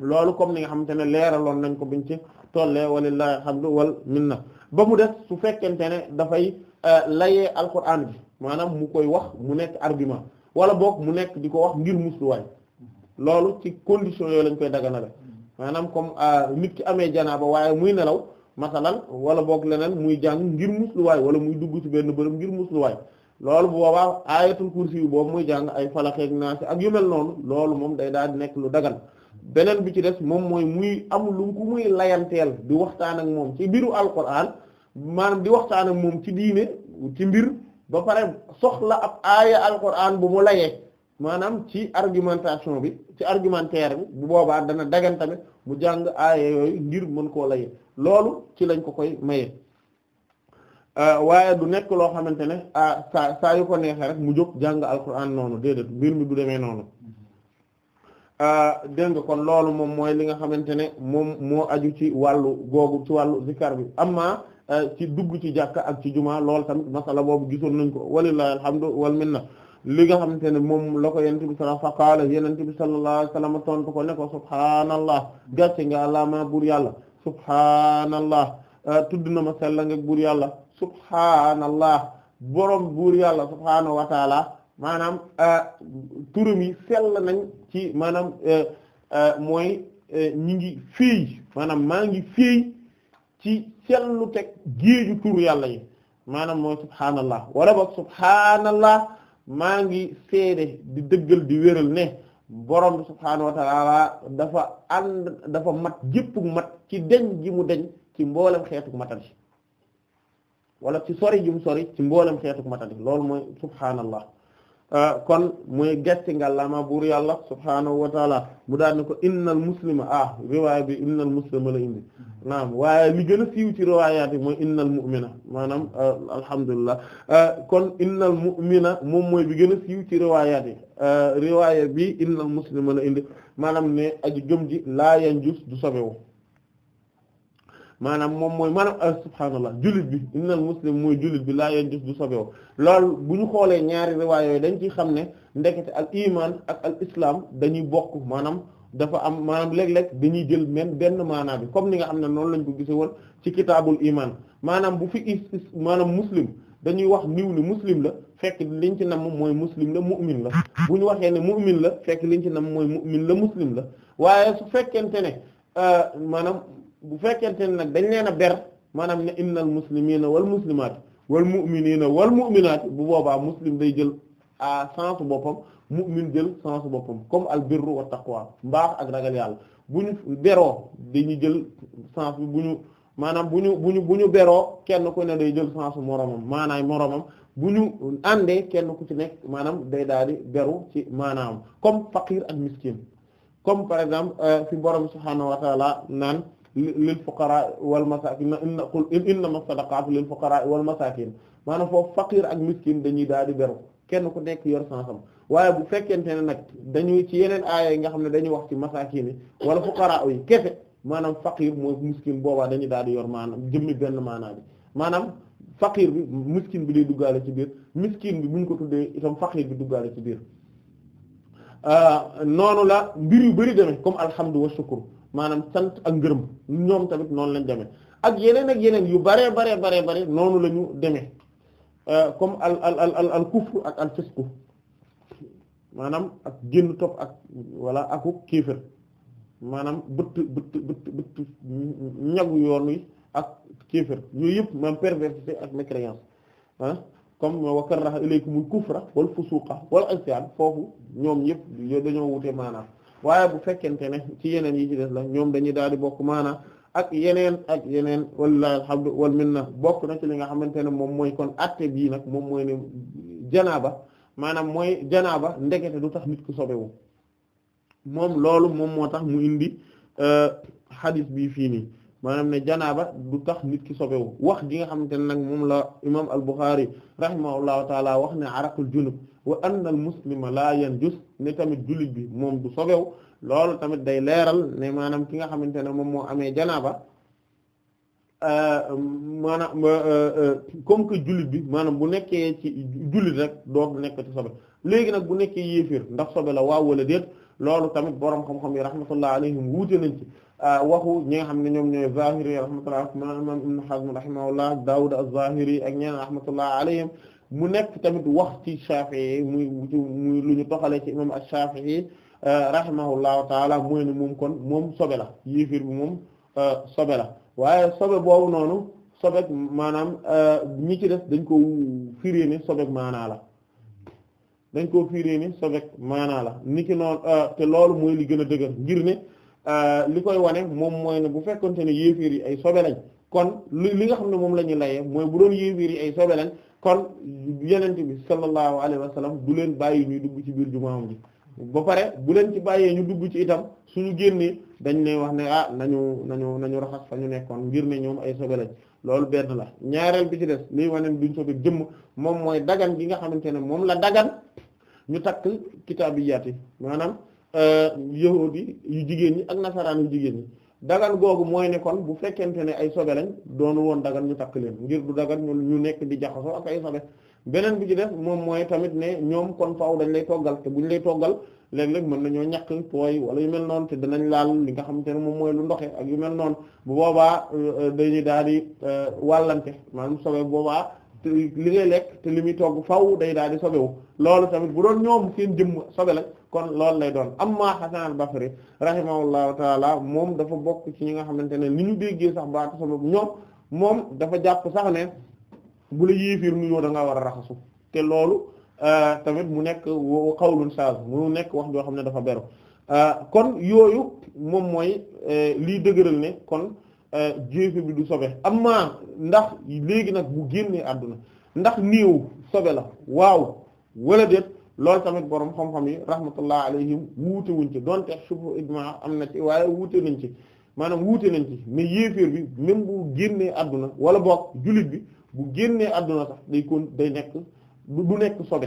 loolu comme ni nga xamante ne leeraloon nañ ko buñ ci tollee walillahi alhamdu wal minna ba mu def su fekkente ne dafay euh, layee alquran bi maanaam mu koy wax mu nekk argument wala boog mu nekk di ko wax ngir musluwaay loolu ci condition yooyu lañ koy daganale maanaam comme ah, nit ki amee janaaba waaye muy nelaw masalan wala boog leneen muy jàng ngir musluwaay wala muy dugg ci benn bërëb ngir musluwaay loolu booba boobaa ayatul kursi yu boobu muy jàng ay falaxeeg naasi ak yu noonu loolu moom day daal di nekk lu dagan beneen bi ci des moom mooy muy am lu ku muy layanteel di waxtaan ak moom ci mbiru alquran maanaam di waxtaan ak moom ci diine ci mbir ba pare soxla ab aaya bu mu layee maanaam ci argumentation bi ci argumentaire bi bu boobaa dana dagan tamit mu jàng aaya yooyu ngir mën koo laye loolu ci lañ ko koy maye euh, waaye du nekk loo xamante ne ah saa saa yu ko neexee rek mu jóg jàng alquran noonu déedéet mbir mi du demee noonu euh, dégg nga kon loolu moom mooy li nga xamante ne moom moo aju ci wàllu googu ci wàllu zikar bi amma euh, ci dugg ci jàkka ak ci juma loolu tamit masala boobu gisoon nañ ko walillahi alhamdu wal minna li nga xamante ne moom la ko yonent bi sallallahu alayhi wa sallam faqaala yonent bi sallallahu alayhi wa sallam tontu ko ne ko subhaanallah gàcce nga alaama buur yàlla subhaanallah ah, tudd na ma sell nga buur yàlla subhaanallah borom buur yàlla subhaanahu wa taala maanaam ah, turam yi sell nañ ci maanaam eh, eh, mooy eh, ñi ngi féey maanaam maa ngi féey ci sellu teg géeju tur yàlla yi maanaam mooy subhaanallah wala boog subhaanallah maa ngi seede di dëggal di wéral ne borom subhaanahu wa dafa ànd dafa mat jëppug mat ci deñ gi mu deñ ci mboolem xeetuk matali wala ci sori gi mu sori ci mboolem xeetuk matal loolu mooy subhaanallah Euh, kon muy gàcce ngàllama buur yàlla subhaanahu wa taala mu daal ne ko innal muslima ah riwaay bi innal muslima la indi naam waaye li gën a siiw ci riwaayaat yi mooy innal mu'mina maanaam euh, alhamdulilah euh, kon innal mu'mina moom mooy bi gën a siiw ci riwaayaat yi riwaaya bi innal muslima la indi maanaam ne aji gëm ji laa yanjus du sobewu maanaam moom mooy maanaam ah, subhaanallah jullit bi innal muslim mooy jullit bi laa yanjus du sobewo lool bu ñu xoolee ñaari riwaay yooyu dañ ciy xam ne ndekete al iman ak al islam dañuy bokk maanaam dafa am maanaam léeg-léeg dañuy jël même benn maanaa bi comme ni nga xam ne noonu lañ ko gise woon ci kitaabul iman maanaam bu fi is maanaam muslim dañuy wax niw ni muslim la fekk liñ ci nam mooy muslim la mu'min la bu ñu waxee ne mu'min la fekk liñ ci nam mooy mu'min la muslim la waaye su fekkente ne euh, maanaam bu fekkente ne nag dañ leen a ber maanaam ne innal muslimina wal muslimaat wal mu'minina wal mu'minaat bu boobaa muslim day jël à sens boppam mu'min jël sens boppam comme al birru wa taqwa mbaax ak ragal yàlla bu ñu beroo dañuy jël sens bu ñu maanaam bu ñu bu ñu bu ñu beroo kenn ku ne day jël sens moromam maanaay moromam bu ñu àndee kenn ku ci nekk maanaam day daal di beru ci maanaam comme faqir ak miskin comme par exemple euh, fi borom subhaanahu wa ta'ala naan. lil fuqara wal masakin inna qul innama sadaqatu lil fuqara wal masakin maanaam foofu faqir ak miskin dañuy daal di beru kenn ku nekk yor sansam waaye bu fekkente ne nag dañuy ci yeneen aaya yi nga xam ne dañuy wax ci masakin yi wala fuqara yi kese maanaam faqir moo miskin boobaa dañuy daal di yor maanaam jëmmi benn maanaa bi maanaam faqir bi miskin bi day duggaale ci biir miskin bi buñ ko tuddee itam faqir bi duggaale ci biir ah, noonu la mbir yu bari demee comme alhamdu wa shukr maanaam sant ak ngërëm ñoom tamit noonu lañ deme ak yeneen ak yeneen yu baree baree baree bare noonu la ñu demee euh, comme al al al kufru ak al fisku maanaam ak génn topp ak wala aku kéefër maanaam bëtt bëtt bëtt ñagu yoon wi ak kéefër yooyu yëpp maanaam perversité ak mécréance ah comme wa karraha ilaykumul kufra wal fusuqa wal isyan foofu ñoom yëpp dañoo wute maanaam waaye bu fekkente ne ci yeneen yi ci des la ñoom dañuy daal di bokk maana ak yeneen ak yeneen wallahi alhamdu wal minna bokk na ci li nga xamante ne moom mooy kon atte bii nag moom mooy ne janaaba maanaam mooy janaaba ndekete du tax nit ku sobewu moom loolu moom moo tax mu indi xadis euh, bii fii nii maanaam ne janaaba du tax nit ki sobewu wax gi nga xamante ne nag moom la imam al-Bukhari rahimahullahu taala wax ne araqul junub wa anna al muslima la yanjus ne tamit jullit bi moom du sobewu loolu tamit day leeral ne maanaam ki nga xamante ne moom moo amee janaaba euh, maanaam euh, euh, comme jullit bi maanaam bu nekkee ci jullit rek doo nekk ci sobe léegi nag bu nekkee yéefir ndax sobe la waaw wala déet loolu tamit borom xam-xam yi rahmatullah alayhim wuute nañ ci ah, waxu ñi nga xam ne ñoom ñooy zahiri yi rahmatullah imam ibn hazm rahimahullah dawud az-zahiri ak ñeneen rahmatullah alayhim mu nekk tamit wax ci shafi'i muy lu ñu toxalee ci imam ash-shafi'i ah, rahimahullahu taala mooy ne moom kon moom sobe la yéefir bi moom ah, sobe la waaye sobe boobu noonu sobeek maanaam ñi ci def dañ ko firée ne sobeek maanaa la dañ koo fiiree ni sobek maanaa la ni ki noonu euh, te loolu mooy li gën a dëgër ngir ne euh, li koy wane moom mooy ne bu fekkonte ne yéefiir yi ay sobe lañ kon li li nga xam ne moom la ñu layee mooy bu doon yéefiir yi ay sobe lañ kon yenente bi sallallahu alayhi wa sallam du leen bàyyi ñuy dugg ci biir jumaam ji ba pare bu leen ci bàyyee ñu dugg ci itam suñu génnee dañ ne wax ne ah nañu nañu nañu raxas fa ñu nekkoon ngir ne ñoom ay sobe lañ loolu benn la ñaareel bi ci des liy jëmm moom mooy dagan gi nga xamante ne moom la dagan ñu takk kitaabiyaat yi maanaam euh, yahuud yi yu jigéen ñi ak nasaraan yu jigéen ñi dagan googu mooy nekkoon bu fekkente ne ay sobe lañ doonu woon dagan ñu takk leen ngir du dagan ñu nekk di jaxasoo ak ay sobe beneen bi ci def moom mooy tamit ne ñoom kon faaw dañ lay toggal te bu ñu lay toggal léeg-léeg mën na nañoo ñàkk pooy wala yu mel noonu te danañ laal li nga xamante ne moom mooy lu ndoxe ak yu mel noon bu boobaa euh, euh, dañuy daal di wàllante maanaam sobe boobaa li ngay lekk te li muy togg faw day daal di sobewu loolu tamit bu doon ñoom seen jëmm sobe la kon loolu lay doon amma Hasan al-Basri rahimahullahu taala moom dafa bokk ci ñi nga xamante ne ni ñu déggee sax baatu sobe ñoom moom dafa jàpp sax ne bu la yéefir nuyoo da ngaa war a raxasu te loolu euh, tamit mu nekk xawlun saaz mu nekk wax joo xam ne dafa beru euh, kon yooyu moom mooy euh, lii dëgëral ne kon Euh, jéefé bi du am amma ndax léegi nag bu génnee àdduna ndax néew sobe la waaw wala det loolu tamit borom xam-xam yi rahmatullah alayhim wuute wuñ ci donte subu ijma am na ci waaye wuute nañ ci maanaam wuute nañ ci mais yéeféer bi même bu génnee àdduna wala boog jullit bi bu génnee àdduna sax day kon day nekk du nekk sobe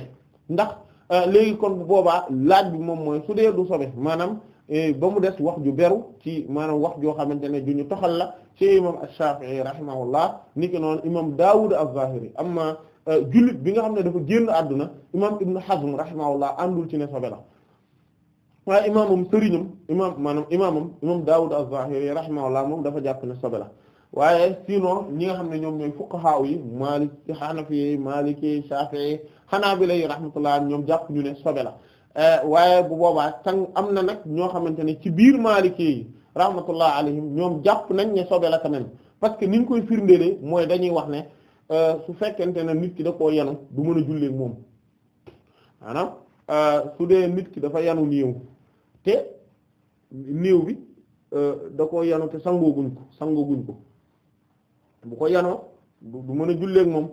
ndax euh, léegi kon bu boobaa laaj bi moom mooy su dee du sobe maanaam E, ba mu des wax ju beru ci maanaam wax joo xamante ne ju ñu toxal la ci imam Ash-Shafi'i rahimahullah niki noonu imam Dawud az-Zahiri amma e, jullit bi nga xam ne dafa génn àdduna imam Ibn Hazm rahimahullah àndul ci ne sobe la waaye imaamam sëriñam imaam maanaam imaamam imam Dawud az-Zahiri rahimahullah moom dafa jàpp ne sobe la waaye sinon ñi nga xam ne ñoom ñooy fuqaha yi Maliki Hanafi Maliki Shafi'i Hanabila yi rahmatullah ñoom jàpp ñu ne sobe la Euh, waaye bu boobaa sang am na nag ñoo xamante ne ci biir Maliki yi rahmatullah alayhim ñoom jàpp nañ ne sobe la quand même parce que ni ñu koy firndelee mooy dañuy wax ne euh, su fekkente ne nit ki da koo yanu du mën a jullee moom maanaam euh, su nit ki dafa yanu néew te néew bi da ko yanu te sangooguñ ko sangooguñ ko bu ko yanoo du mën a jullee moom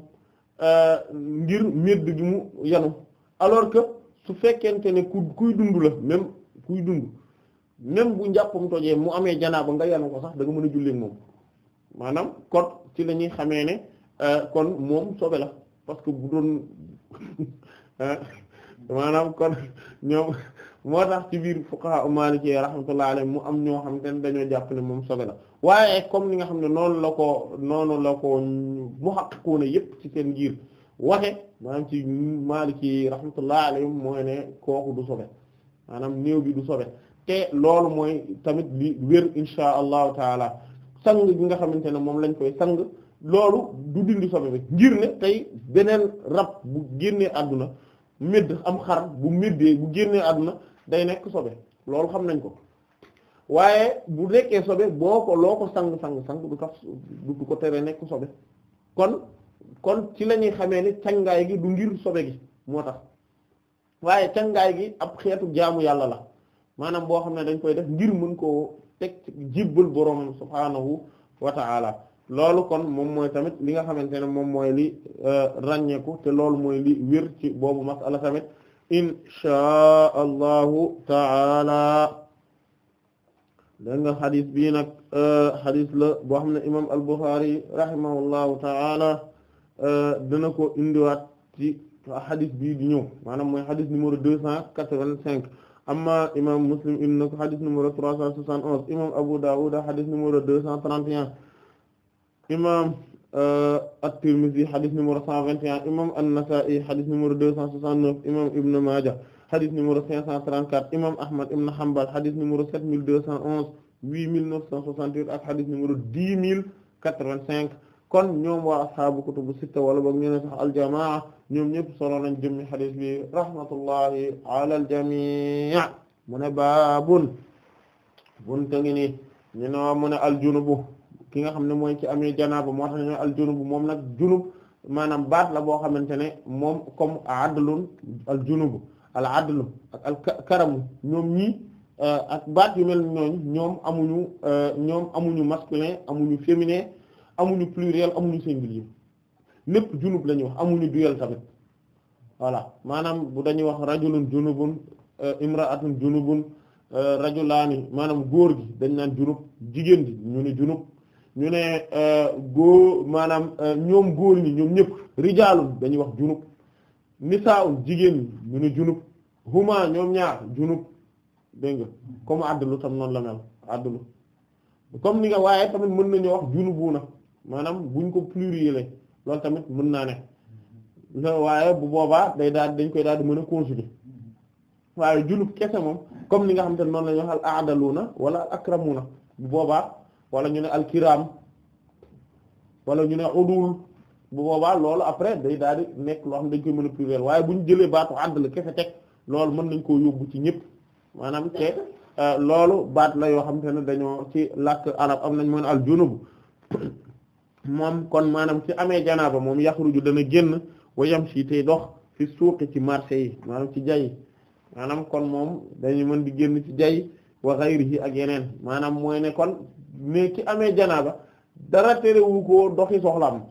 ngir medd gi mu yanu alors que. su fekkente ne ku kuy dund la même kuy dund même bu njàppam tojee mu amee janaaba nga yanu ko sax da nga mën a jullee moom maanaam kon ci la xamee ne euh, kon moom sobe la parce que bu doon maanaam kon ñoom moo tax ci biir fuqaha maliki rahmatullahi alayhi mu am ñoo xam te ne dañoo jàpp ne moom sobe la waaye comme ni nga xam ne noonu la ko noonu la ko muhaqqiquna yépp ci seen jiir waxe maanaam ci maaliki yi rahmatullah alayhim mooy ne kooku du sobe maanaam néew bi du sobe te loolu mooy tamit li wér insha allahu taala sang bi nga xamante ne moom lañ koy sang loolu du dindi sobe bi ngir ne tey beneen rab bu génnee àdduna médd am xar bu méddee bu génnee àdduna day nekk sobe loolu xam nañ ko waaye bu nekkee sobe boo ko loo ko sang sang sang du tax du ko tere nekk sobe kon kon ci la ñuy xamee ni cangaay gi du ngir sobe gi moo tax waaye cangaay gi ab xeetu jaamu yàlla la maanaam boo xam ne dañ koy def ngir mën koo teg jibbal borom subhaanahu wa loolu kon moom mooy tamit li nga xamante ne moom mooy li euh, ràññeeku te loolu mooy li wér ci boobu masala tamit inchaa allahu taala dégg nga xadis bii euh, la boo xam ne imam al-Bukhari rahimahullahu taala Euh, dina ko indiwaat ci xadis bii di ñëw maanaam mooy xadis numéro deux cent quatre-vingt-cinq amma imam Muslim indi na ko xadis numéro trois cent soixante et onze imam Abu Dawud xadis numéro deux cent trente et un imam euh, At-Tirmidhi xadis numéro cent vingt et un imam An-Nasa'i xadis numéro deux cent soixante-neuf imam Ibn Maaja xadis numéro cinq cent trente-quatre imam Ahmad ibn Hanbal xadis numéro sept mille deux cent onze huit mille neuf cent soixante-huit ak xadis numéro kon ñoom waa ashaabu kutubu sitta wala boog ñu ne sax aljamaa ñoom ñëpp solo nañ jëmmi xadis bi rahmatullahi ala aljamii mu ne baabun bunta ngi nii ñu ne mu ne aljunubu ki nga xam ne mooy ci amee janaaba moo tax ñu ne aljunubu moom nag junub maanaam baat la boo xamante ne moom comme adlun aljunubu al adlu ak al karamu ñoom ñii euh, ak baat yu mel ñooñ ñoom amuñu euh, ñoom amuñu masculin amuñu féminin amuñu pluriel amuñu singulier lépp junub la ñuy wax amuñu duel tamit voilà maanaam bu dañuy wax rajulun junubun euh, imra'atun junubun euh, rajulaani maanaam góor gi dañ naan junub jigéen ji ñu ne junub ñu ne euh, góor maanaam ñoom góor ñi ñoom ñëpp rijaalun dañuy wax junub nisaa'un jigéen ñi ñu ne junub huma ñoom ñaar junub dégg nga comme addalu tam noonu la mel addalu comme ni nga waaye tamit mën nañu wax junubuna maanaam buñ ko pluriel loolu tamit mën naa ne waaye bu boobaa day daal dañ koy daal di mën a conjuguer waaye julub kefe moom comme li nga xam te noonu la ñuy wax al aadaluuna wala al akramuna bu boobaa wala ñu ne al kiram wala ñu ne bu boobaa loolu après day daal di nekk loo xam dañ koy mën a pluriel waaye bu ñu jëlee baatu àddala kefe teg loolu mën nañ koo yóbbu ci ñëpp maanaam te euh, loolu baat la yoo xam te ne dañoo ci làkk arab am nañ mën al junub moom kon maanaam ci amee janaaba moom yaxruju dana génn wa yamshi tey dox fi suuqi ci marché yi maanaam ci jay maanaam kon moom dañu mën di génn ci jay wa ghayrihi ak yeneen maanaam mooy ne kon ne ki amee janaaba dara terewu ko doxi soxlaam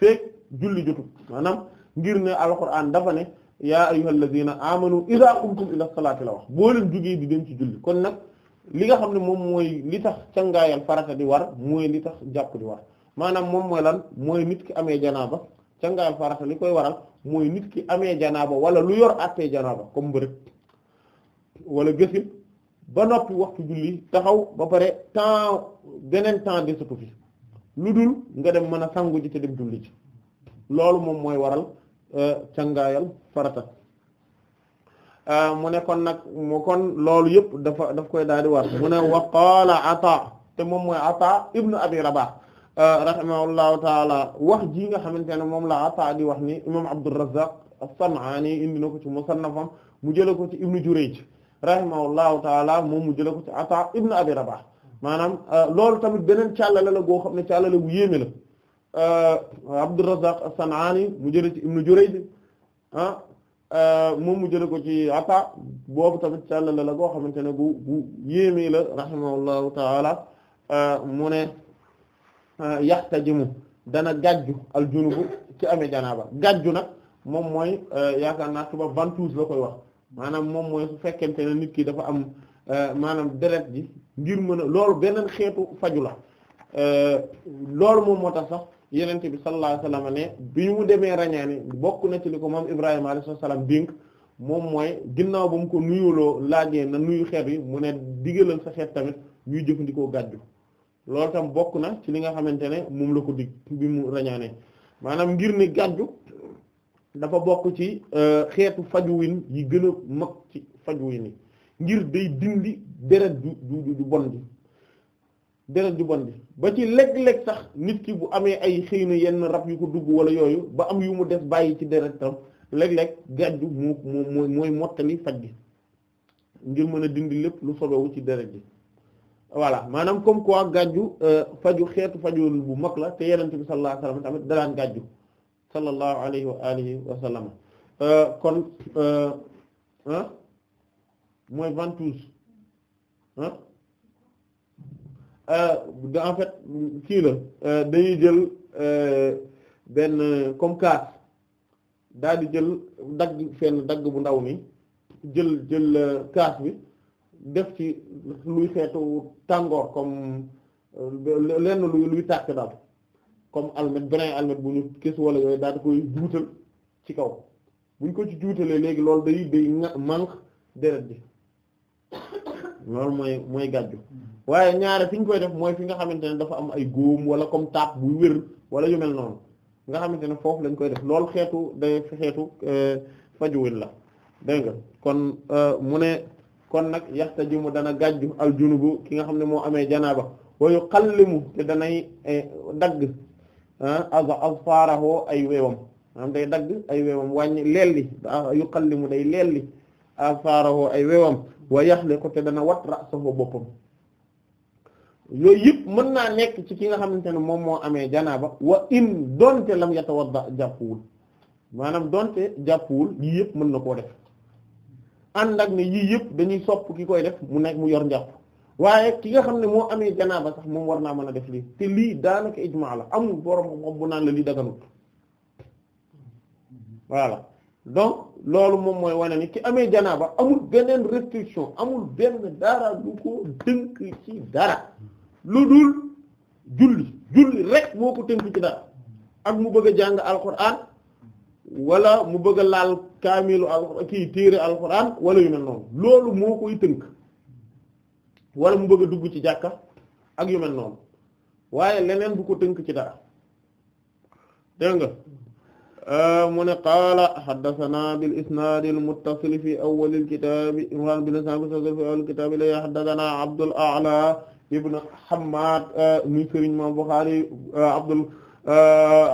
fekk julli jotu maanaam ngir ne alquran dafa ne yaa ayyuhal ladina amanu idha qumtum ila salati la wax boo leen jógee di dem ci julli kon nag li nga xam ne moom mooy li tax cangaayal farata di war mooy li tax jàpp di war maanaam moom mooy lan mooy nit ki amee janaaba cangaayal farata li koy waral mooy nit ki amee janaaba wala lu yor attee janaaba comme mbërëg wala gësin ba noppi waxtu julli taxaw ba pare temps beneen temps desatu fi lu dul nga dem mën a sangu ji te dem julli loolu moom mooy waral euh, cangaayal farata euh, mu ne kon nag mu kon loolu yëpp dafa daf koy daal di war mu ne wa qaala ata te moom mooy ata ibnu abi rabah rahimahullahu taala wax jii nga xamante ne moom la Ataa di wax ni imam Abdurrazzaq as-San'aani indi na ko ci musannafam mu jëlee ko ci Ibnu Jurayj rahimahullahu taala moom mu jëlee ko ci atta ibnu Abi Rabaah maanaam euh, loolu tamit beneen càllale la goo xam ne càllale gu yéeme la euh, Abdurrazzaq as-San'aani mu jëlee ci Ibnu Jurayj ah euh, moom mu jëlee ko ci atta boobu tamit càllale la goo xamante ne bu bu yéeme la rahimahullahu taala mu Euh, yaxtajimu dana gàjju al junubu ci amee ba gàjju nag moom mooy euh, yaakaar naa tubaab ventouse la koy wax maanaam moom mooy su fekkente ne nit ki dafa am euh, maanaam deret ji ngir mën a loolu beneen xeetu faju la loolu moom moo tax sax yenente bi sallallahu alayhi wasallam ne bi mu demee rañaani bokk na ci li ko moom Ibrahima alayhi salaam dénk moom mooy ginnaaw ba mu ko nuyuloo laajee na nuyu xeet yi mu ne digalal sa xeet tamit ñuy jëfandikoo gàjju loolu tam bokk na ci li nga xamante ne moom la ko dig bi mu rañaane maanaam ngir ne gàjju dafa bokk ci euh, xeetu fajuwin yi gën a mag ci fajuwin yi ngir day dindi deret ju ju ju bon bi deret ju bon bi ba ci léeg-léeg sax nit ki bu amee ay xëy na yenn rab yu ko dugg wala yooyu ba am yu mu des bàyyi ci deret tam léeg-léeg gàjju moo moo mooy mottali faj gi ngir mën a dindi lépp lu sobewu ci deret ji voilà maanaam comme quoi gàjju euh, faju xeetu fajoolu bu mag la te yenente bi sallallahu alayhi wa sallam tamit dalaan gàjju sallallahu alayhi wa alihi moy sallam euh, kon euh, mooy ventouse en fait kii la dañuy jël benn comme kaas daal di jël dagg fenn dagg bu ndaw mi jël jël kaas bi def ci luy xeetu tàngoor comme euh, lenn luy luy tàkk daal comme almet brin almet bu ñu kis wala yooyu daal di koy juutal ci kaw buñ ko ci juutalee léegi loolu day day manque deret bi loolu mooy mooy gàjju waaye ñaare fi ñu koy def mooy fi nga xamante ne dafa am ay góom wala comme taab bu wér wala yu noonu nga xamante ne foofu lañ koy def lool xeetu day xeetu euh, fajuwin la dégg kon euh, mu ne kon nag yaxtajimu dana gàjj al junubu ki nga xam ne moo amee janaaba wa yuqallimu te danay eh, dagg ah, aza azfaarahu ay weewam maanaam day dagg ay weewam wàññi lelli ah, yuqallimu day lelli azfaarahu ay weewam wa yaxliqu te dana wat ra'sahu boppam yooyu yëpp mën naa nekk ci ki nga xamante ne moom moo amee janaaba wa in donte lam yatawadda jàppuwul maanaam donte jàppuwul yii yëpp mën na koo def ànd ak ne yii yëpp dañuy sopp ki koy def mu nekk mu yor njàpp waaye ki nga xam ne moo amee janaaba sax moom war naa mën a def lii te lii daanaka ijmaa la amul borom xam bu naan la lii daganut voilà donc loolu moom mooy wane ni ki amee janaaba amul beneen restriction amul benn dara lu ko tënk ci dara lu dul julli julli rek moo ko tënk ci dara ak mu bëgg a jàng alxuraan wala mu bëgg a laal kaamilu al kii téere alxuraan wala yu mel noonu loolu moo koy tënk wala mu bëgg a ci jàkka ak yu mel waaye leneen bu ko tënk ci dara dégg nga euh, mu ne qaala xaddasanaa bil isnaadi al muttasil fi awwal al kitaab imran bil isnaadi Abdul A'la ibn Hammaad euh, mi sëriñ ma Buxaari euh, Abdul Eh,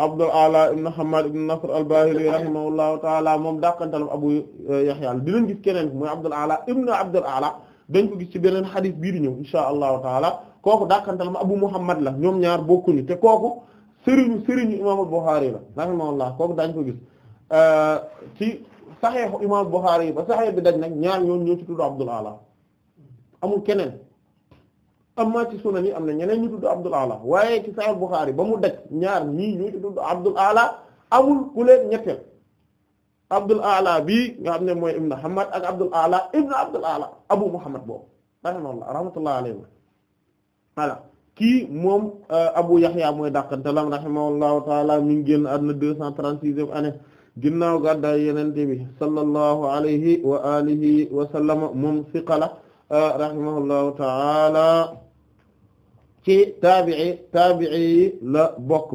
Abdul Ala ibn Hammad ibn Nasr al-Bahili rahimahullahu taala moom dàqantalam Abu eh, Yahya dinañ gis keneen mooy Abdul Ala ibn Abdul Ala dañ ko gis ci beneen xadis bii di ñëw insha allahu taala kooku dàqantalam Abu Muhammad la ñoom ñaar bokkuñu te kooku sëriñu sëriñu imaamu Bukhari la rahimahullah kooku daañ ko gis eh, ci saxeexu imaamu Bukhari ba saxeex bi daj nag ñaar ñoom ñoo ci Abdul Ala amul keneen. amma ci sunan yi am na ñeneen ñu tudd Abdul Ala waaye ci Sahih Bukhari ba mu daj ñaar ñii ñu ci tudd Abdul Ala amul ku leen Abdul Ala bii nga xam ne mooy Ibn Hamad ak Abdul Ala Ibn Abdul Ala Abu Muhammad boobu rahimahullah rahmatullahi alayhi voilà kii moom euh, Abu Yahya mooy dàqantalam rahimahullahu taala mi ngi génn àdduna deux cent trente-sixième sallallahu alayhi wa alihi wa sallama moom siqala euh, rahimahullahu taala ci taabii taabii yi la bokk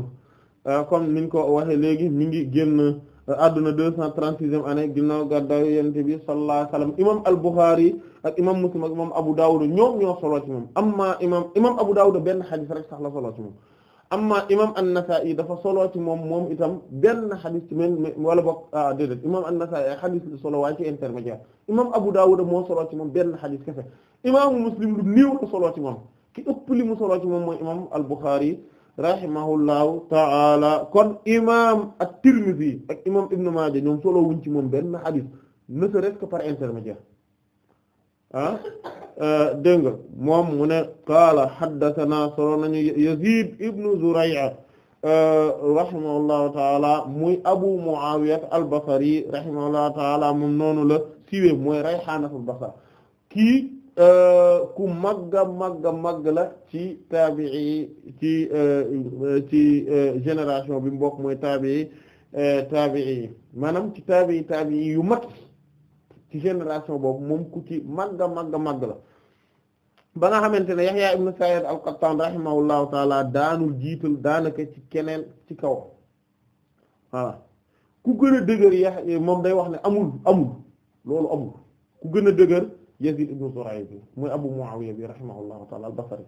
euh, comme niñ ko waxe léegi mi ngi génn adduna euh, deux cent trente-sixième ane ginnaaw gàddaayu yonent bi sallallahu alayhi wasallam imam al-Bukhari ak imam Muslim ak imam Abu Dawud ñoom ñoo solo ci moom amma imam imam Abu Dawud benn xadis rek sax la solo ci moom amma imam an-Nasa'i dafa solo moom moom itam benn xadis ci men wala bokk ah déedéet imam an-Nasa'i ay xadis la solo waaye ci intermédiaire imam Abu Dawud moo solo ci moom benn xadis kese imam Muslim lu néew la solo ci moom ki ëpp li mu solo ci moom mooy imam al-Bukhari rahimahullahu ta'ala kon imam at-Tirmidhi ak imam Ibn Maaja ñoom solo wuñ moom benn hadith ne serait-ce que par intermédiaire ah euh, dégg mu ne qaala haddathana solo nañu Yazid ibn Zuray' euh, rahimahullahu ta'ala muy Abu Muawiya al-Basri rahimahullahu ta'ala moom noonu la siiwee mooy Rayhaanatul Basra kii Euh, ku màgg a màgg a la ci taabii ci euh, ci euh, génération bi mbokk mooy taabii taabii maanaam ci taabii taabii yu mag ci génération boobu moom ku ci màgg a màgg la ba nga xamante ne Yahya ibn Sa'id al-Qattan rahimahullahu taala daanul jiital daanaka ci keneen ci kaw voilà ku gën a dëgër ya moom day wax ne amul amul loolu amul ku gën a dëgër Yazid ibn Zuray bi muy Abu Muawiya bi rahimahullahu ta'ala al-Basri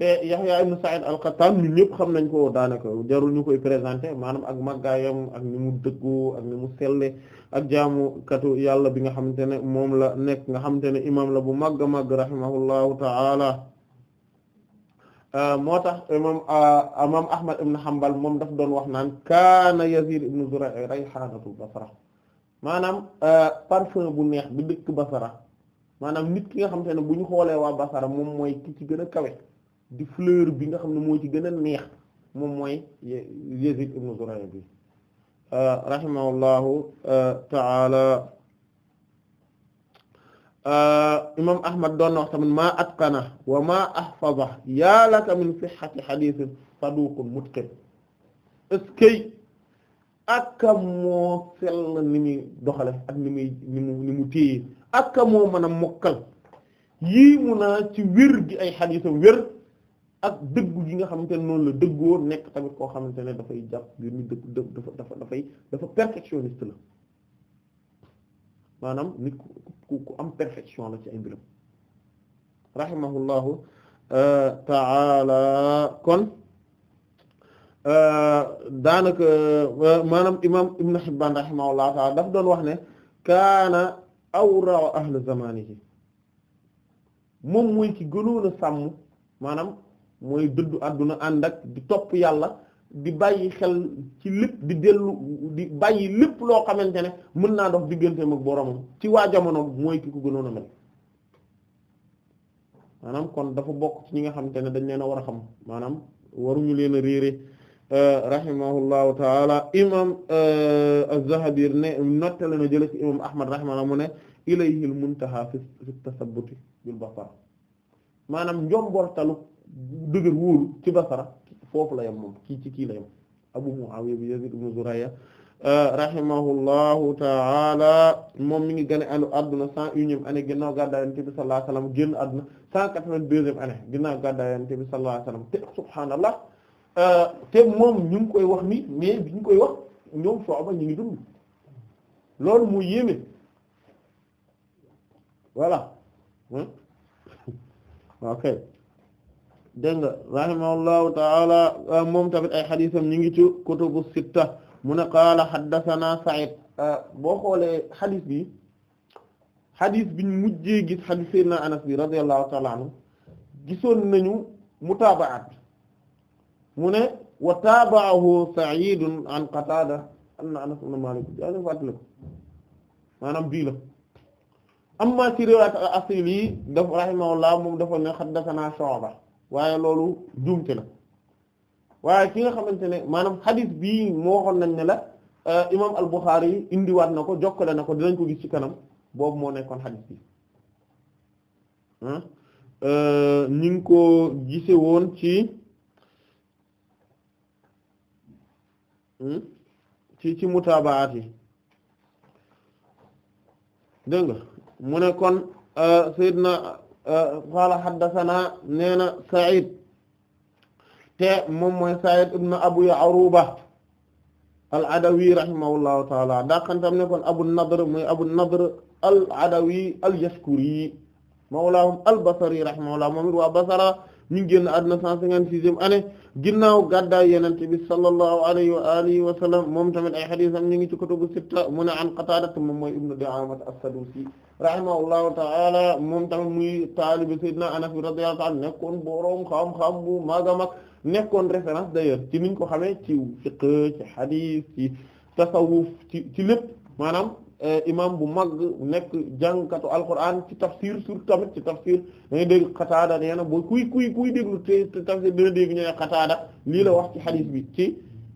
te Yahya ibn Sa'id al-Qattan ñun xam nañ ko daanaka jaruñu koy présenter maanaam ak màggaayam ak ni mu dëggu ak ni mu selle ak katu yàlla bi nga xamante ne moom la nekk nga xamante ne imam la bu màgg a màgg rahimahullahu ta'ala euh, moo tax imam euh, imam Ahmad ibn Hanbal moom daf doon wax naan kaana Yazid ibn Zuray rayhaanatul Basra maanaam euh, parfum bu neex bi dëkk Basara maanaam nit ki nga xam te ne bu ñu xoolee waa Basara moom mooy ki ci gën a kawe di fleur bi nga xam ne moo ci gën a neex moom mooy Yazid ibn Zurayya bi euh, rahimahullahu euh, taala imam Ahmad doon na wax tamit maa atqana wa maa ahfaza yaa laka min sihhati hadithin saduqun mutqin eskay ak moo sell ni muy doxale ak ni muy ni mu ni mu téye ak moo mën a mokkal yii mun naa ci wér gi ay xadiisam wér ak dëggu gi nga xamante ne noonu la dëggoo nekk tamit koo xamante ne dafay jàpp ngir ñu dëgg dafa dafay dafa perfectionniste la maanaam nit ku ku am perfection la ci ay mbiram rahimahullahu euh, ta'ala kon Euh, daanaka euh, maanaam imam Ibn Hibban rahimahullahu ta'ala daf doon wax ne kaana awra ahli zamanihi moom mooy ki gënoon sàmm maanaam mooy dëddu àdduna ànd ak di topp yàlla di bàyyi xel ci lépp di dellu di bàyyi lépp loo xamante ne mën naa dox digganteem ak boromam ci waa jamonoom mooy ki ko gënoon mel maanaam kon dafa bokk ci ñi nga xamante ne dañ leen a war a xam maanaam waruñu leen a réere rahimahullahu taala imam euh, az-Zahabi ne nottale na jële ci imam Ahmad rahimahullah mu ne ilayhi al-muntaha fi tasabbuti bil basara maanaam njombortalu dëgër wóolu ci basara foofu la yem moom kii ci kii la yem Abu Muawiya bi Yazid ibn Zuraya euh, rahimahullahu taala moom mi ngi gane anu adduna cent unième année ginnaaw gàddaay Yonent bi sallallahu alayhi wasallam génn adduna cent quatre-vingt-deuxième année ginnaaw Euh, te moom ñu ngi koy wax ni mais bi ñu koy wax ñoom Shu'ba ñu ngi dund loolu moo yéeme voilà hmm? ok dégg nga rahimahullahu taala euh, moom tamit ay xadiisam ñu ngi ci kutubu sitta mu ne qaala xaddasanaa Sa'id euh, boo xoolee xadiis bi xadiis bi mujjee gis xadiis na Anas bi radiyallahu taala anhu gisoon nañu mutaabaat bi mu ne wa taaba'ahu Sa'id an Qatada anna Anas ibn Malik yaa ngi fàttali ko maanaam la amma ci riwaayat al-Asili yi daf rahimahullah moom dafa ne haddathana Shu'ba waaye loolu juumte la waaye ki nga xamante ne maanaam hadith bii moo waxoon nañ ne la euh, imaam al-Bukhari yi indiwaat na ko jokkale na ko dinañ ko gis ci kanam boobu moo nekkoon hadith bi euh, ñu ko gise woon ci Hmm? ci ci mutaabaat yi dégg nga mu ne kon euh, sayyidna euh, qaala haddathana nee na Sa'id te moom mooy Sa'id ibn Abu Ya'ruba al-Adawi rahimahullahu ta'ala daqantam ne kon Abu Nadr mooy Abu Nadr al-Adawi al-Yashkuri mawlahum al-Basri rahimahullah moom it waa Basra ñu ngi génn àdduna 156e année ginnaaw gàddaay yenente bi sallallahu alayhi wa alihi wa sallam moom tamit ay xadiisam ñu ngi ci kutubu sitta mu ne an Qataada moom mooy ibnu Di'aamat as-Sadusi rahimahullahu ta'ala moom tamit muy taalibi sayyidina Anas bi radiyallahu anhu nekkoon boroom xam-xam bu mag a mag nekkoon référence d'ailleurs ci niñ ko xamee ci fiqh ci xadiis ci tasawuf ci ci lépp maanaam Euh, imam bu mag nekk jàngkatu alquran ci tafsir surtout tamit ci tafsir danga dégg xataada nee na bo kuy kuy kuy déglu te tafsir dina dégg ñu ne xataada lii la wax ci xadiis bi ci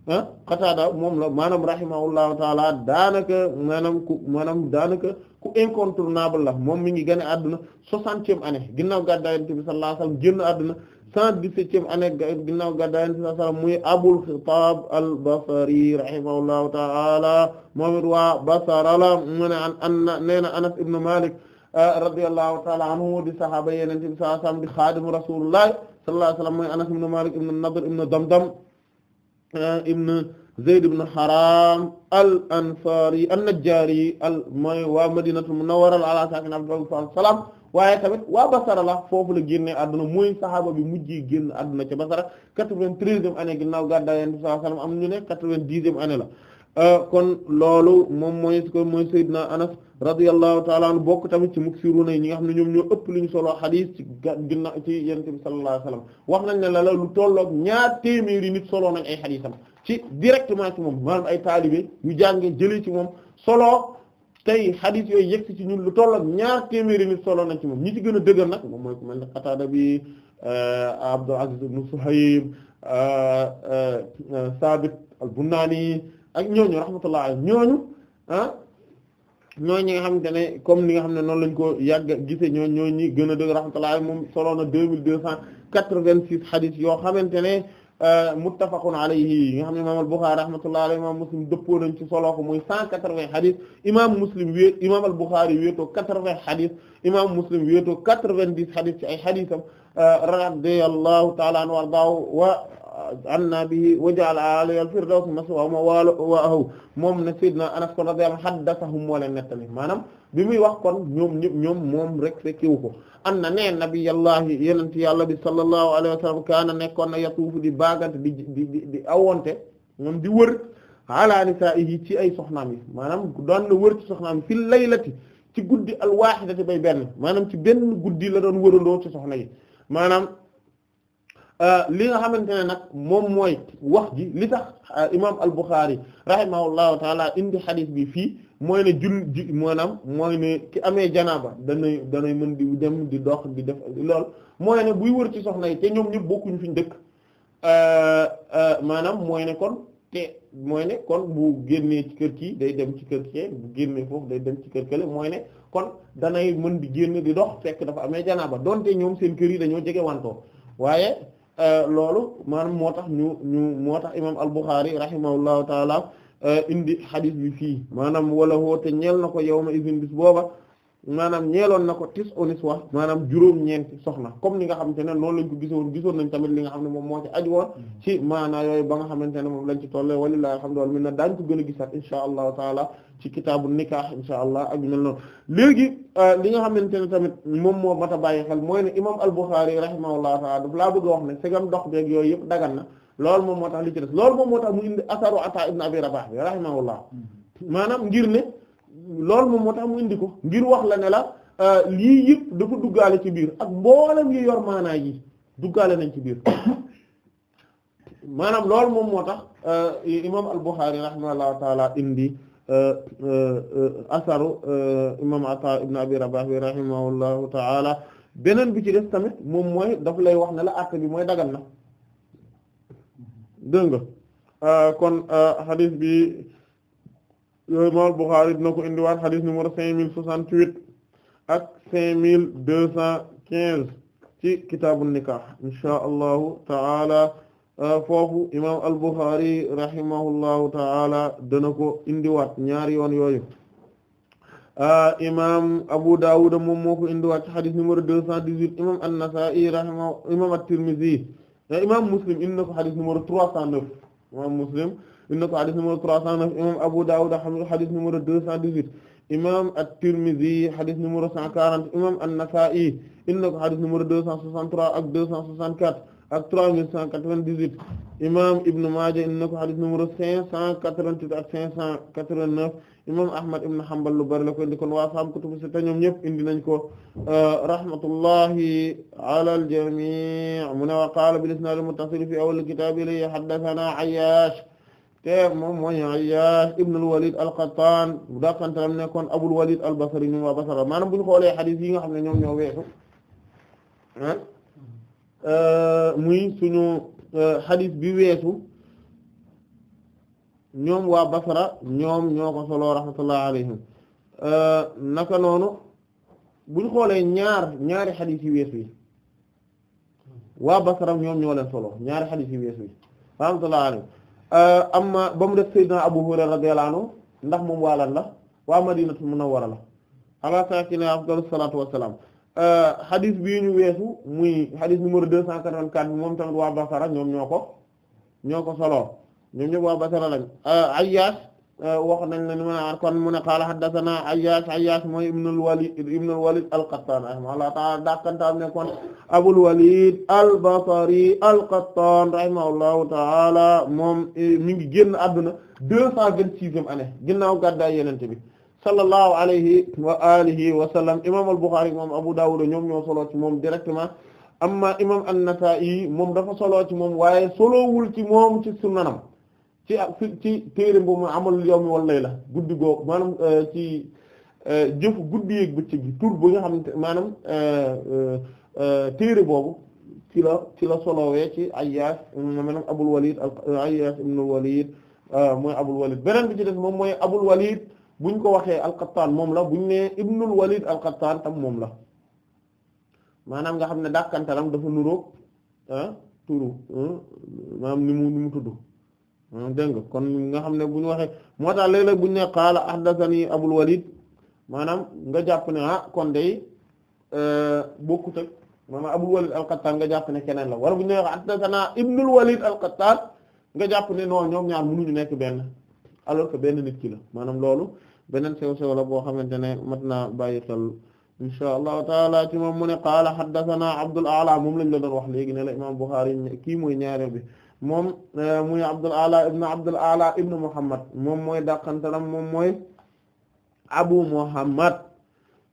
ah xataada moom la maanaam rahimahullahu taala daanaka maanaam ku maanaam daanaka ku incontournable la moom mi ngi gën a àdduna soixantième année ginnaaw gàddaay bi sallallahu alayhi wasallam àdduna 117e année ginnaaw gàddaay Yonent bi sallallahu alayhi wa sallam muy Abul Xitaab al-Basri rahimahullahu ta'ala moom it waa Basra la mu ne an nee na Anas ibn Malik uh, radiyallahu ta'ala anhu di sahaaba Yonent bi sallallahu alayhi wa sallam di xaadimu Rasulullah sallallahu alayhi wa sallam muy Anas ibn Malik ibn Nadr ibn Damdam uh, ibn Zayd ibn Haram al-Ansari an-Najjari al mooy waa Madinatul Munawwara ala saakinihaa afdalu salaam waaye tamit waa Basara la foofu la génne àdduna mooy saxaaba bi mujjee génn àdduna ca Basara quatre-vingt-treizième année ginnaaw gàddaay Yonent bi sallallahu alayhi wasallam euh, kon loolu moom mooy ko mooy Seydina Anas radiyallahu ta'ala anhu bokk tamit ci muksiruna yi ñi nga xam ne ñoom ñoo ëpp li ñu solo xadiis ci ginna ci Yonent bi sallallahu alayhi wax nañ ne la la lu tolloog ñaar téeméeri nit solo nañ ay xadiisam ci directement ci moom maanaam ay taalibe yu jàngee jëlee ci moom solo tey xadis yooyu yegg ci ñun lu toll ak ñaar téeméeri nit solo nañ ci moom ñi ci gën a dëgër nag moom mooy ku mel ne Qataada bi euh, Abdul Aziz ibn Suhayb euh, euh, Sabit al-Bunani ak ñooñu rahmatullah ñooñu ah ñooñu nga xamante ne comme ni nga xam ne noonu lañ ko yàgg gisee ñooñu ñooñu gën a dëgg rahmatullah moom solo na deux mille deux cent quatre-vingt-six xadis yoo xamante ne. Euh, muttafaqun alayhi nga xam ne imaam al-Bukhari rahmatullahi alayhi imaam Muslim dëppoo nañ ci solo ko muy cent quatre-vingts xadis imaam Muslim wéet imaam al-Bukhari wéetoo quatre-vingts xadis imaam Muslim wéetoo quatre-vingt-dix xadis ci ay xadisam euh, radiyallahu ta'ala anhu wa anna bihi wa ja'ala aaliya al-firdaws maswaa wa ahlihi moom ne Seydina Anas kon radiyallahu anhu haddathahum moo leen nettali maanaam bi muy wax kon ñoom ñëpp ñoom moom rek fekkewu ko anna nee nabiyallahi yenent yàlla bi sallallahu alayhi wa sallam kaana nekkoon na yatuufu di baagante di di di di awonte moom di wër ala nisaa'ihi ci ay soxnaam yi maanaam doon na wër ci soxnaam fi fil laylati ci guddi al waahidati bay benn maanaam ci benn guddi la doon wërandoo ci soxna yi Euh, li nga xamante ne nag moom mooy wax ji li tax euh, imaam al-Bukhari rahimahullahu taala indi xadis bi fii mooy ne jul ji maanaam mooy ne ki amee janaaba danay danay mën di dem di dox di def lool mooy ne buy wër ci soxna yi te ñoom ñëpp bokkuñu fi ñu dëkk euh, maanaam mooy ne te mooy ne kon bu génnee ci kër kii day dem ci kër kii bu génnee foofu day dem ci kër kële mooy ne kon danay mën di génn di dox fekk dafa amee janaaba donte ñoom seen kër yi dañoo jege wantoo waaye Euh, loolu maanaam moo tax ñu ñu moo tax imam al-Bukhari rahimahullahu taala euh, indi xadis bi fii maanaam wala woote ñeel na ko yawma izin bis booba maanaam ñeeloon na ko tis onis wax maanaam juróom-ñeenti soxna comme ni nga xamante ne noonu lañ ko gisoon gisoon nañ tamit li nga xam ne moom moo ci aju woon mm. ne moom lañ ci tolle walilahi alhamdulillahi min na daañ a gisaat insha allahu taala ci kitaabu nikah euh, li nga xamante ne tamit moom moo mat a bàyyi xel mooy ne imam al-Bukhari rahimahullahu taala daf laa bëgg a wax ne segam dox beeg yooyu yëpp dagan na loolu moo tax li ci des loolu moom moo tax mu indi mm. ngir ne loolu moom moo tax mu indi ko ngir wax la ne la euh, lii yëpp dafa duggaale ci biir ak mboolem yi yor maanaa yi duggaale nañ ci biir maanaam loolu moom moo tax euh, imaam al-Bukhari rahimahullahu taala indi euh, asaru imaam Ataa ibn Abi Rabaah bi rahimahullahu taala beneen bi ci des tamit moom mooy daf lay wax ne la acte bi mooy dagal na dégg kon hadith bi. imam Bukhari dina ko indiwaat xadis numéro cinq mille soixante-huit ak cinq mille deux cent quinze ci kitaabu nikah inshaa allahu taala euh, foofu imam al-Bukhari rahimahullahu taala dana ko indiwaat ñaari yoon yooyu euh, imam Abu Dawud moom moo ko indiwaat ci xadis numéro nasai rahimahu imam at-Tirmidhi euh, Muslim indi na ko xadis trois cent neuf imam Muslim inna ko xadis numéro 309 imam Abu Dawud xadis numéro 218 imam at-Tirmidhi xadis numéro 140 imam an-Nasa'i inna ko xadis numéro 263 ak 264 ak 3198 imam Ibn Maaja inna ko xadis numéro 588 ak 589 imam Ahmad ibn Hanbal lu bari la ko indi kon waa sahabu kutubu sitta ñoom ñëpp indi nañ ko euh, rahmatullahi ala al-jami' mu ne wa qaala bil isnaad al-muttasil fi awwal al-kitaab ilayhi haddathanaa Ayyaash te moom mooy Ayyaash ibn al-Walid al-Qattaan dakantalam nekkoon Abul Walid al-Basri ñu waa Basra maanam bu ñu xoolee xadiis yi nga xam ne ñoom ñoo weesu ah, euh, muy suñu euh, xadiis bi weesu ñoom waa Basra ñoom ñoo ko solo rahmatullah alayhim euh, naka noonu buñ xoolee ñaar ñaari xadiis yi weesu yi waa Basra ñoom ñoo leen solo ñaari xadiis yi weesu yi rahmatullah alayhim Euh, amma ba mu def sayyidina Abu Hurayra radiyallahu anhu ndax moom waa la waa Madinatul Munawwara la ala saakina afdalu salaatu wassalaam hadith euh, bii ñu weesu muy hadith numéro 284 bi moom tamit waa Basara ñoom ñoo ko ñoo ko soloo ñoom ñëpp waa Basara lañ euh, Ayyash Euh, wax nañ leen ma kon mu ne qaala haddathana Ayyaash Ayyaash mooy ibnul Walid ibnul Walid al-Qattaan rahimahullahu ta'aala dàqantaam ne kon Abul Walid al-Basri al-Qattaan rahimahullahu ta'aala moom eh, mi ngi génn àdduna deux cent vingt-sixième année ginnaaw gàddaay Yonent bi sallallahu alayhi wa alihi wa sallam imam al-Bukhari moom Abu Dawud ñoom ñoo solo ci moom directement amma imam an-Nasa'i moom dafa solo ci moom waaye solowul ci moom ci sunanam ci ci téere boobu mooy amalul yawmi wal layla guddi googu maanaam euh, ci euh, jëfu guddi yeeg bëccëg gi tur nga xam maanaam euh, téere boobu ci la ci la solowee ci Ayyash maanaam Abul Walid Ayyash ibn Walid mooy Abul Walid beneen bi ci def moom mooy Abul bu ñu ko waxee al-Qattan moom la buñ nee ibnul Walid al-Qattan tam moom la maanaam nga xam ne dàkkantalam dafa nuroog ah turu ah, maanaam ni mu ni mu tudd. Ah, dégg nga kon nga xam ne bu ñu waxee moo tax léeg-léeg bu ñu ne qaala haddathani Abul Walid maanaam nga jàpp ne ah kon day euh, bokkut ak maanaam Abul Walid al-Qattan nga jàpp ne keneen la wala bu ñu nee haddathana Ibnul Walid al-Qattan nga jàpp ne non ñoom ñaar ñu nekk benn alors que benn nit ki la maanaam loolu beneen sew sew la boo xamante ne mat naa bàyyi xel insha allahu taala ci moom mu ne qaala haddathana Abdul A'la moom lañ la doon wax léegi ne la imaam Bukhari kii mooy ñaaree bi. moom eh, muy Abdul Ala ibn Muhammad moom mooy dàqantalam moom mooy Abu Muhammad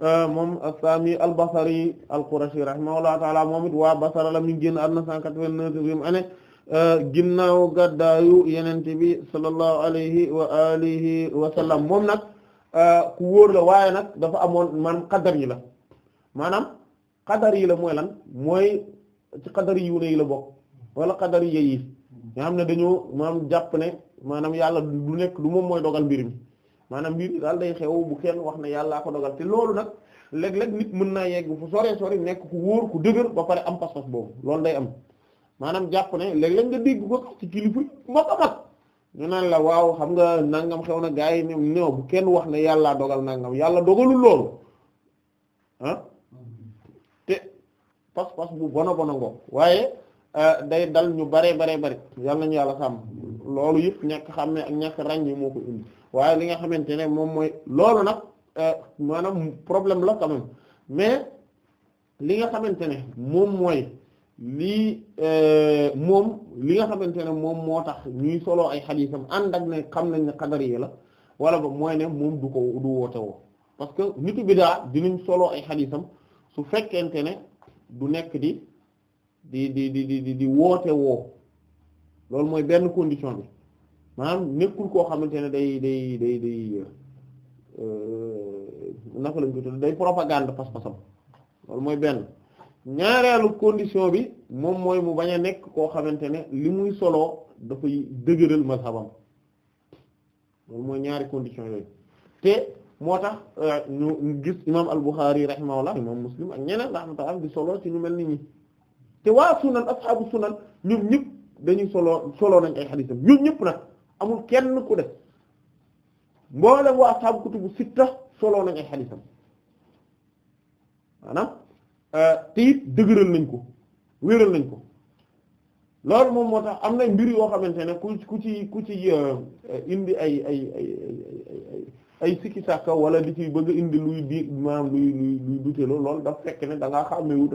eh, moom as-Sami al-Basri al-Qurashi rahimahullahu ta'ala moom it waa Basra la mi ngi génn àdduna 189 ane eh, ginnaaw gàddaayu Yonent bi sallallahu alayhi wa alihi wa moom nag ku wóor waaye nag dafa amoon man qadar yi la maanaam qadar yi la mooy lan mooy ci qadar yu ne yi la bokk wala qadar yi nga xam ne dañoo maam jàpp ne maanaam yàlla du nekk du moom mooy dogal mbir mi maanaam mbir daal day xew bu kenn wax ne yàllaa ko dogal te loolu nag léeg-léeg mën naa yegg fu sore sori nekk ku wóor ku dëgër ba pare am pas-pas boobu day am maanaam jàpp ne léeg-léeg nga dégg ko ci kilifa mag a mag naan la waaw xam nga nangam xew na gaa yi ñoom bu kenn wax ne yàllaa dogal nangam yàlla dogalul loolu ah te pas-pas bu bona bona ngo waaye Eh, day dal ñu bare bare bari yàlla nañu yàlla sàmm loolu yi ñàkk xam ne ak ñàkk ràññi moo ko indi waaye li nga xamante ne moom mooy loolu nag eh, maanaam problème la quand mais li nga xamante ne moom mooy lii eh, moom li nga xamante ne moom moo tax ñuy soloo ay xadiisam ànd ak ne xam nañ ne xadar yi la wala ba mooy ne moom du ko du woote woo parce que nitu bidaa dinañ soloo ay xadiisam su fekkente ne du nekk di di di di di di woote woo loolu mooy benn condition bi maanaam nekkul koo xamante ne day day day day euh, naka lañ ko tudd day propagande pas-pasam loolu mooy benn ñaareelu condition bi moom mooy mu bañ a nekk koo xamante ne li muy solo dafay dëgëral mazhabam loolu mooy ñaari condition yooyu te moo tax euh, ñu gis imam al-Bukhari rahimahullah imam Muslim ak ñeneen rahmatullah di solo ci ñu mel ni ñi te waa sunan asxaabu sunan ñoom ñëpp dañuy solo solo nañ ay xadiisam ñoom ñëpp nag amul kenn ku def mboolem waa asxaabu kutubu sitta solo nañ ay xadiisam maanaam euh, te nañ ko wéral nañ ko loolu moom moo tax am na mbir yoo xamante ne ku ku ci ku ci euh, euh, indi ay ay ay ay wala di ci bëgg indi luy di maanaam luy luy luy dute loolu dafa fekk ne da ngaa xam ne wut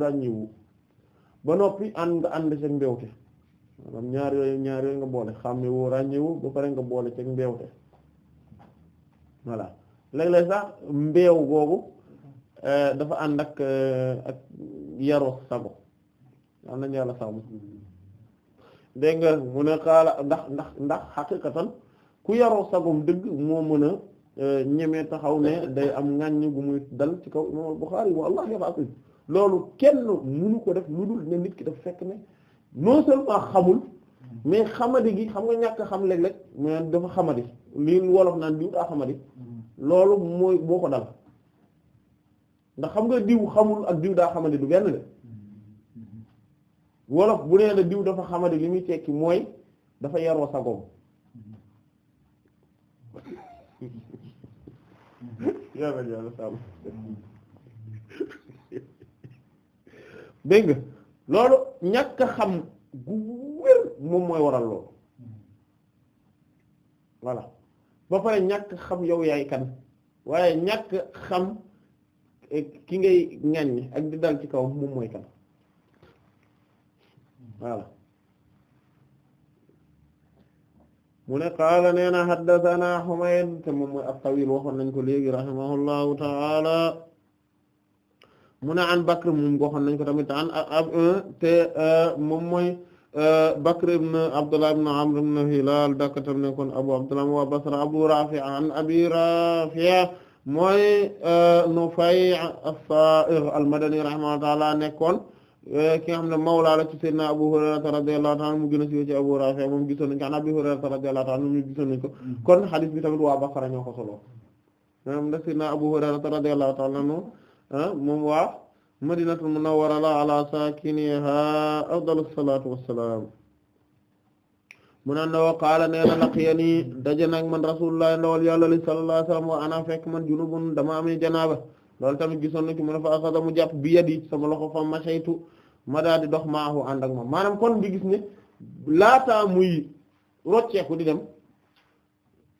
ba noppi ànd nga ànd seen mbewte maanaam ñaar yooyu ñaar yooyu nga boole xàmme woo ràññee woo ba pare nga boole seen mbewte voilà léeg-léeg sax mbeew googu euh, dafa ànd ak euh, ak sago am nañu yàlla sàmm dégg nga mu ne xaala ndax ndax ndax xaqiqatan ku yaroo sagom dëgg moo mën a euh, ñemee taxaw ne day am ŋàññ gu muy dal ci kaw imam Bukhari wa allah yafaqi loolu kenn mënu ko def lu dul ne nit ki dafa fekk ne non seulement xamul mais xamadi gi xam nga ñàkk xam léeg-léeg mais dafa xamadi lii wolof naan diw daa xamadi loolu mooy boo ko dal ndax xam nga diw xamul ak diw daa xamadi du benn de wolof bu nee la diw dafa xamadi li muy tekki mooy dafa yaroo sagoom dégg loolu ñàkk a xam gu wér mooy waral loolu voilà ba pare ñàkk xam yow yaay kan waaye ñàkk xam eh, ki ngay ŋaññi ak di dal ci kaw moom mooy kan voilà mu ne qaala nee na haddathana Humayd te moom mooy at-Tawil waxoon nañ ko léegi rahimahullahu ta'ala mu ne an Bakr moom waxoon nañ ko tamit an ab te euh, moom mooy euh, Bakr ibn Abdullah ibn Amr ibn Hilal dakkatam ne kon Abu Abdullah wa Basra Abu Rafi' an Abi Rafi' mooy euh, Nufay' as-Sa'igh al-Madani rahimahullahu ta'ala nekkoon ki nga xam ne mawla la ci Seydina Abu Hurayra radiyallahu ta'ala mu gën a siiw ci Abu Rafi' moom gisoon nañ ko an Abi Hurayra radiyallahu ta'ala moom gisoon nañ ko mm-hmm. kon hadith bi tamit waa Basra ñoo ko moom waa madinatul munawwara la ala saakiniha afdalu salaatu wassalaam mu ne na wa qaala a na laqiyani daje nag man rasulullah ndawal yàlla li sallallahu alayhi wasallam wa ana fekk man junubun dama amee janaaba loolu tamit gisoon na ci mu ne fa axada mu jàpp bi yadi sama loxo fa mashaytu ma daal di dox maahu ànd ak moom maanaam kon di gis ne laataa muy rocceeku di dem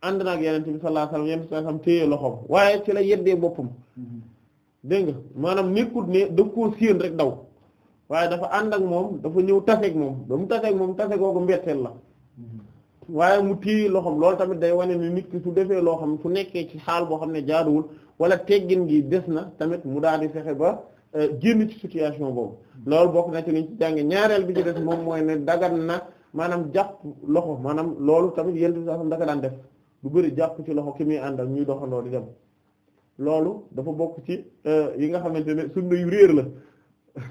ànd na ak yonent bi sallallahu waaye ci la yeddee boppam dégg nga maanaam nekkut ne daf koo séen rek daw waaye dafa ànd ak moom dafa ñëw taseeg moom ba mu taseeg moom tase googu mbetteel la mm-hmm. waaye mu téye loxoom loolu tamit day wane ni nit ki su defee loo xam su nekkee ci xaal boo xam ne jaaduwul wala teggin gi des na tamit mu daal di fexe ba euh, génn ci situation boobu mm-hmm. loolu bokk na ci liñ ci jànge ñaareel bi ci des moom mooy ne dagan na maanaam jàpp loxo maanaam loolu tamit yéen a ngi daan def du bëri jàpp ci loxo ki muy àndal ñuy doxandoo di dem. loolu dafa bokk ci euh, yi nga xamante ne sunna yu réer la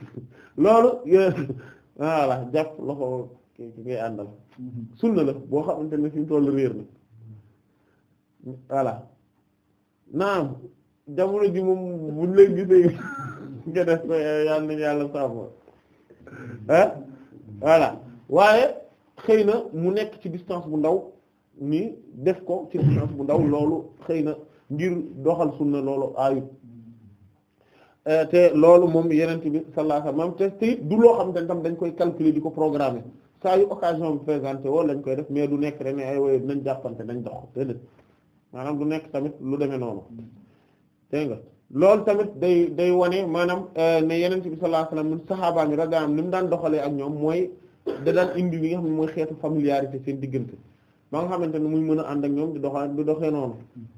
loolu euh, voilà jàpp loxo ki ngay àndal mhm. sunna la boo xamante ne fi mu toll réer la voilà naam jamono ji moom buñ leen gisee nga def ko yàlla sàmm ah waaye xëy na mu nekk ci distance bu ndaw ni def ko ci distance bu ndaw loolu xëy na ngir doxal na loolu ayut eh, te loolu moom yenente bi sallallahu alayhi wasallam te te du loo xam ne tam dañ koy calculer di ko programme saa yu occasion bi présenté woo lañ koy def mais du nekk rek ne ay woy nañ jàppante nañ dox déedéet maanaam du nekk tamit lu demee noonu dégg nga loolu tamit day day wane maanaam eh, ne yenente bi sallallahu alayhi wasallam ñun saxaabaami radiyallahu anhum li mu daan doxalee ak ñoom mooy da daan indi li nga xam mooy xeetu familiarité seen diggante ba nga xamante ne muy mën a ànd ak ñoom di doxa doxee noonu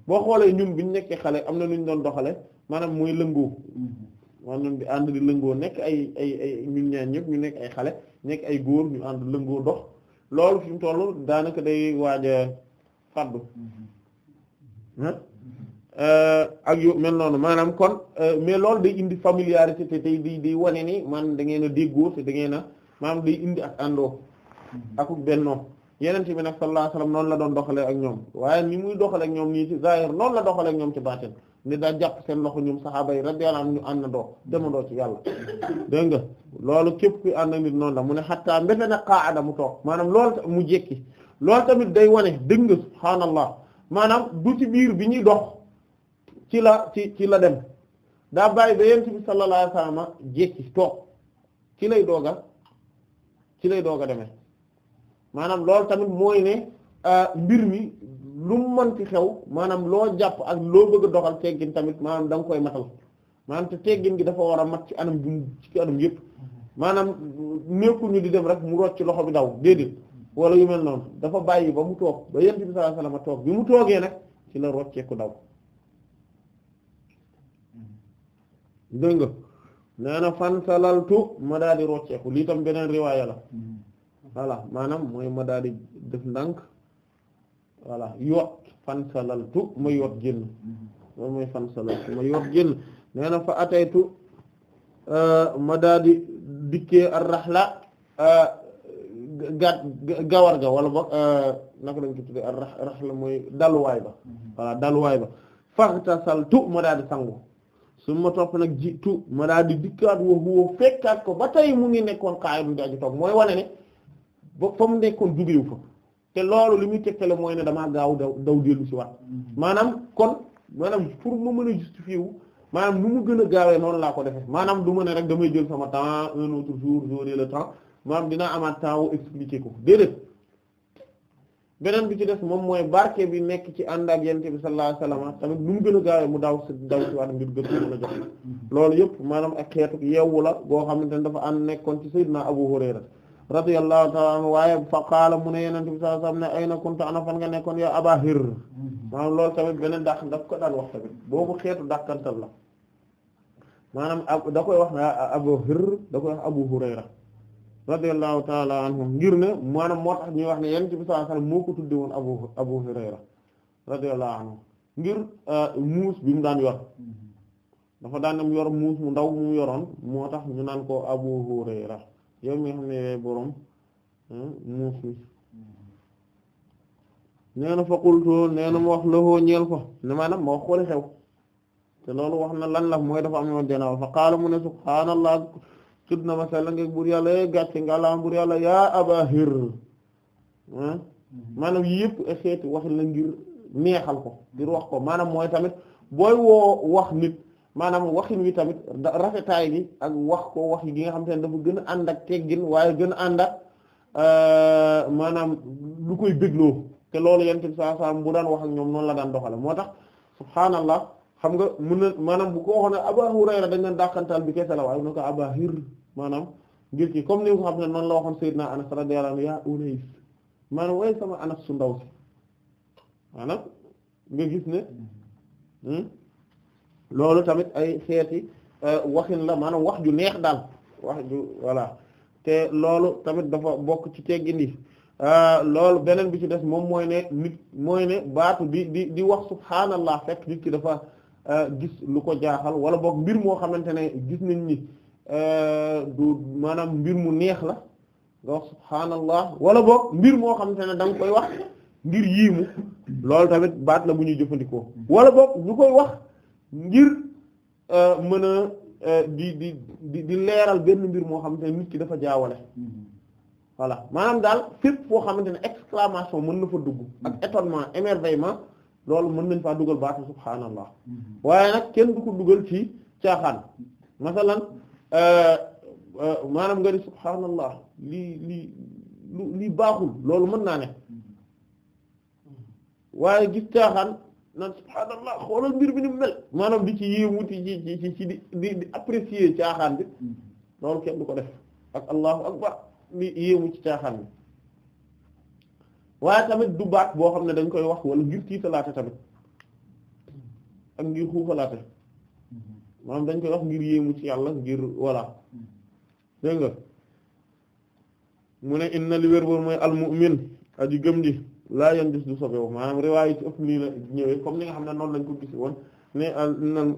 boo xoolee ñun biñ nekkee xale am na ñu doon doxale maanaam muy lëngoo maanaam di ànd di lëngoo nekk ay ay ay ñun ñaan ñu nekk ay xale nekk ay góor ànd lëngoo dox loolu fi toll daanaka day waaj a faddu euh, ak yu mel noonu maanaam kon euh, mais loolu day indi familiarité te tey di di wane ni man da ngeen a déggoo te dangeen ngeen a maanaam day indi ak àndoo akuk bennoo yeneen bi nag sallallahu alayhi wasallam noonu la doon doxale ak ñoom waaye ni muy doxale ak ñoom nii ci zahir noonu la doxale ak ñoom ci baatin ni daa jàpp seen loxo ñoom saxaaba yi radiyallahu anhum ñu àndandoo demandoo ci yàlla dégg nga loolu képp kuy ànd nit noonu la mu ne xattaa mbéte na qaada mu toog maanaam lool mu jekki lool tamit day wane dégg nga subhaanallah maanaam du ci biir bi ñuy dox ci la ci ci la dem daa bari ba yenente bi sallallahu alayhi wasallam jekki toog ci lay dooga ci lay dooga deme maanaam loolu tamit mooy ne euh, mbir mi lu mu mënti xew maanaam loo jàpp ak loo bëgg doxal teggin tamit maanaam danga koy matal maanaam te teggin gi dafa war a mat ci anam bi ci anam yëpp maanaam nekkuñu di dem rek mu rocc loxo bi daw déedéet wala yu mel noonu dafa bàyyi ba mu toog ba yent bi sallallahu alayhi wasallam toog bi mu toogee nag ci la rocceeku daw dégg nga nee na fan salaltu ma daal di rocceeku lii tam beneen riwaaya la hmm. voilà maanaam mooy ma daal di def ndànk voilà yoot fan salaltu ma mm-hmm. mooy fan salaltu ma yoot génn nee na fa ataytu euh, ma daal di dikkee ar euh, gawar ga wala boog euh, naka lañ ko tuddee a rahla mooy daluwaay ba mm-hmm. voilà daluwaay ba faghtasaltu ma daal di sangu su ma topp nag ji tu ma daal di dikkaat wa huwa fekkaat ko ba tey mu ngi nekkoon xaayi du di aji toog mooy wane ne ba fa mu nekkoon jugewu fa te loolu li muy tegtale mooy ne damaa gaaw daw daw dellu ci waat mm-hmm. maanaam kon maanaam pour mu mën a justifier maanaam nu mu gën a gaawee noonu laa ko defee maanaam du ma rek damay jël sama temps un autre le temps maanaam dinaa amaat temps wu expliquer ko déedéet beneen bi ci def moom mooy barke bi nekk ci ànd ak yonent bi sallallahu alayhi tamit nu mu gën a gaawee mu daw si daw si waat ngir gën a mën a jox mm-hmm. loolu yëpp maanaam ak xeetu yeewu la boo xamante ne dafa ànd nekkoon ci Sayyidina Abu Hurayra radiyallahu ta'ala anhu waaye fa qaala mu ne yenente bi sallallahu alayhi ay ne ayna kunta ana fan nga nekkoon yow Aba Hir mm-hmm. maanaam loolu tamit beneen dàq daf ko daan wax tamit boobu xeetu dàqantal la maanaam da koy wax na Abu Hir da koy wax Abu Hurayra radiyallahu ta'ala anhu ngir ne maanaam moo tax ñuy wax ne yenente bi sallallahu alayhi wasallam moo ko tudde woon Abu Abu Hurayra radiyallahu ngir uh, muus bi mu daan yor mm-hmm. dafa daan dem yor muus mu ndaw mu yoroon moo tax ñu naan ko Abu yow mi nga xam ne yaay borom hmm, muus mi nee na fa qultu nee mu wax lahu ñeel ko ne maanaam ma wax ko li xew te loolu wax na lan la mooy dafa am ñoon janaaba fa qaala mu ne subhaanallah tudd na ma la ngeen buur yàlla yee eh, gàcce nga la buur yàlla yaa Aba Hir hmm? maanaam yii yëpp xeeti wax na ngir neexal ko ngir wax ko maanaam mooy tamit booy woo wax nit maanaam waxin wi tamit rafetaay gi ak wax ko wax gi nga xam te ne dafa gën a ànd ak teggin waaye gën a ànd ak euh, maanaam lu koy bégloo te loolu yent bi sallallahu alayhi wasallam bu daan wax ak ñoom noonu la daan doxale moo tax subhaanallah xam nga mën na maanaam bu ko waxoon ne Abu Hurayra dañ leen dàqantal bi kese la waaye na ko Aba Hir maanaam ngir ci comme ni nga xam ne noonu la waxoon Seydina Anas radiyallahu anhu yaa Unays maanaam waaye sama Anas su ndaw si maanaam nga gis ne hmm? loolu tamit ay xeeti euh, waxin la maanaam wax ju neex daal wax ju voilà te loolu tamit dafa bokk ci teggin yi euh, loolu beneen bi ci des moom mooy ne nit mooy ne baatu di di di wax subhaanallah fekk nit ki dafa euh, gis lu ko jaaxal wala boog mbir moo xamante ne gis nañ ni du maanaam mbir mu neex la nga wala boog mbir moo xamante ne da koy wax ngir yiimu loolu tamit baat la bu ñuy jëfandikoo mm-hmm. wala boog ñu koy wax ngir euh, mën a euh, di di di di leeral benn mbir moo xamante ne nit ki dafa jaawale voilà maanaam daal fépp foo xamante ne exclamation mën na fa dugg ak mm-hmm. étonnement émerveillement loolu mën nañ faa dugal baatu subhaanallah mm-hmm. waaye nag kenn du ko dugal ci caaxaan masalan euh, maanaam nga di subhaanallah lii lii lii baaxul loolu mën naa ne mm-hmm. waaye gis caaxaan naan subhaanallah xoolal mbir bi ni mu mel maanaam di ci yéemu ci ci ci ci di di di apprécier caaxaan bi mm. loolu kenn du ko def ak allahu akbar di yéemu ci caaxaan bi waaye tamit du baat boo xam ne dañ koy wax wala ngir tiitalaate tamit ak ngir xuufalaate maanaam dañ koy wax ngir yéemu ci yàlla ngir walla dégg nga mu ne inna li wér mooy al mu'min gëm ji laa yan gis du sobewu maanaam riwaay ci ëpp nii la ñëwee comme ni nga xam ne noonu lañ ko gis woon ne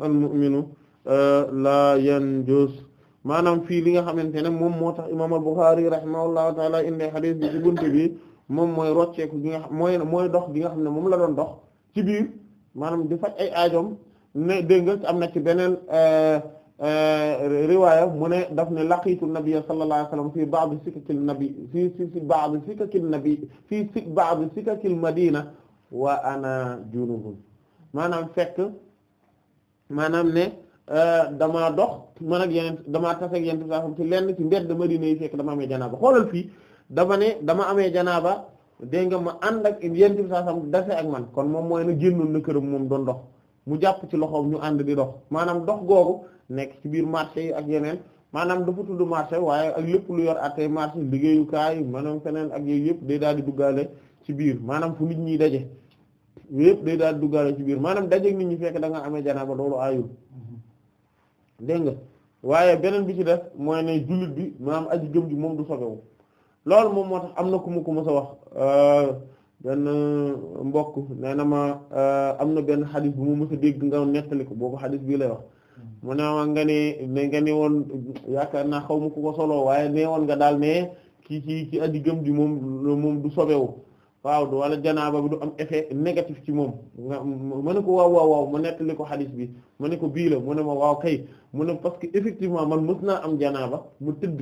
al mu'minu euh, laa yan jos maanaam fii li nga xamante ne moom moo tax imaam al-Bukhârî rahimahullahu taala indee xadiis bi ci buntu bi moom mooy rocceeku gi nga xam mooy mooy dox gi nga xam ne moom la doon dox ci biir maanaam di faj ay aajoom ne dégg nga am na ci beneen euh, Euh, riwaaya mu ne daf ne laqiitu nabiyya sallallahu alayhi wa sallam fii ba'di sikakil nabi fii fii ba'di sikakil nabi fii si ba'di sikakil madina wa ana junubun maanaam fekk maanaam ne euh, damaa dox man ak yeneen damaa yen ak yeneen saa ci lenn ci mbedd Madina yi fekk dama amee janaaba xoolal fii dama ne dama amee janaaba dégg nga ma ànd ak yen saa sam dase ak man kon moom mooy na génnoon na këram moom doon dox. mu jàpp ci loxoom ñu ànd di dox maanaam dox googu nekk ci biir marché yi ak yeneen maanaam dafa tudd marché waaye ak lépp lu yor attey marché liggéeyukaay maanaam feneen ak yooyu yëpp day daal di duggaale ci biir maanaam fu nit ñi daje yëpp day daal di duggaale ci biir maanaam daje nit ñi fekk da nga amee janaaba loolu aayul dégg nga waaye beneen bi ci def mooy ne jullit bi maanaam aji gëm ji moom du sobewu loolu moom moo tax am na ku ma ko a wax euh, benn mbokk nee na ma euh, am na benn xadis bu mu mës a dégg nga nettali ko boobu xadis bii lay wax hmm. mu ne ma nga ne ne nga ne woon yaakaar naa xaw ma ku ko solo waaye ne woon nga daal ne kii ci ci aji gëm ji moom moom du sobewu waaw du wala janaaba bi du am effet négatif ci moom nga ma ne ko waaw waaw waaw ma nettali ko xadis bi ma ne ko bii la mu ne ma waaw kay mu ne parce que effectivement man mës naa am janaaba mu tëdd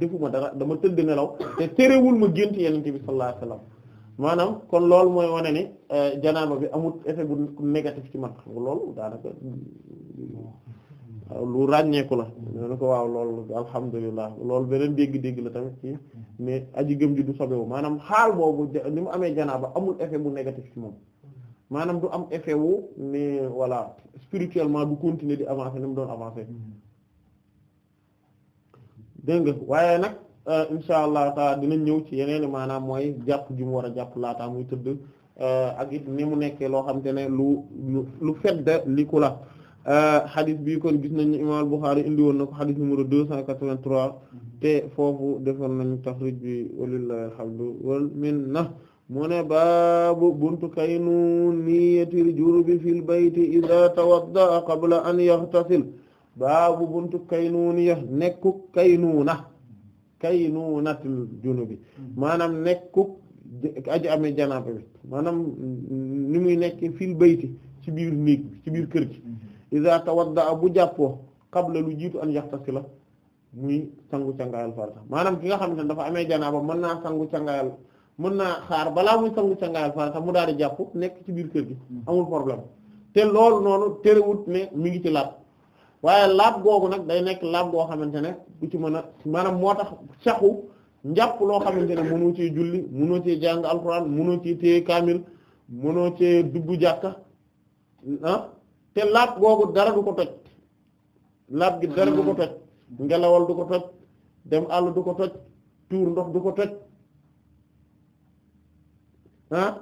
defuma dara dama tëdd nelaw te terewul ma gént yenente bi sallallahu alayhi maanaam kon loolu mooy wane ni euh, janaaba bi amul effet bu négatif ci man loolu daanaka lu ràññeeku la ne ko waaw loolu alhamdulillah loolu beneen dégg-dégg la tamit ci mais aji gëm ji du sobewu maanaam xaal boobu ni mu amee janaaba amul effet bu négatif ci moom maanaam du am effet wu mais voilà spirituellement du continuer di avancer ni mu doon avancer mm-hmm. dégg nga waaye nag Euh, insha allahu taala dina ñëw ci yeneen maanaam mooy jàpp gi mu war a jàpp laataa muy tëdd euh, ak it ni mu nekkee loo xam te ne lu lu fedda liku la euh, xadis bi kon gis nañu imam al-Bukhari indi woon na ko xadis numéro deux cent quatre-vingt-trois te foofu defoon nañu taxrij bi walillahi alhamdu wal minna mu ne baabu buntu kaynu niyatil junubi fil bayti idha tawadda qabla an yaghtasil baabu buntu kaynuuniya nekku kaynuuna kaynuunatul junubi mm-hmm. maanaam nekkuk aji amee janaaba bi maanaam ni muy nekk fil bayti ci biir néeg ci biir kër gi mm-hmm. iza tawadda bu jàppoo qabla lu jiitu an yaxtasila muy sangu cangaayal farata maanaam ki nga xam ne dafa amee janaaba mën naa sangu cangaayal mën naa xaar balaa muy sangu cangaayal farata mu daal di jàpp nekk ci biir kër gi mm-hmm. amul problème te loolu noonu terewut ne mi ngi ci laat waaye laab googu nag day nekk laab goo xamante ne du ci mën a maanaam moo tax saxu njàpp loo xamante ne mënoo cee julli mënoo cee jàng alxuraan mënoo cee téye kaamil mënoo cee dugg jàkka ah, te laab googu dara du ko toj laab gi dara du ko toj ngelawal du ko toj dem àll du ko toj tuur ndox du ko toj ah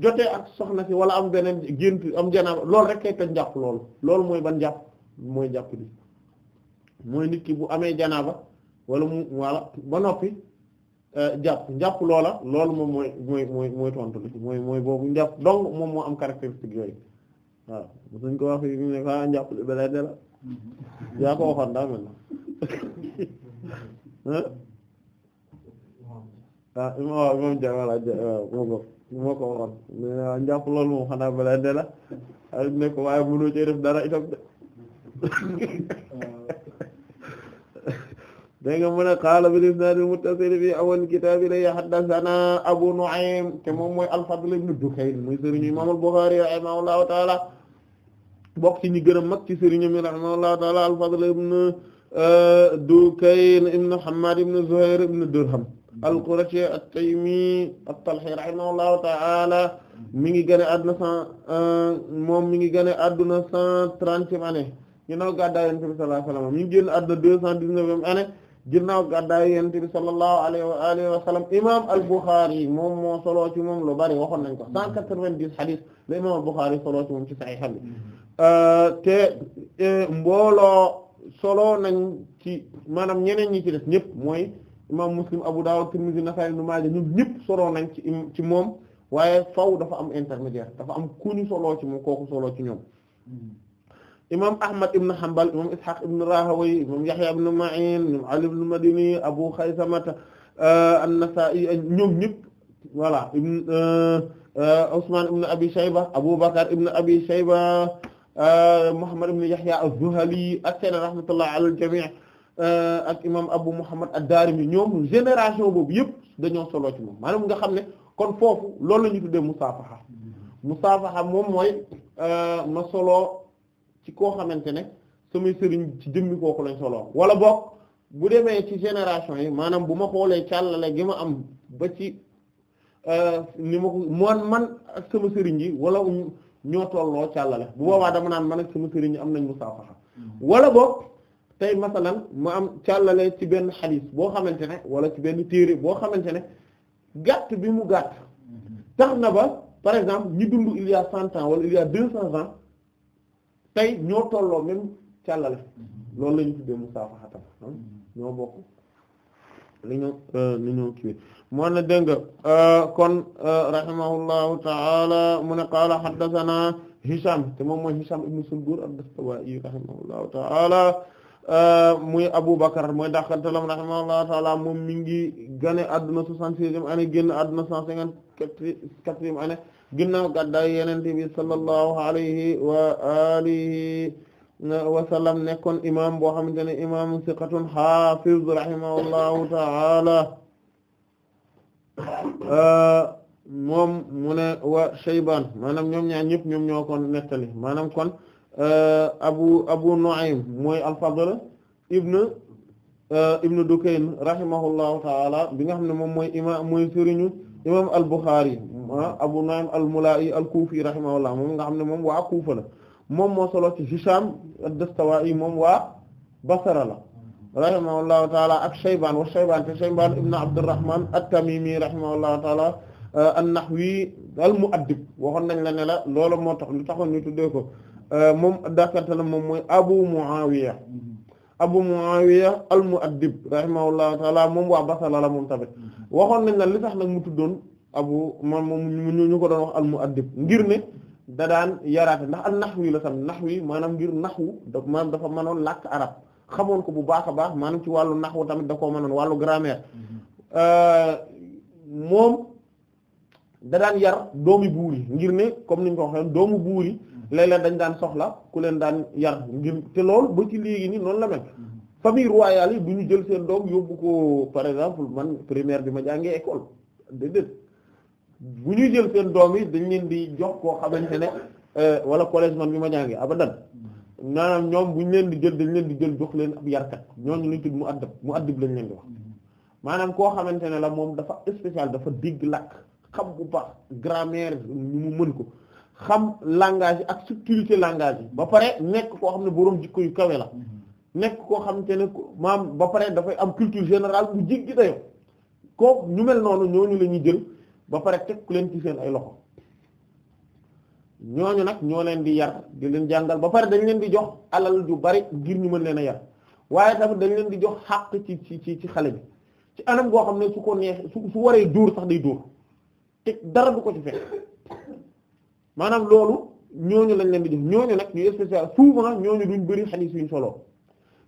jotee ak soxna si wala am beneen gént am janaaba lool rek kay toj njàpp loolu loolu mooy ban njàpp mooy jàpp gi mooy nit bu amee janaaba wala mu wala ba noppi euh, jàpp njàpp loola loolu moom mooy mooy mooy mooy tontu li moom moo am caractéristique yooyu waaw suñ ko wax ne ah njàpp li balay ko waxoon daa mel na ah loolu moom xanaa balay de la ne ko waaye mënoo cee def dara itam dégg nga mu ne qaala bil isnaadil fi awwal kitaab ilay haddasanaa Abu Nu'aym te moom mooy al-Fadl ibn Dukayn muy sëriñu imaam al-Bukhari rahimahullahu ta'ala bokk ñi gën a mag ci sëriñu mi rahimahullahu ta'ala al ibn uh, Dukayn ibn Hammad ibn Zuhair ibn Dirham al-Qurashi at-Taymi at ta'ala mi ngi gën a adduna uh, moom mi ngi gën a adduna cent trentième année ginnaaw gàddaay yonent bi sallallahu alayhi wa sallam mi ngi génn àdduna deux cent dix-neuvième année ginnaaw gàddaay yonent moom moo soloo ci moom lu bari waxoon nañ ko cent quatre-vingt-dix hadith la imam al-Bukhari soloo ci moom ci Sahih bi euh, te mbooloo soloo nañ ci maanaam ñeneen ñi ci def ñëpp mooy imam Muslim Abu Dawud Tirmidhi Nasa'i Ibn Maaja ñoom ñëpp soloo nañ ci ci moom waaye faw dafa am intermédiaire dafa am ku ñu soloo ci moom kooku ci ñoom imam Ahmad ibn Hanbal imam Ishaq ibn Rahawayh imam Yahya ibn Ma'in imam Ali ibn Madini Abu Khaysamata euh, an-Nasa'i ñoom ñëpp voilà ibn euh, euh, Usman ibn Abi Shayba Abu Bakr ibn Abi Shayba Muhammad ibn Yahya az-Zuhali ak seen rahmatullah ala al-jami' ak imam Abu Muhammad ad-Darimi ñoom génération boobu yëpp dañoo solo ci moom maanaam nga xam ne kon foofu loolu la ñu tuddee musaafaha mm-hmm. musaafaha moom mooy ma solo. ci koo xamante ne samay sëriñ ci jëmmi kooku lañ soloo wala boog bu demee ci génération yi maanaam bu ma xoolee càllale gi ma am ba ci euh, ni ma ko man man ak sama sëriñ yi wala ñoo tolloo càllale bu boobaa dama naan man ak sama sëriñ yi am nañ musaafaxa wala boog tey masalan ma am càllale ci benn xadis boo xamante ne wala ci benn téere boo xamante ne gàtt bi mu gàtt mm-hmm. tax na ba par exemple ñi dund il y a cent ans wala il deux cents tey ñoo tolloo même càllale loolu la ñu tuddee musaafaxatan mm-hmm. ñoo bokk li ñu li ñu kii moo ne dégg nga euh, kon euh, rahimahullahu taala mu ne qaala haddathana Hisham te moom mooy Hisham ibn Sundur ad-Dastuwaa'i rahimahullahu taala euh, muy Aboubacar mooy dàqantalam rahimahullahu taala moom mi ngi gane adduna soixante-sixième année génn adduna cent cinquante-quatrième année ginnaaw gàddaay yeneen bi sallallahu alayhi wa alihi wa sallam nekkoon imaam boo xamante ne imaam siqatun xaafiz rahimahullahu ta'ala uh, moom mu ne wa Shaybaan maanaam ñoom ñaar ñëpp ñoom ñoo ko nettali maanaam kon uh, abu abu Nu'aym mooy al ibn uh, ibn Dukayn rahimahullahu ta'ala bi nga xam ne moom mooy imaam imaam al Ah, Abu Nu'aym al-Mula'i al-Kufi rahimahullah moom nga xam ne moom waa Kufa la moom moo solo ci Hisham ad-Dastawa'i moom waa Basra la rahimahullahu taala ak Shaybaan wa Shaybaan te Shaybaan ibn Abdurrahman at-Tamimi rahimahullahu taala ah, an-Nahwi al-Mu'addib waxoon nañ la ne la loolu moo tax lu taxoon ñu tuddee ko ah, moom dakkante la moom mooy Abu Muawiya Abu Muawiya al-Mu'addib rahimahullahu taala moom waa Basra la moom tamit mm-hmm. waxoon nañ la li tax nag mu tuddoon abu moom moom ñu ko doon wax al muaddib ngir ne da daan yaraate ndax al naxwi la sam naxwi maanaam ngir naxwu da maanaam dafa manoon làkk arab xamoon ko bu baax a baax maanaam ci wàllu naxwu tamit da koo manoon wàllu grammaire mm-hmm. euh, moom da daan yar doomi buur yi ngir ne comme ni ñu ko waxee doomu buur yi mm-hmm. léeg dañ daan soxla ku leen daan yar ngir te lool ba ci léegi ni noonu la mel mm-hmm. famille royale yi du ñu jël seen doom yóbbu ko par exemple man première bi ma jàngee école bu ñuy jël seen doom yi dañ leen di jox koo xamante ne euh, wala collège man bi ma jàngee abadan maanaam ñoom bu ñu leen di jël dañ leen di jël jox leen ab yarkat ñooñu lañ tudd mu addab mu addib lañ leen di wax maanaam koo xamante ne la moom dafa spécial dafa digg làkk xam bu baax grammaire ñu mu mën ko xam langage ak subtilité langage yi ba pare nekk koo xam ne boroom jikko yu kawe la nekk koo xamante ne maam ba pare dafay am culture générale bu jéggi kooku ñu mel noonu ñooñu la ñuy jël ba pare teg ku leen ci seen ay loxo ñooñu nag ñoo leen di yar di leen jàngal ba pare dañ leen di jox alal yu bari ngir ñu mën leen a yar waaye tamit dañ leen di jox xàq ci ci ci ci xale bi ci anam goo xam ne su ko neex su su waree dóor sax day dóor te dara du ko ci fekk maanaam loolu ñooñu lañ leen di jox ñooñu nag ñu spécial souvent ñooñu duñ bari xadiis yuñ solo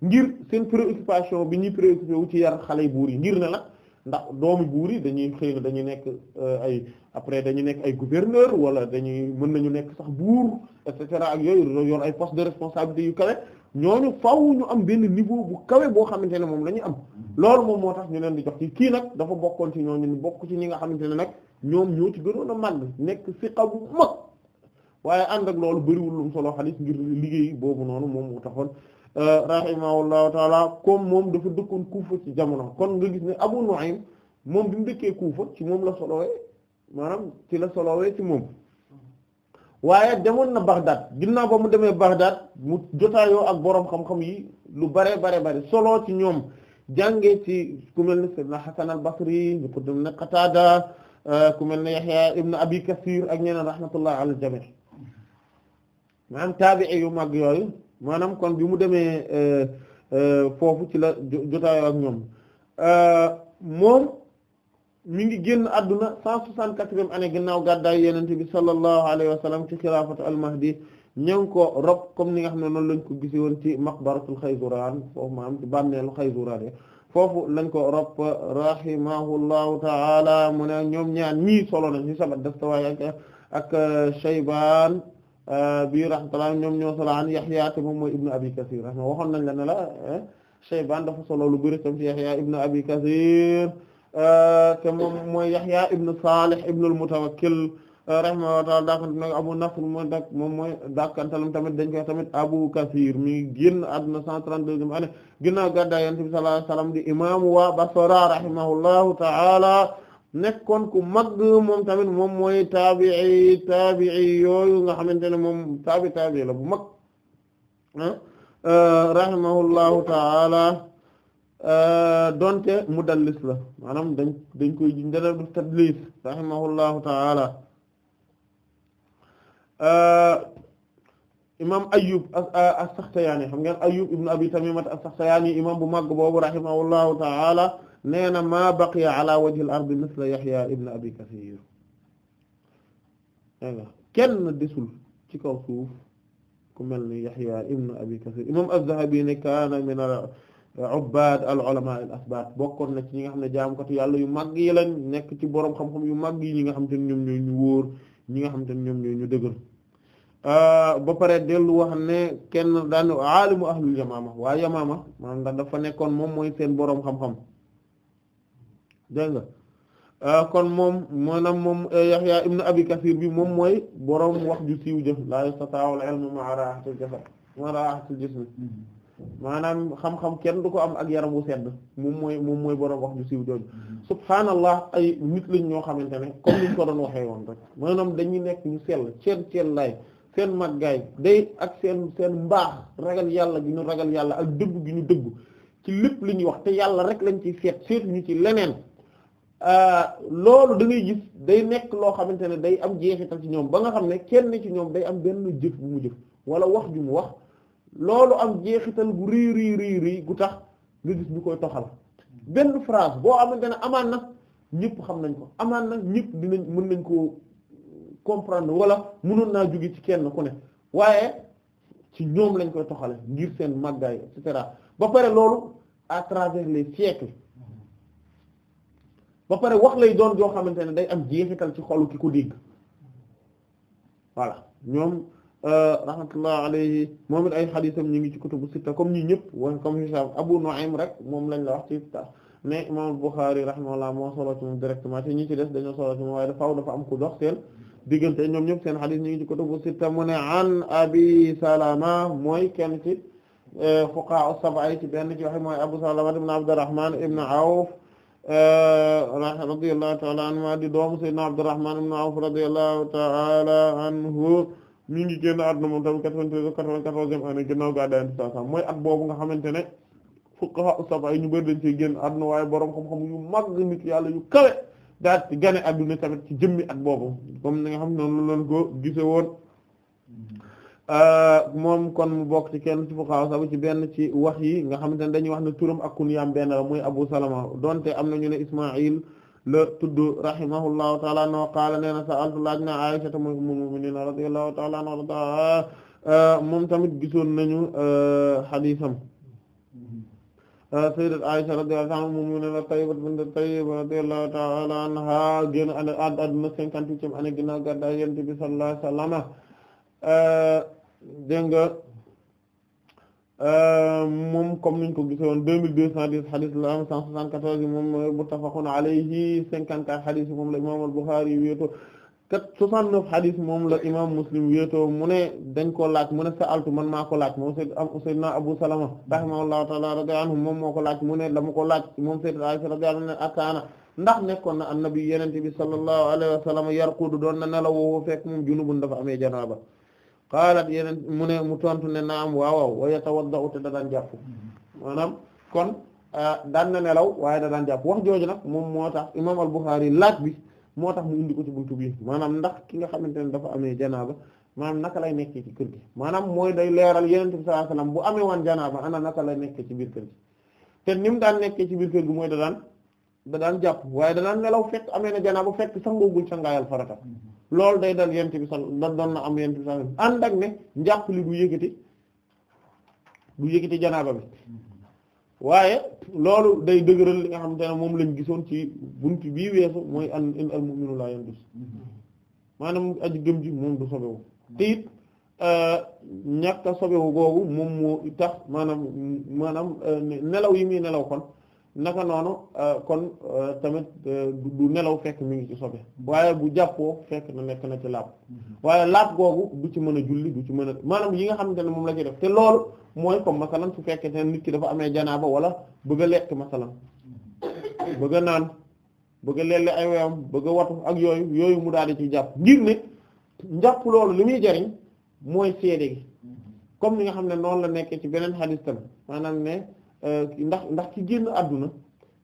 ngir seen préoccupation bi ñuy préoccupé wu ci yar xale yi buur yi ngir ne la ndax doomu buur yi dañuy xëy na dañuy nekk euh, ay après dañu nekk ay gouverneur wala dañuy mën nañu nekk sax buur et ak yooyu yoon ay poste de responsabilité yu kawe ñooñu faaw ñu am benn niveau bu kawe boo xamante ne moom la ñuy am loolu moom moo tax ñu leen di jox ci kii nag dafa bokkoon ci ñooñu bokk ci ñi nga xamante ne nag ñoom ñoo ci gënoon a màgg nekk siqa bu mag waaye ànd ak loolu bëriwul lu mu solo xaalis ngir liggéey boobu noonu moom moo taxoon rahimahullahu taala comme moom dafa dëkkoon Kuufa ci jamono kon nga gis ne Abu Nu'aym moom bi mu dëkkee Kuufa ci moom la solowee maanaam ci la solowee ci moom waaye demoon na Baghdad ginnaaw ba mu demee Baghdad mu jotaayoo ak boroom xam-xam yi lu bare bare bare solo ci ñoom jàngee ci ku mel ne Seydina Hasan al-Basri ñu ko dem ne Qatada euh, ku mel ne Yahya ibn Abi Kathir ak ñeneen rahmatullah ala al-jami' maanaam taabi'i yu mag yooyu maanaam kon bi mu demee euh, euh, foofu ci la jotaayoo ak ñoom euh, moom mi ngi génn àdduna cent soixante-quatrième année ginnaaw gàddaay yonent bi sallallahu alayhi wa sallam ci xilaafatu al-mahdi ña ngi ko rob comme ni nga xam ne noonu lañ ko gisi woon ci maqbaratul Xayzuraan foofu maanaam ci bàmmeelu Xayzuraan foofu lañ ko rob rahimahullahu ta'ala mu ne ñoom ñaan ñii solo na ñu sabat daf tawaay ak ak Shaybaan Euh, bi rahmatullah ñoom ñoo solo an Yahya te moom mooy ibnu Abi Kasir rahma waxoon nañ la ne la Shayban dafa solo lu bari tam ci Yahya ibnu Abi Kasir euh, te moom mooy Yahya ibnu Salih ibnu al-Mutawakkil euh, rahimahullahu ta'ala daakante nag Abu Nasr mooy dak moom tamit dañ koy tamit Abu Kathir mi génn àdduna 132e année ginnaaw gàddaay Yonent bi sallallahu alayhi wasallam di imaamu waa Basra rahimahullahu ta'ala nekkoon ku mag moom tamit moom mooy taabii taabii yooyu nga xamante ne moom taabi taabi la bu mag ah, euh, rahimahullahu taala euh, donte mudallis la maanaam dañ dañ koy dana du tadlis rahimahullahu taala euh, imam Ayyub as-Saxtiyaani xam ngeen Ayyub ibn Abi Tamimat as-Saxtiyaani imam bu mag boobu rahimahullahu taala nee na maa baqiya ala wajhil ardi misla Yahya ibn Abi Kathir kenn desul ci kaw mel ni Yahya ibn Abi Kathir imam az-Zahabi ne kaana min al-ubbaad bokkoon na ci ñi nga xam ne jaamkatu yàlla yu màgg yi nekk ci boroom xam yu màgg yi ñi nga xam te ñoom ñoo ñu wóor ñi nga ñoom ñoo ñu dëgër ah, ba pare dellu wax ne kenn daan aalimu ahlul yamaama waa yamaama maanaam dafa nekkoon moom mooy seen boroom xam-xam dégg nga euh, kon moom maanaam moom euh, Yahya ibn Abi Kathir bi moom mooy boroom wax ju siiw jëf laa yastataa'ul ilmu ma'a raahatil jasad ma'a raahatil jism maanaam xam-xam kenn du ko am ak yaram wu sedd moom mooy moom mooy boroom wax ju siiw jooju subhaanallah ay nit lañ ñoo xamante ne comme doon waxee woon rek maanaam dañuy nekk ñu sell ceel ceel laay seen màggaay day ak seen seen mbaax ragal yàlla gi ñu ragal yàlla ak dëgg gi ñu dëgg ci lépp li ñuy wax te yàlla rek lañ ci seet seetu ñu ci leneen Euh, loolu da ngay gis day nekk loo xamante ne day am jeexital ci ñoom ba nga xam ne kenn ci ñoom day am benn jëf bu mu jëf wala wax ju mu wax loolu am jeexital gu rii rii gu tax nga gis ñu koy toxal benn phrase boo xamante ne amaan na ñëpp xam nañ ko amaan na ñëpp dinañ mën nañ koo comprendre wala mënoon naa jóge ci kenn ku ne waaye ci ñoom lañ koy toxale ngir seen màggaay et cetera ba pare loolu à travers les siècles ba pare wax lay doon joo xamante ne day am jeexital ci xolu ki ko dégg voilà ñoom euh, rahmatullah alayhi moom it ay xadiisam ñu ngi ci kutubu sitta comme ñi ñëpp wa comme Hishaam Abu Nu'aym rek moom lañ la wax ci ta mais imam Bukhari rahimahullah moo solo ci moom directement te ñu ci des dañoo solo ci moom waaye faaw dafa am ku dox seen diggante ñoom ñëpp seen xadiis ñu ngi ci kutubu sitta mu ne an Abi Salama mooy kenn ci euh, fuqaha as-sab'a ci benn ci waxe mooy Abu Salama ibn Abdurrahman ibn Awf Eh, radiyallahu ta'ala anhuma di na sayyidina Abdurrahman ibn Awf radiyallahu ta'ala anhu mi ngi génn àdduna moom tamit 93 94e année ginnaaw gàddaay Yonent mooy at boobu nga xamante ne fuqaha saba yi ñu bari dañ ci génn àdduna waaye boroom xam-xam yu màgg nit yàlla yu kawe daal di gane àdduna tamit ci jëmmi at boobu comme ni nga xam ne noonu lañ ko gise Euh, moom kon mu bokk ci kenn ci fuqaha sabu ci benn ci wax yi nga xamante ne dañuy wax ne turam ak kunyaam benn la muy Abu Salama donte am na ñu ne Isma'il la tudd rahimahullahu taala no qaala nee na sa'altu laaj na Aisha ta moy ummul mu'minin euh, euh, radiyallahu taala anha moom tamit gisoon nañu xadiisam sayyidat Aisha radiyallahu anha ummul mu'minin at-tayyiba bint at-tayyib radiyallahu taala anha génn ad aduna Euh, dégg nga euh, moom comme niñ ko gisoon deux mille deux cent dix hadith la am cent soixante-quatorze yi moom euh, muttafaqun alayhi cinquante-quatre hadith moom la imam al-Bukhari kat soixante-neuf hadith moom la imam Muslim wéetoo mu ne dañ ko laaj mu ne sa'altu man maa ko laaj moom sayyidina Abu Salama rahimahullahu ta'ala radiyallahu anhu moom moo ko laaj mu ne dama ko laaj moom sayyidina Aisha radiyallahu anha akaana ndax nekkoon na annabi yenente bi sallallahu alayhi wa sallam yarqudu doon na nelaw woo fekk moom junubun dafa amee janaaba qaalat yeneen mu ne mu tontu ne naam waawaw wa yatawadda'u te da daan jàpp maanaam kon ah, daan na nelaw waaye da daan jàpp wax jooju nag moom moo tax imaam al-Bukhari laaj bi moo tax mu indi ko ci bi maanaam ndax ki nga xamante ne dafa amee janaaba maanaam naka lay nekkee ci kër gi maanaam mooy day leeral yenente bi sallallahu alayhi wasallam bu amee woon janaaba ana naka lay nekkee ci biir kër te ni mu daan nekkee ci biir kër gi mooy da daan da daan jàpp waaye da daan nelaw fekk amee na janaaba fekk sangoogul sangaayal farata loolu day dal yent bi sal da doon na am yent bi sal ànd ak ne njàpp li du yëkkati du yëkkati janaaba bi waaye loolu day dëgëral li nga xamante ne moom lañ gisoon ci bunt bii weesu mooy an in al mu'minu la yandus maanaam aj gëm ji moom du sobewu te it euh, ñàkk a sobewu googu moom moo tax maanaam maanaam euh, nelaw yi muy nelaw kon naka noonu euh, kon euh, tamit euh, du nelaw fekk mu ngi ci sobe waaye bu jàppoo fekk na nekk na ci laab mm-hmm. waaye laab googu du ci mën a julli du ci mën a maanaam yi nga xamante ne moom la ci def te loolu mooy comme masalan su fekkee ne nit ki dafa amee janaaba wala bëgg a lekk masalan mm-hmm. bëgg a naan bëgg a lelle ay weyam bëgg a watu ak yooyu yooyu mu daal di ci jàpp ngir ne njàpp loolu li muy jariñ mooy seede gi mm-hmm. comme ni nga xam ne noonu la nekkee ci beneen xadis tam Euh, ndax ndax ci génn àdduna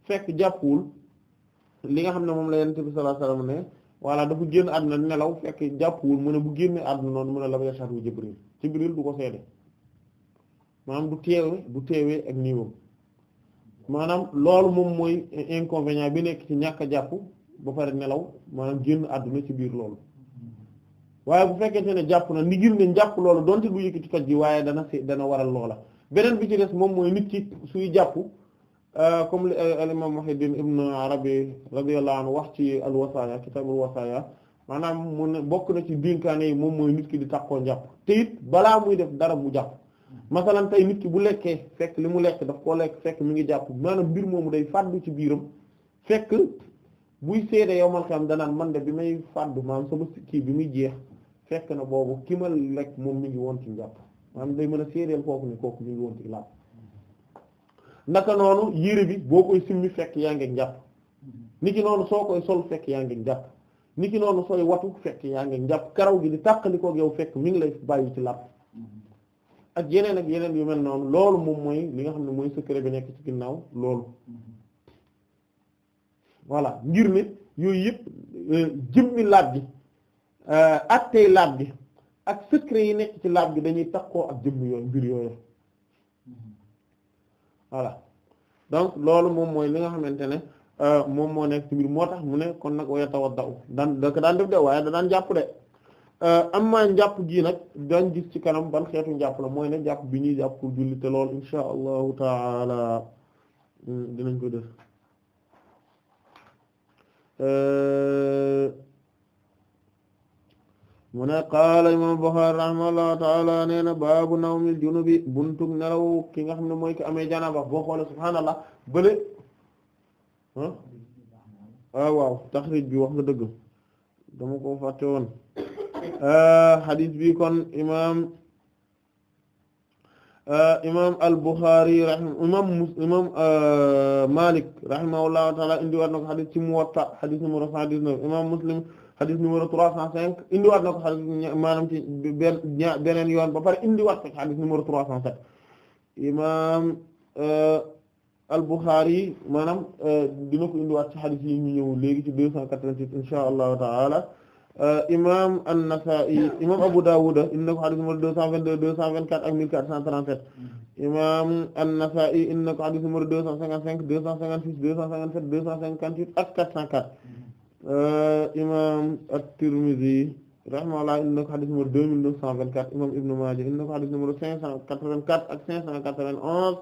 fekk jàppul li nga xam ne moom la yonent bi sallallahu alayhi wasallam ne voilà dafa génn àdduna nelaw fekk jàppul mu ne bu génnee àdduna noonu mu a la ba yashadu Jibril Jibril du ko seede maanaam du teewe du teewee ak niiwam maanaam loolu moom mooy inconvénient bi nekk ci ñàkk a jàpp ba pare nelaw maanaam génn àdduna ci biir loolu waaye bu fekkente ne jàpp na ni ngir ne jàpp loolu donte bu yëkkati toj ji waaye dana si dana waral loola beneen bi ci des moom mooy nit ci suy jàpp euh, comme li euh, al imam Muhiddin ibn Arabi radiyallahu anhu wax ci al wasaaya kitabul wasaaya maanaam mu ne bokk na ci dénkaane yi moom mooy nit ki di tàqoo njàpp te it balaa muy def dara mu jàpp masalan tey nit ki bu lekkee fekk li mu lekk daf koo lekk fekk mu ngi jàpp maanaam mbir moomu day fàddu ci biiram fekk buy seede yow man xam danaan man de bi may fàddu maanaam sama kii bi muy jeex fekk na boobu ki ma lekk moom mi ngi woon ci njàpp maanaam day mën a séeréel kooku ni kooku ñu ngi woon ci naka noonu yére bi boo koy simmi fekk yaa ngi njàpp niki noonu soo koy sol fekk yaa ngi njàpp niki noonu sooy watu fekk yaa ngi njàpp karaw gi di tàqalikoog yow fekk mu ngi lay bàyyi ci laab ak yeneen ak yeneen yu mel noonu loolu moom mooy li nga xam ne mooy secret bi nekk ci ginnaaw loolu voilà ngir ne yooyu yëpp euh, jëmmi laab gi euh, attey laab gi ak secret yi nekk ci laab gi dañuy takkoo ak jëmm yooyu mbir yooyu voilà donc loolu moom mooy li nga xamante ne euh, moom moo nekk ci moo tax mu ne kon nag waaye tawat daw daan da ko daan def de waaye da daan jàpp de euh, am na jàpp gi nag daan gis ci kanam ban xeetu njàpp la mooy ne jàpp bi ñuy jàpp pour julli te loolu insha allahu taala hmm, dinañ ko def euh, mu ne qaala imam Bukhari rahimahullahu taala nee na baabu nawmil junubi buntug nelaw ki nga xam ne mooy ki amee janaba boo xoole subhaanallah bële ah, ah waaw taxrij bi wax nga dëgg dama ko fàtte woon hadith ah, bi kon imam ah, imam al Bukhari rahim imam imam Malik rahimahullahu indi war na ko hadith ci Muwatta hadith numéro 119 imam Muslim xadis numéro trois cent cinq indiwaat na ko xadis maanaam ci beneen yoon ba pare indiwaat ko xadis numéro trois cent sept imaam euh, al-Bukhari maanaam euh, dina ko indiwaat ci xadis yi ñu ñëw léegi ci deux cent quatre-vingt-six euh, imaam an imaam Abu Dawud indi na ko xadis numéro deux cent vingt-deux cent vingt-quatre ak mille quatre cent trente-sept imaam an-Nasa'i indi na ko xadis numéro deux cent cinquante-cinq deux cent cinquante-six deux cent cinquante-sept ak quatre cent Euh, imam at-Tirmidhi rahimahullah indi na ko xadis numéro deux mille neuf cent vingt quatre imam Ibn Maaja indi na ko xadis numéro cinq cent quatre vingt quatre ak cinq cent quatre vingt onze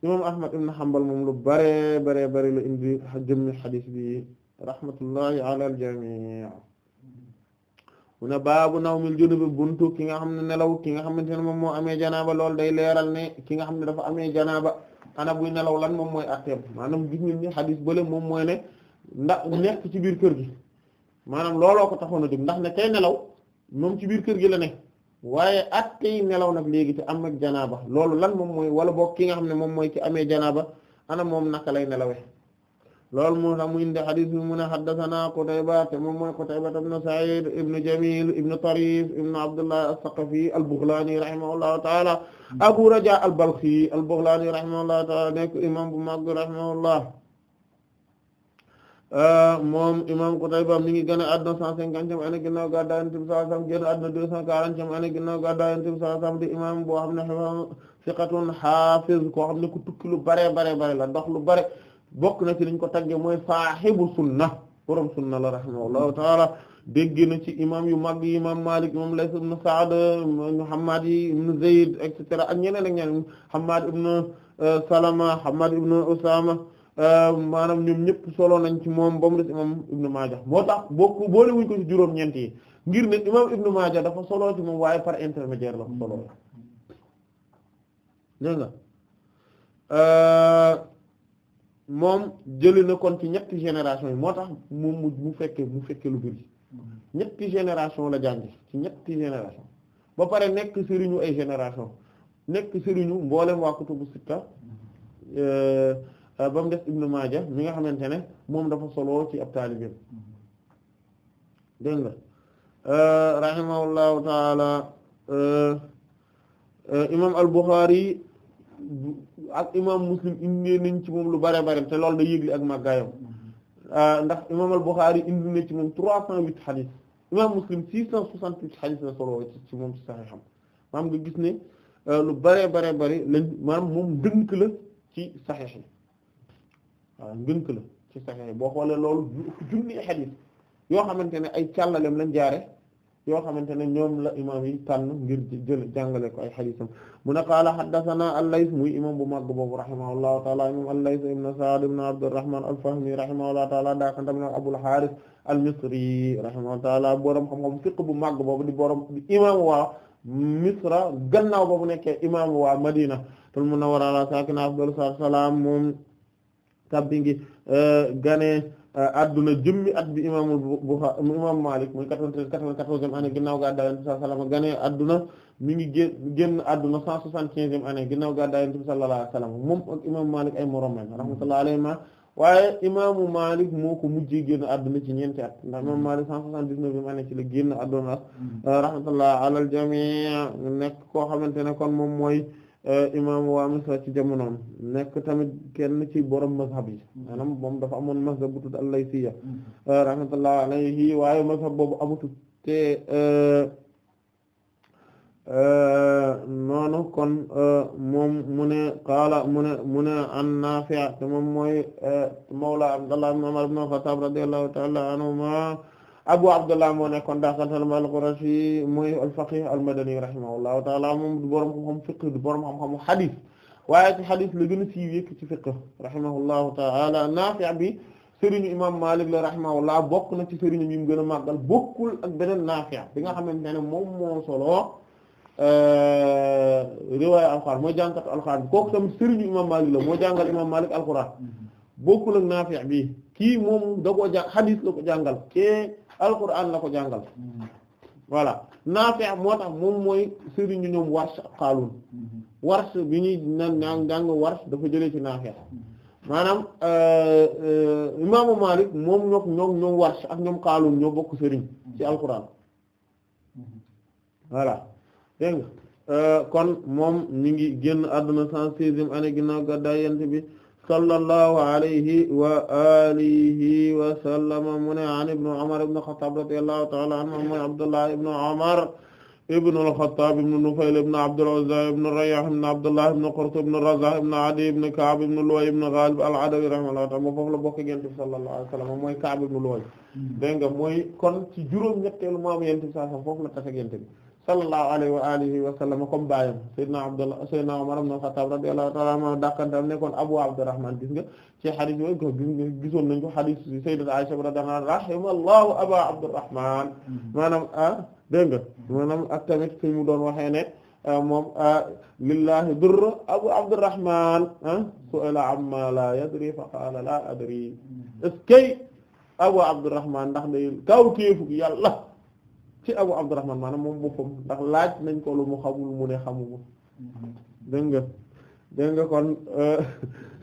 imam Ahmad ibn Hanbal moom lu bare bare bare la indi jëmmi xadis bi rahmatullahi ala al-jami' mu ne baabu nawmil junub buntu ki nga xam ne nelaw ki nga xamante ne moom moo amee janaaba lool day leeral ne ki nga xam ne dafa amee janaaba ana buy nelaw lan moom mooy atteem maanaam gis ñun xadis bële moom mooy ndax nekk ci biir kër gi maanaam looloo ko taxoon a ndax ne tey nelaw moom ci biir kër gi la ne waaye at tey nelaw nag léegi te am ak janaaba loolu lan moom mooy wala boog ki nga xam ne moom mooy ci amee janaaba ana moom naka lay nelawee loolu moo tax mu indi xadis bi mu ne xaddasanaa Qutayba te moom mooy Qutayba ibn Sa'id ibn Jamil ibn Tarif ibn Abdullah as-Saqafi al-Baghlani rahimahullahu ta'ala Abu Raja al-Balkhi al-Baghlani rahimahullahu ta'ala nekk imam Euh, moom imam Qutayba mi ngi gën a adduna cent cinquantième année ginnaaw gàddaay Yonent bi sallallahu alayhi wasallam génn adduna deux cent quarantième année ginnaaw gàddaay Yonent bi sallallahu alayhi wasallam di imam boo xam ne siqatun hafiz koo xam ne ku tukki lu bare bare bare la ndox lu bare bokk na ci liñ ko tagge mooy saahibu sunna borom sunna la rahimahullahu taala dégg na ci imam yu mag yi imam Malik imam Layth ibn Sa'd Muhammad yi ibn Zayd et cetera ak ñeneen ak ñeneen Hammad ibn euh, Salama Hammad ibn Usama Euh, maanaam ñoom ñëpp solo nañ ci moom ba mu des imam Ibn Maaja moo tax boo boole wuñ ko ci juróom-ñeent yi ngir ne imam Ibn Maaja dafa solo ci moom waaye par intermédiaire la solo dégg nga euh, moom jëli na kon ci ñetti génération yi moo tax moom mu mu fekkee mu fekkee lu bari ñetti génération la jàng ci ñetti génération ba pare nekk sëriñu ay génération nekk sëriñu mboolem waa kutubu sitta. Euh, Euh, ba mu des Ibnu Maaja mi nga xamante ne moom dafa solo ci ab taalibeem dégg nga euh, rahimahullahu taala euh, imam al ak imam Muslim indi nañ ci moom lu bare bare te loolu da yëgle ak màggaayam ndax imam al-Bukhari indi na ci moom trois cent huit xadis imam Muslim six cent soixante huit xadis la solo ci moom ci Sahiham maam nga gis ne lu bare bare bare lañ maanaam moom dënk la ci Sahih waaw ngënk ci saxee boo xoolee loolu junni xadiis yoo xamante ne ay càllalem la jaare yoo xamante ne ñoom la imaam yi tànn ngir jël jàngale ko ay xadiisam mu ne qaala xaddasanaa al-Layth muy imam bu mag boobu rahimahullahu taala imam al-Layth ibn Sa'd ibn Abdurrahman al-Fahmi rahimahullahu taala daakanta mi Abul Haaris al-Misri rahimahullahu taala borom xam-xam fiqh bu mag boobu di borom di imam waa Misra gannaaw boobu nekkee imam waa Madina tul munawwara ala kabbi ngi euh, ganee euh, adduna jëmmi at bi imaamul Buxaari imaamu Maalik muy quatre-vingt-treize quatre-vingt-quatorzième année ginnaaw gàddaay Yonent bi sallallahu alayhi wa sallam ganee adduna mi ngi gén génn adduna cent soixante-quinzième année ginnaaw gàddaay Yonent bi sallallahu alayhi wa sallam moom ak imaamu Maalik ay moroom lañ rahmatullahi ma waaye imaamu Maalik moo ko mujjee génn adduna ci ñeenti at ndax imaamu Maalik cent soixante-dix-neuvième année ci la génn adduna mm. rahmatullahi alal jamii nekk koo xamante ne kon moom mooy Euh, imam waa Misra ci jamonoom nekk tamit kenn ci borom mazhab yi mm-hmm. maanaam moom dafa amoon mazhab bu tudd al-Laysiyya mm-hmm. euh, rahmatullahi alayhi waaye mazhab boobu amutut te euh, noonu kon moom mu ne qaala mu ne mu ne an Naafi' te moom mooy mawla Abdullah ibn Umar ibn Khattab radiyallahu ta'ala anhuma Abu Abdullah moo nekkoon daasantalam al mooy al-faqih al-madani rahimahullahu ta'ala moom du borom xam-xam xam-xamu waaye ci hadith la gën a siiw yëkk ci fiqh rahimahullahu ta'ala Naafi' bi sëriñu imam Malik la rahimahullah bokk na ci sëriñu yi mu gën a màggal bokkul ak beneen Naafi' bi nga xamante ne moom moo solo euh, riwaaya al mooy jàngat al-Qur'an bi kooku tamit sëriñu imam Malik la moo jàngal imam Malik al-Qur'an mm-hmm. bokkul ak bi kii moom da jàng hadith la jàngal alquran la ko jàngal mm-hmm. voilà Naafi' moo tax moom mooy sëriñu ñoom Warsh Qaalun mm-hmm. Warsh bi ñuy naan naan jàng Warsh dafa jëlee ci Naafi' mm-hmm. maanaam euh, euh, imaamu Maalik moom ñoo ñoom ñoom Warsh ak ñoom Qaalun ñoo bokk sëriñ ci alquran voilà dégg nga euh, kon moom mi ngi génn àdduna 116e année ginnaaw gàddaay Yonent bi. sallallahu alayhi wa alihi wa sallama mu ne an ibnu Umar ibnu Xattaab radiyallahu ta'ala anhu mooy Abdullah ibnu Umar ibnu al-Xattaab ibnu Nufayl ibnu Abdul Uzza ibnu Rayyaah ibnu Abdullah ibnu Qurt ibnu Raza' ibnu Adiy ibnu Ka'b ibnu Lu'ay ibnu Ghalib al-Adawi rahimahullahu ta'ala foofu la bokk Yonent bi sallallahu alayhi wa sallam mooy Ka'b ibnu Lu'ay hmm. dégg nga mooy kon ci juróom-ñetteelu maamu Yonent bi sallallahu alayhi wa sallam foofu la tase Yonent bi sallallahu alayhi wa alihi wa sallam comme baayam sayyidina Abdullah sayyidina Umar ibn Khattab radiyallahu ta'ala anhu dàkkantam nekkoon Abu Abdurrahman gis nga ci hadith yooyu ko gisoon nañ ko hadith sayyidati Aisha radiyallahu anha rahimallahu Aba Abdurrahman maanaam ah dégg nga maanaam ak tamit fi mu doon waxee ne ah, moom ah, lillahi durr Abu Abdurrahman ah, su'ila amma la yadri fa qala la adri est-ce Abu Abdurrahman ndax day kaw téefu yàlla ci Abu Abdurrahman maanaam moom boppam ndax laaj nañ ko lu mu xamul mu ne xamuma dégg nga dégg nga kon euh,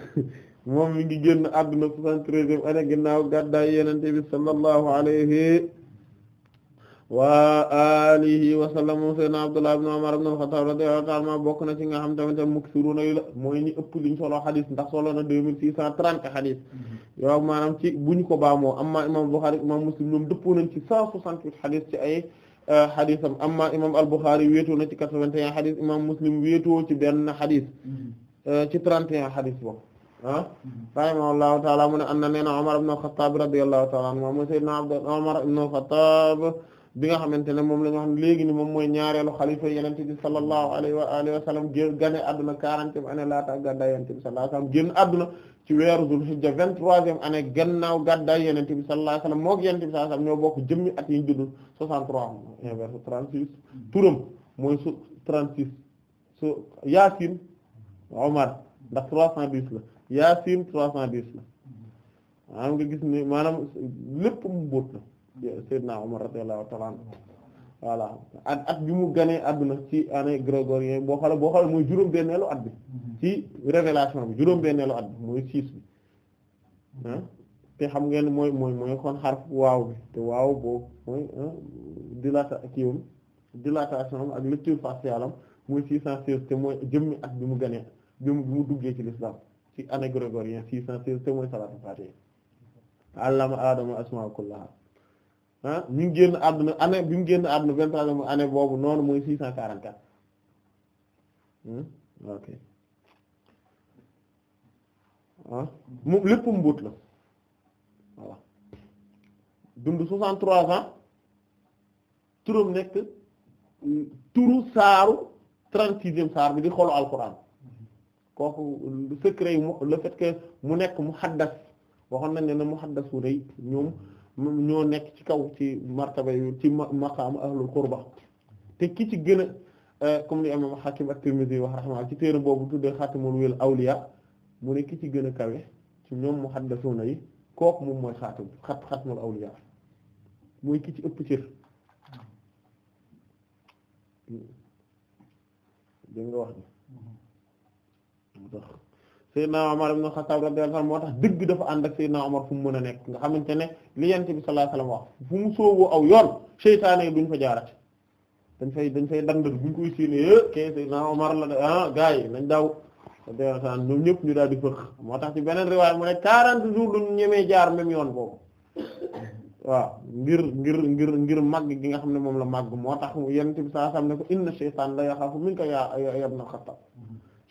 moom mi ngi génn àdduna soixante-treizième année ginnaaw gàddaay Yonent bi sallallahu alayhi wa alihi wa sallam moom seydna Abdullah ibn Umar ibn al-Khattab radiyallahu ta'ala anhuma bokk na ci nga xam tamit muksiruna yi la mooy ñi ëpp liñ solo xadis ndax solo na deux mille six cent trente xadis yow maanaam ci buñ ko baamoo amma imam Bukhari imam Muslim ñoom dëppoo nañ ci cent soixante-huit xadis ci ay euh, xadisam amma imam al-Bukhari wéetoo na ci quatre-vingt-un xadis imam Muslim wéetoo ci benn xadis euh, ci trente et un xadis boobu ah rahimahullahu ta'ala mu ne am na nee na Umar ibn al-Khattab radiyallahu ta'ala anhuma mooy seydna Abdullah Umar ibn bi nga xamante ne moom la ñu xam léegi ni moom mooy ñaareelu xalifa yenente bi sallallahu alayhi wa alihi wa sallam génn gane adduna quarantième année laata gàddaay yenente bi sallallahu alayhi wa sallam génn adduna ci weeru dul hijja vingt-troisième année gannaaw gàddaay yenente bi sallallahu alayhi wa sallam mook yenente bi sallallahu alayhi wa sallam ñoo bokk jëmmi at yi ñu juddu soixante-trois verset trente-six turam mooy su trente-six su Yaasin Omar ndax trois cent dix la Yaasin trois cent nga gis ne maanaam lépp mu Seydina Omar radiyallahu ta'ala anhu voilà at at bi mu ganee àdduna ci année grégorien boo xoolee boo xoolee mooy juróom benneelu at bi ci révélation bi juróom benneelu at bi mooy six bi ah te xam ngeen mooy mooy mooy waaw bi te waaw boobu mooy dilata kiiwam dilatation am ak lecture faciale am mooy six cent seize te jëmmi at bi mu ganee bi mu mu duggee ci l'islam ci année grégorien six cent seize te mooy salatu adama asmaa kullaha ah mi ngi génn àdduna année bi mu génn àdduna vingt-troisième année boobu noonu mooy six cent quarante-quatre hmm? ok ah moom mbóot la voilà dund soixante-trois ans turam nekk turu saaru trente-sixième saar bi di xolu alxuraan kooku secret yi mu le fait que mu nekk muhaddas waxoon nañ ne ne muhaddasu rëy ñoom ñoo nekk ci kaw ci martaba yu ci maqaam ahlul qurba te ki ci gën a euh, comme li imam Hakim at-Tirmidhi wax rahma ci téere boobu tuddee xaatimul wil awliya mu ne ki ci gën a kawe ci ñoom muhaddasuna yi kook moom mooy xaatim xat xaatimul awliya mooy ki ci ëpp cër hmm. dégg nga wax ni Seydina Omar ibn Khattab radiyallahu anhu moo tax dëgg dafa ànd ak Seydina Omar fu mu mën a nekk nga xamante ne li yent bi sallallahu alayhi wasallam wax fu mu aw yoon seytaane yi duñ fa jaarati dañ fay dañ fay dandal buñ koy séenee eh, kay Seydina ah, yi nañ daw radiyallahu anhu ñëpp ñu daal di fëkk moo tax ci beneen riwaay mu ne 40 jours duñ ñemee jaar même yoon boobu waaw ngir ngir ngir ngir màgg gi nga xam ne moom la màgg moo tax yent bi sallallahu alayhi wasallam ne ko inna shaytan la yaxaafu minka ya ibn Khattab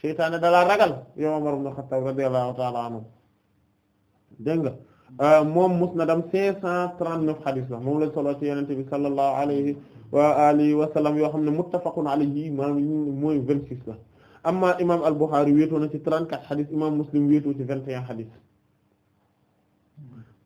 seytaane dalaa ragal yow Umar ibn Khattab radiyallahu ta'ala anhu dégg nga euh, moom musnadam 539 xadis la moom lañ solo ci yenente bi sallallahu alayhi wa alihi wa sallam yoo xam ne muttafaqun alayhi maanaam mooy 26 la amma imam al-Bukhari wéetoo na ci 34 xadis imam Muslim wéetoo ci 21 xadis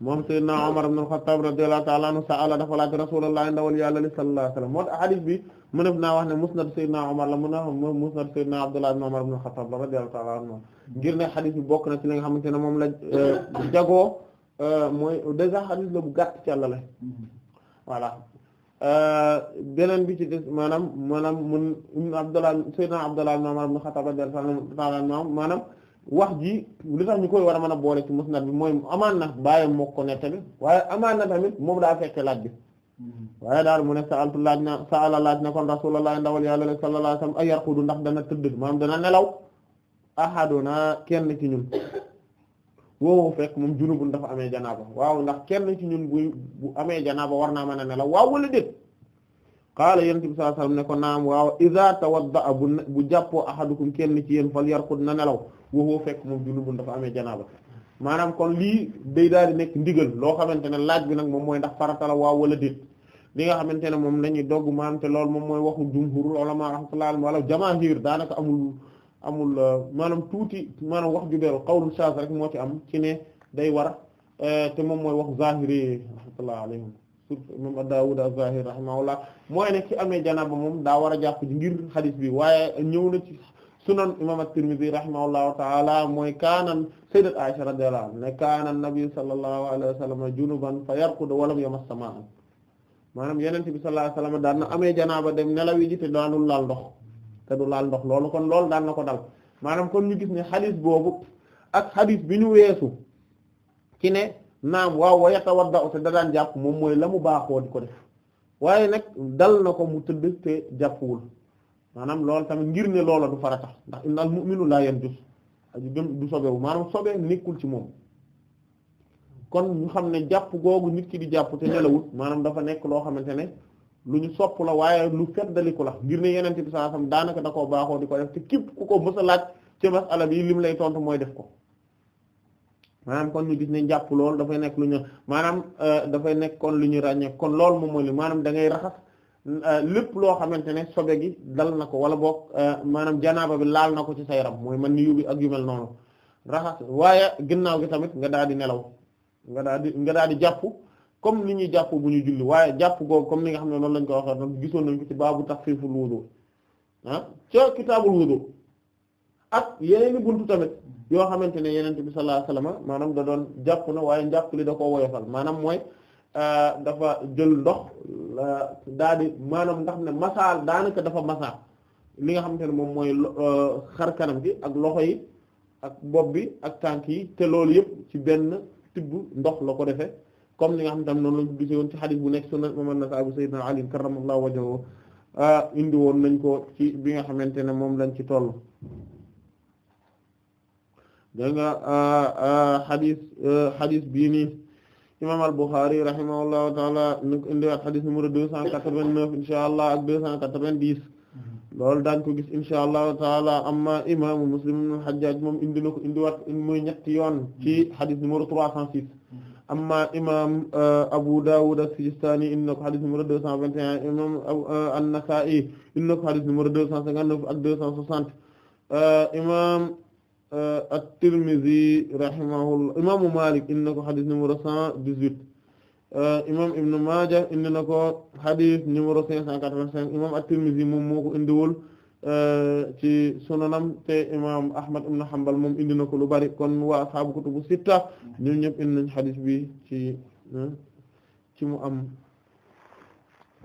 moom Seydina Umar ibn Khattab radiyallahu ta'ala anhu sa'ala dafa laaj Rasulullah ndawal yàlla li sallallahu alayhi wa sallam moo xadis bi mu ne naa wax ne musnad na Omar la mu ne musnad Seydina Abdullah ibn Umar ibn al-Khattab radiyallahu ta'ala bi bokk na ci li nga moom la euh, jagoo euh, mooy déjà xadis la bu gàtt ci àlla la voilà euh, beneen bi ci des maanaam maanaam mun ibn Abdullah Seydina Abdullah ibn Umar ibn al-Khattab maanaam wax ji li ñu koy war a mën a boole ci musnad bi mooy amaan na bàyyam moo ko nettali waaye amaan na tamit moom daa fekkee laaj bi Mm-hmm. waaye daal mu ne saaltu laaj na saala laaj na kon rasulullah ndawal yàlla sallallahu alayhi wasallam ay yarqudu ndax dana tëdd maanaam dana nelaw ahaduna kenn ci ñun woowu fekk moom junubun dafa amee janaaba waaw ndax kenn ci ñun bu bu amee janaaba war naa mën a nelaw waaw wala déet qaala yonent bi sallallahu alayhi wasallam ne ko naam waaw iza tawadda'a bu jàppoo ahadukum kenn ci yéen fal yarqud na nelaw woowu fekk moom junubun dafa amee janaaba maanaam kon lii day daal di nekk ndigal loo xamante ne laaj bi nag moom mooy ndax farata la waaw wala déet li nga xamante ne moom la ñuy dogg maanaam loolu moom mooy waxu jumhurul ulama rahmatullah wala jamaahir daanaka amul amul euh, maanaam tuuti maanaam wax ju beru xawlu rek moo ci am ci ne day war euh, te moom mooy wax zahiri rahmatullah alayhim surtout imam Daawud az-Zahir rahimahullah mooy ne ci amee janaaba moom daa war a jàpp ngir xadis bi waaye ñëw na ci sunan imam at-Tirmidhi rahimahullahu ta'ala mooy kaanan sayyidat Aisha radiyallahu anha ne kaana an-nabi sallallahu alayhi wa sallam junuban fa yarqudu wa lam yamassa ma'an maanaam yeneen bi sallallahu alayhi wa sallam daan na amee janaaba dem nelaw yi ji te daanul laal ndox te du laal ndox loolu kon loolu daan na ko dal maanaam kon ñu gis ne xadis boobu ak xadis bi ñu weesu ki ne naam waaw wa yatawadda'u te da daan jàpp moom mooy la mu baaxoo di ko def waaye nag dal na ko mu tëdd te jàppwul maanaam lool tamit ngir ne loola du farata ndax mu mu'minu laa yanjus aji gëm du sobewu maanaam sobe nekkul ci moom kon ñu xam ne jàpp googu nit ki di jàpp te nelawut maanaam dafa nekk loo xamante ne lu ñu sopp la waaye lu feddaliku la ngir ne yenente bi sallallahu alayhi daanaka da koo baaxoo di ko def képp ku ko mës a laaj ci masala bi lim lay tontu mooy def ko maanaam kon ñu gis ne jàpp loolu dafay nekk lu ñu maanaam euh, dafay nekk kon lu ñu ràññee kon loolu moom mooy li maanaam da ngay raxas Euh, lépp loo xamante ne sobe gi dal na ko wala boog euh, maanaam janaaba bi laal na ko ci sa yaram mooy man yu bi ak yu mel noonu raxas waaye ginnaaw gi tamit nga daal di nelaw nga daal di nga di jàpp comme ni ñuy jàpp bu ñu julli waaye jàpp googu comme ni nga xam ne noonu lañ ko waxee noonu gisoon nañ ko ci baabu taxfiiful wudu ah ca kitaabul wudu ak yeneen i buntu tamit yoo xamante ne yeneen bi sallallahu alayhi wasallam maanaam da doon jàpp na waaye njàpp li da koo woyofal maanaam mooy. Euh, dafa jël ndox daal di maanaam nga xam ne masaal daanaka dafa masaal li nga xamante ne moom mooy euh, xar kanam gi ak loxo yi ak bopp bi ak tànk yi te loolu yëpp ci benn tibb ndox la ko defee comme li nga xam ne noonu lañu gisee woon ci hadith bu nekk sunan imam an-Nasa'i bu sayyidina Ali karramallahu wajhahu euh, indi woon nañ ko ci bi nga xamante ne moom lañ ci toll da nga hadith bii nii imam al-Bukhari rahimahullahu taala na ko indiwaat xadis numéro deux cent quatre-vingt-neuf insha allah deux cent quatre-vingt-dix loolu ko gis insha allahu taala amma imaamu Muslim ibn al moom indi na ko indiwaat muy ñetti yoon ci xadis numéro trois cent six amma imam euh, Abu Dawud as-Sijistani indi na ko xadis numéro deux cent vingt un imam euh, an-Nasa'i indi na ko xadis numéro deux cent cinquante-neuf ak deux Euh, at-Tirmidhi rahimahullah imaamu Malik indi na ko xadis numéro cent dix-huit euh, imaam Ibn Maaja indi na ko xadis numéro cinq cent quatre-vingt-cinq imaam at-Tirmidhi moom moo ko indiwul euh, ci sunanam te imaam Ahmad ibn Hanbal moom indi na ko lu bari kon waa ashaabu kutubu sitta ñoom ñëpp indi nañ xadis bi ci mu am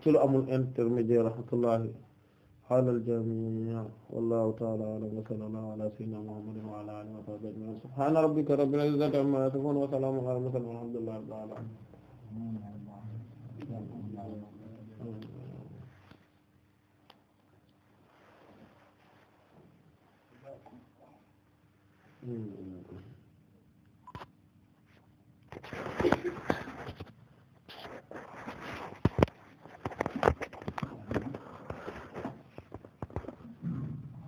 ci lu amul intermédiaire rahmatullahi alal jamii wallahu ta'ala a'lam wa sallallahu ala sayyidina muhammadin wa ala alihi wa sahbihi ajma'in subhana rabbika rabbil izzati amma yasifun wa salamun ala mursalin walhamdulillahi rabbil alamin Mm-hmm.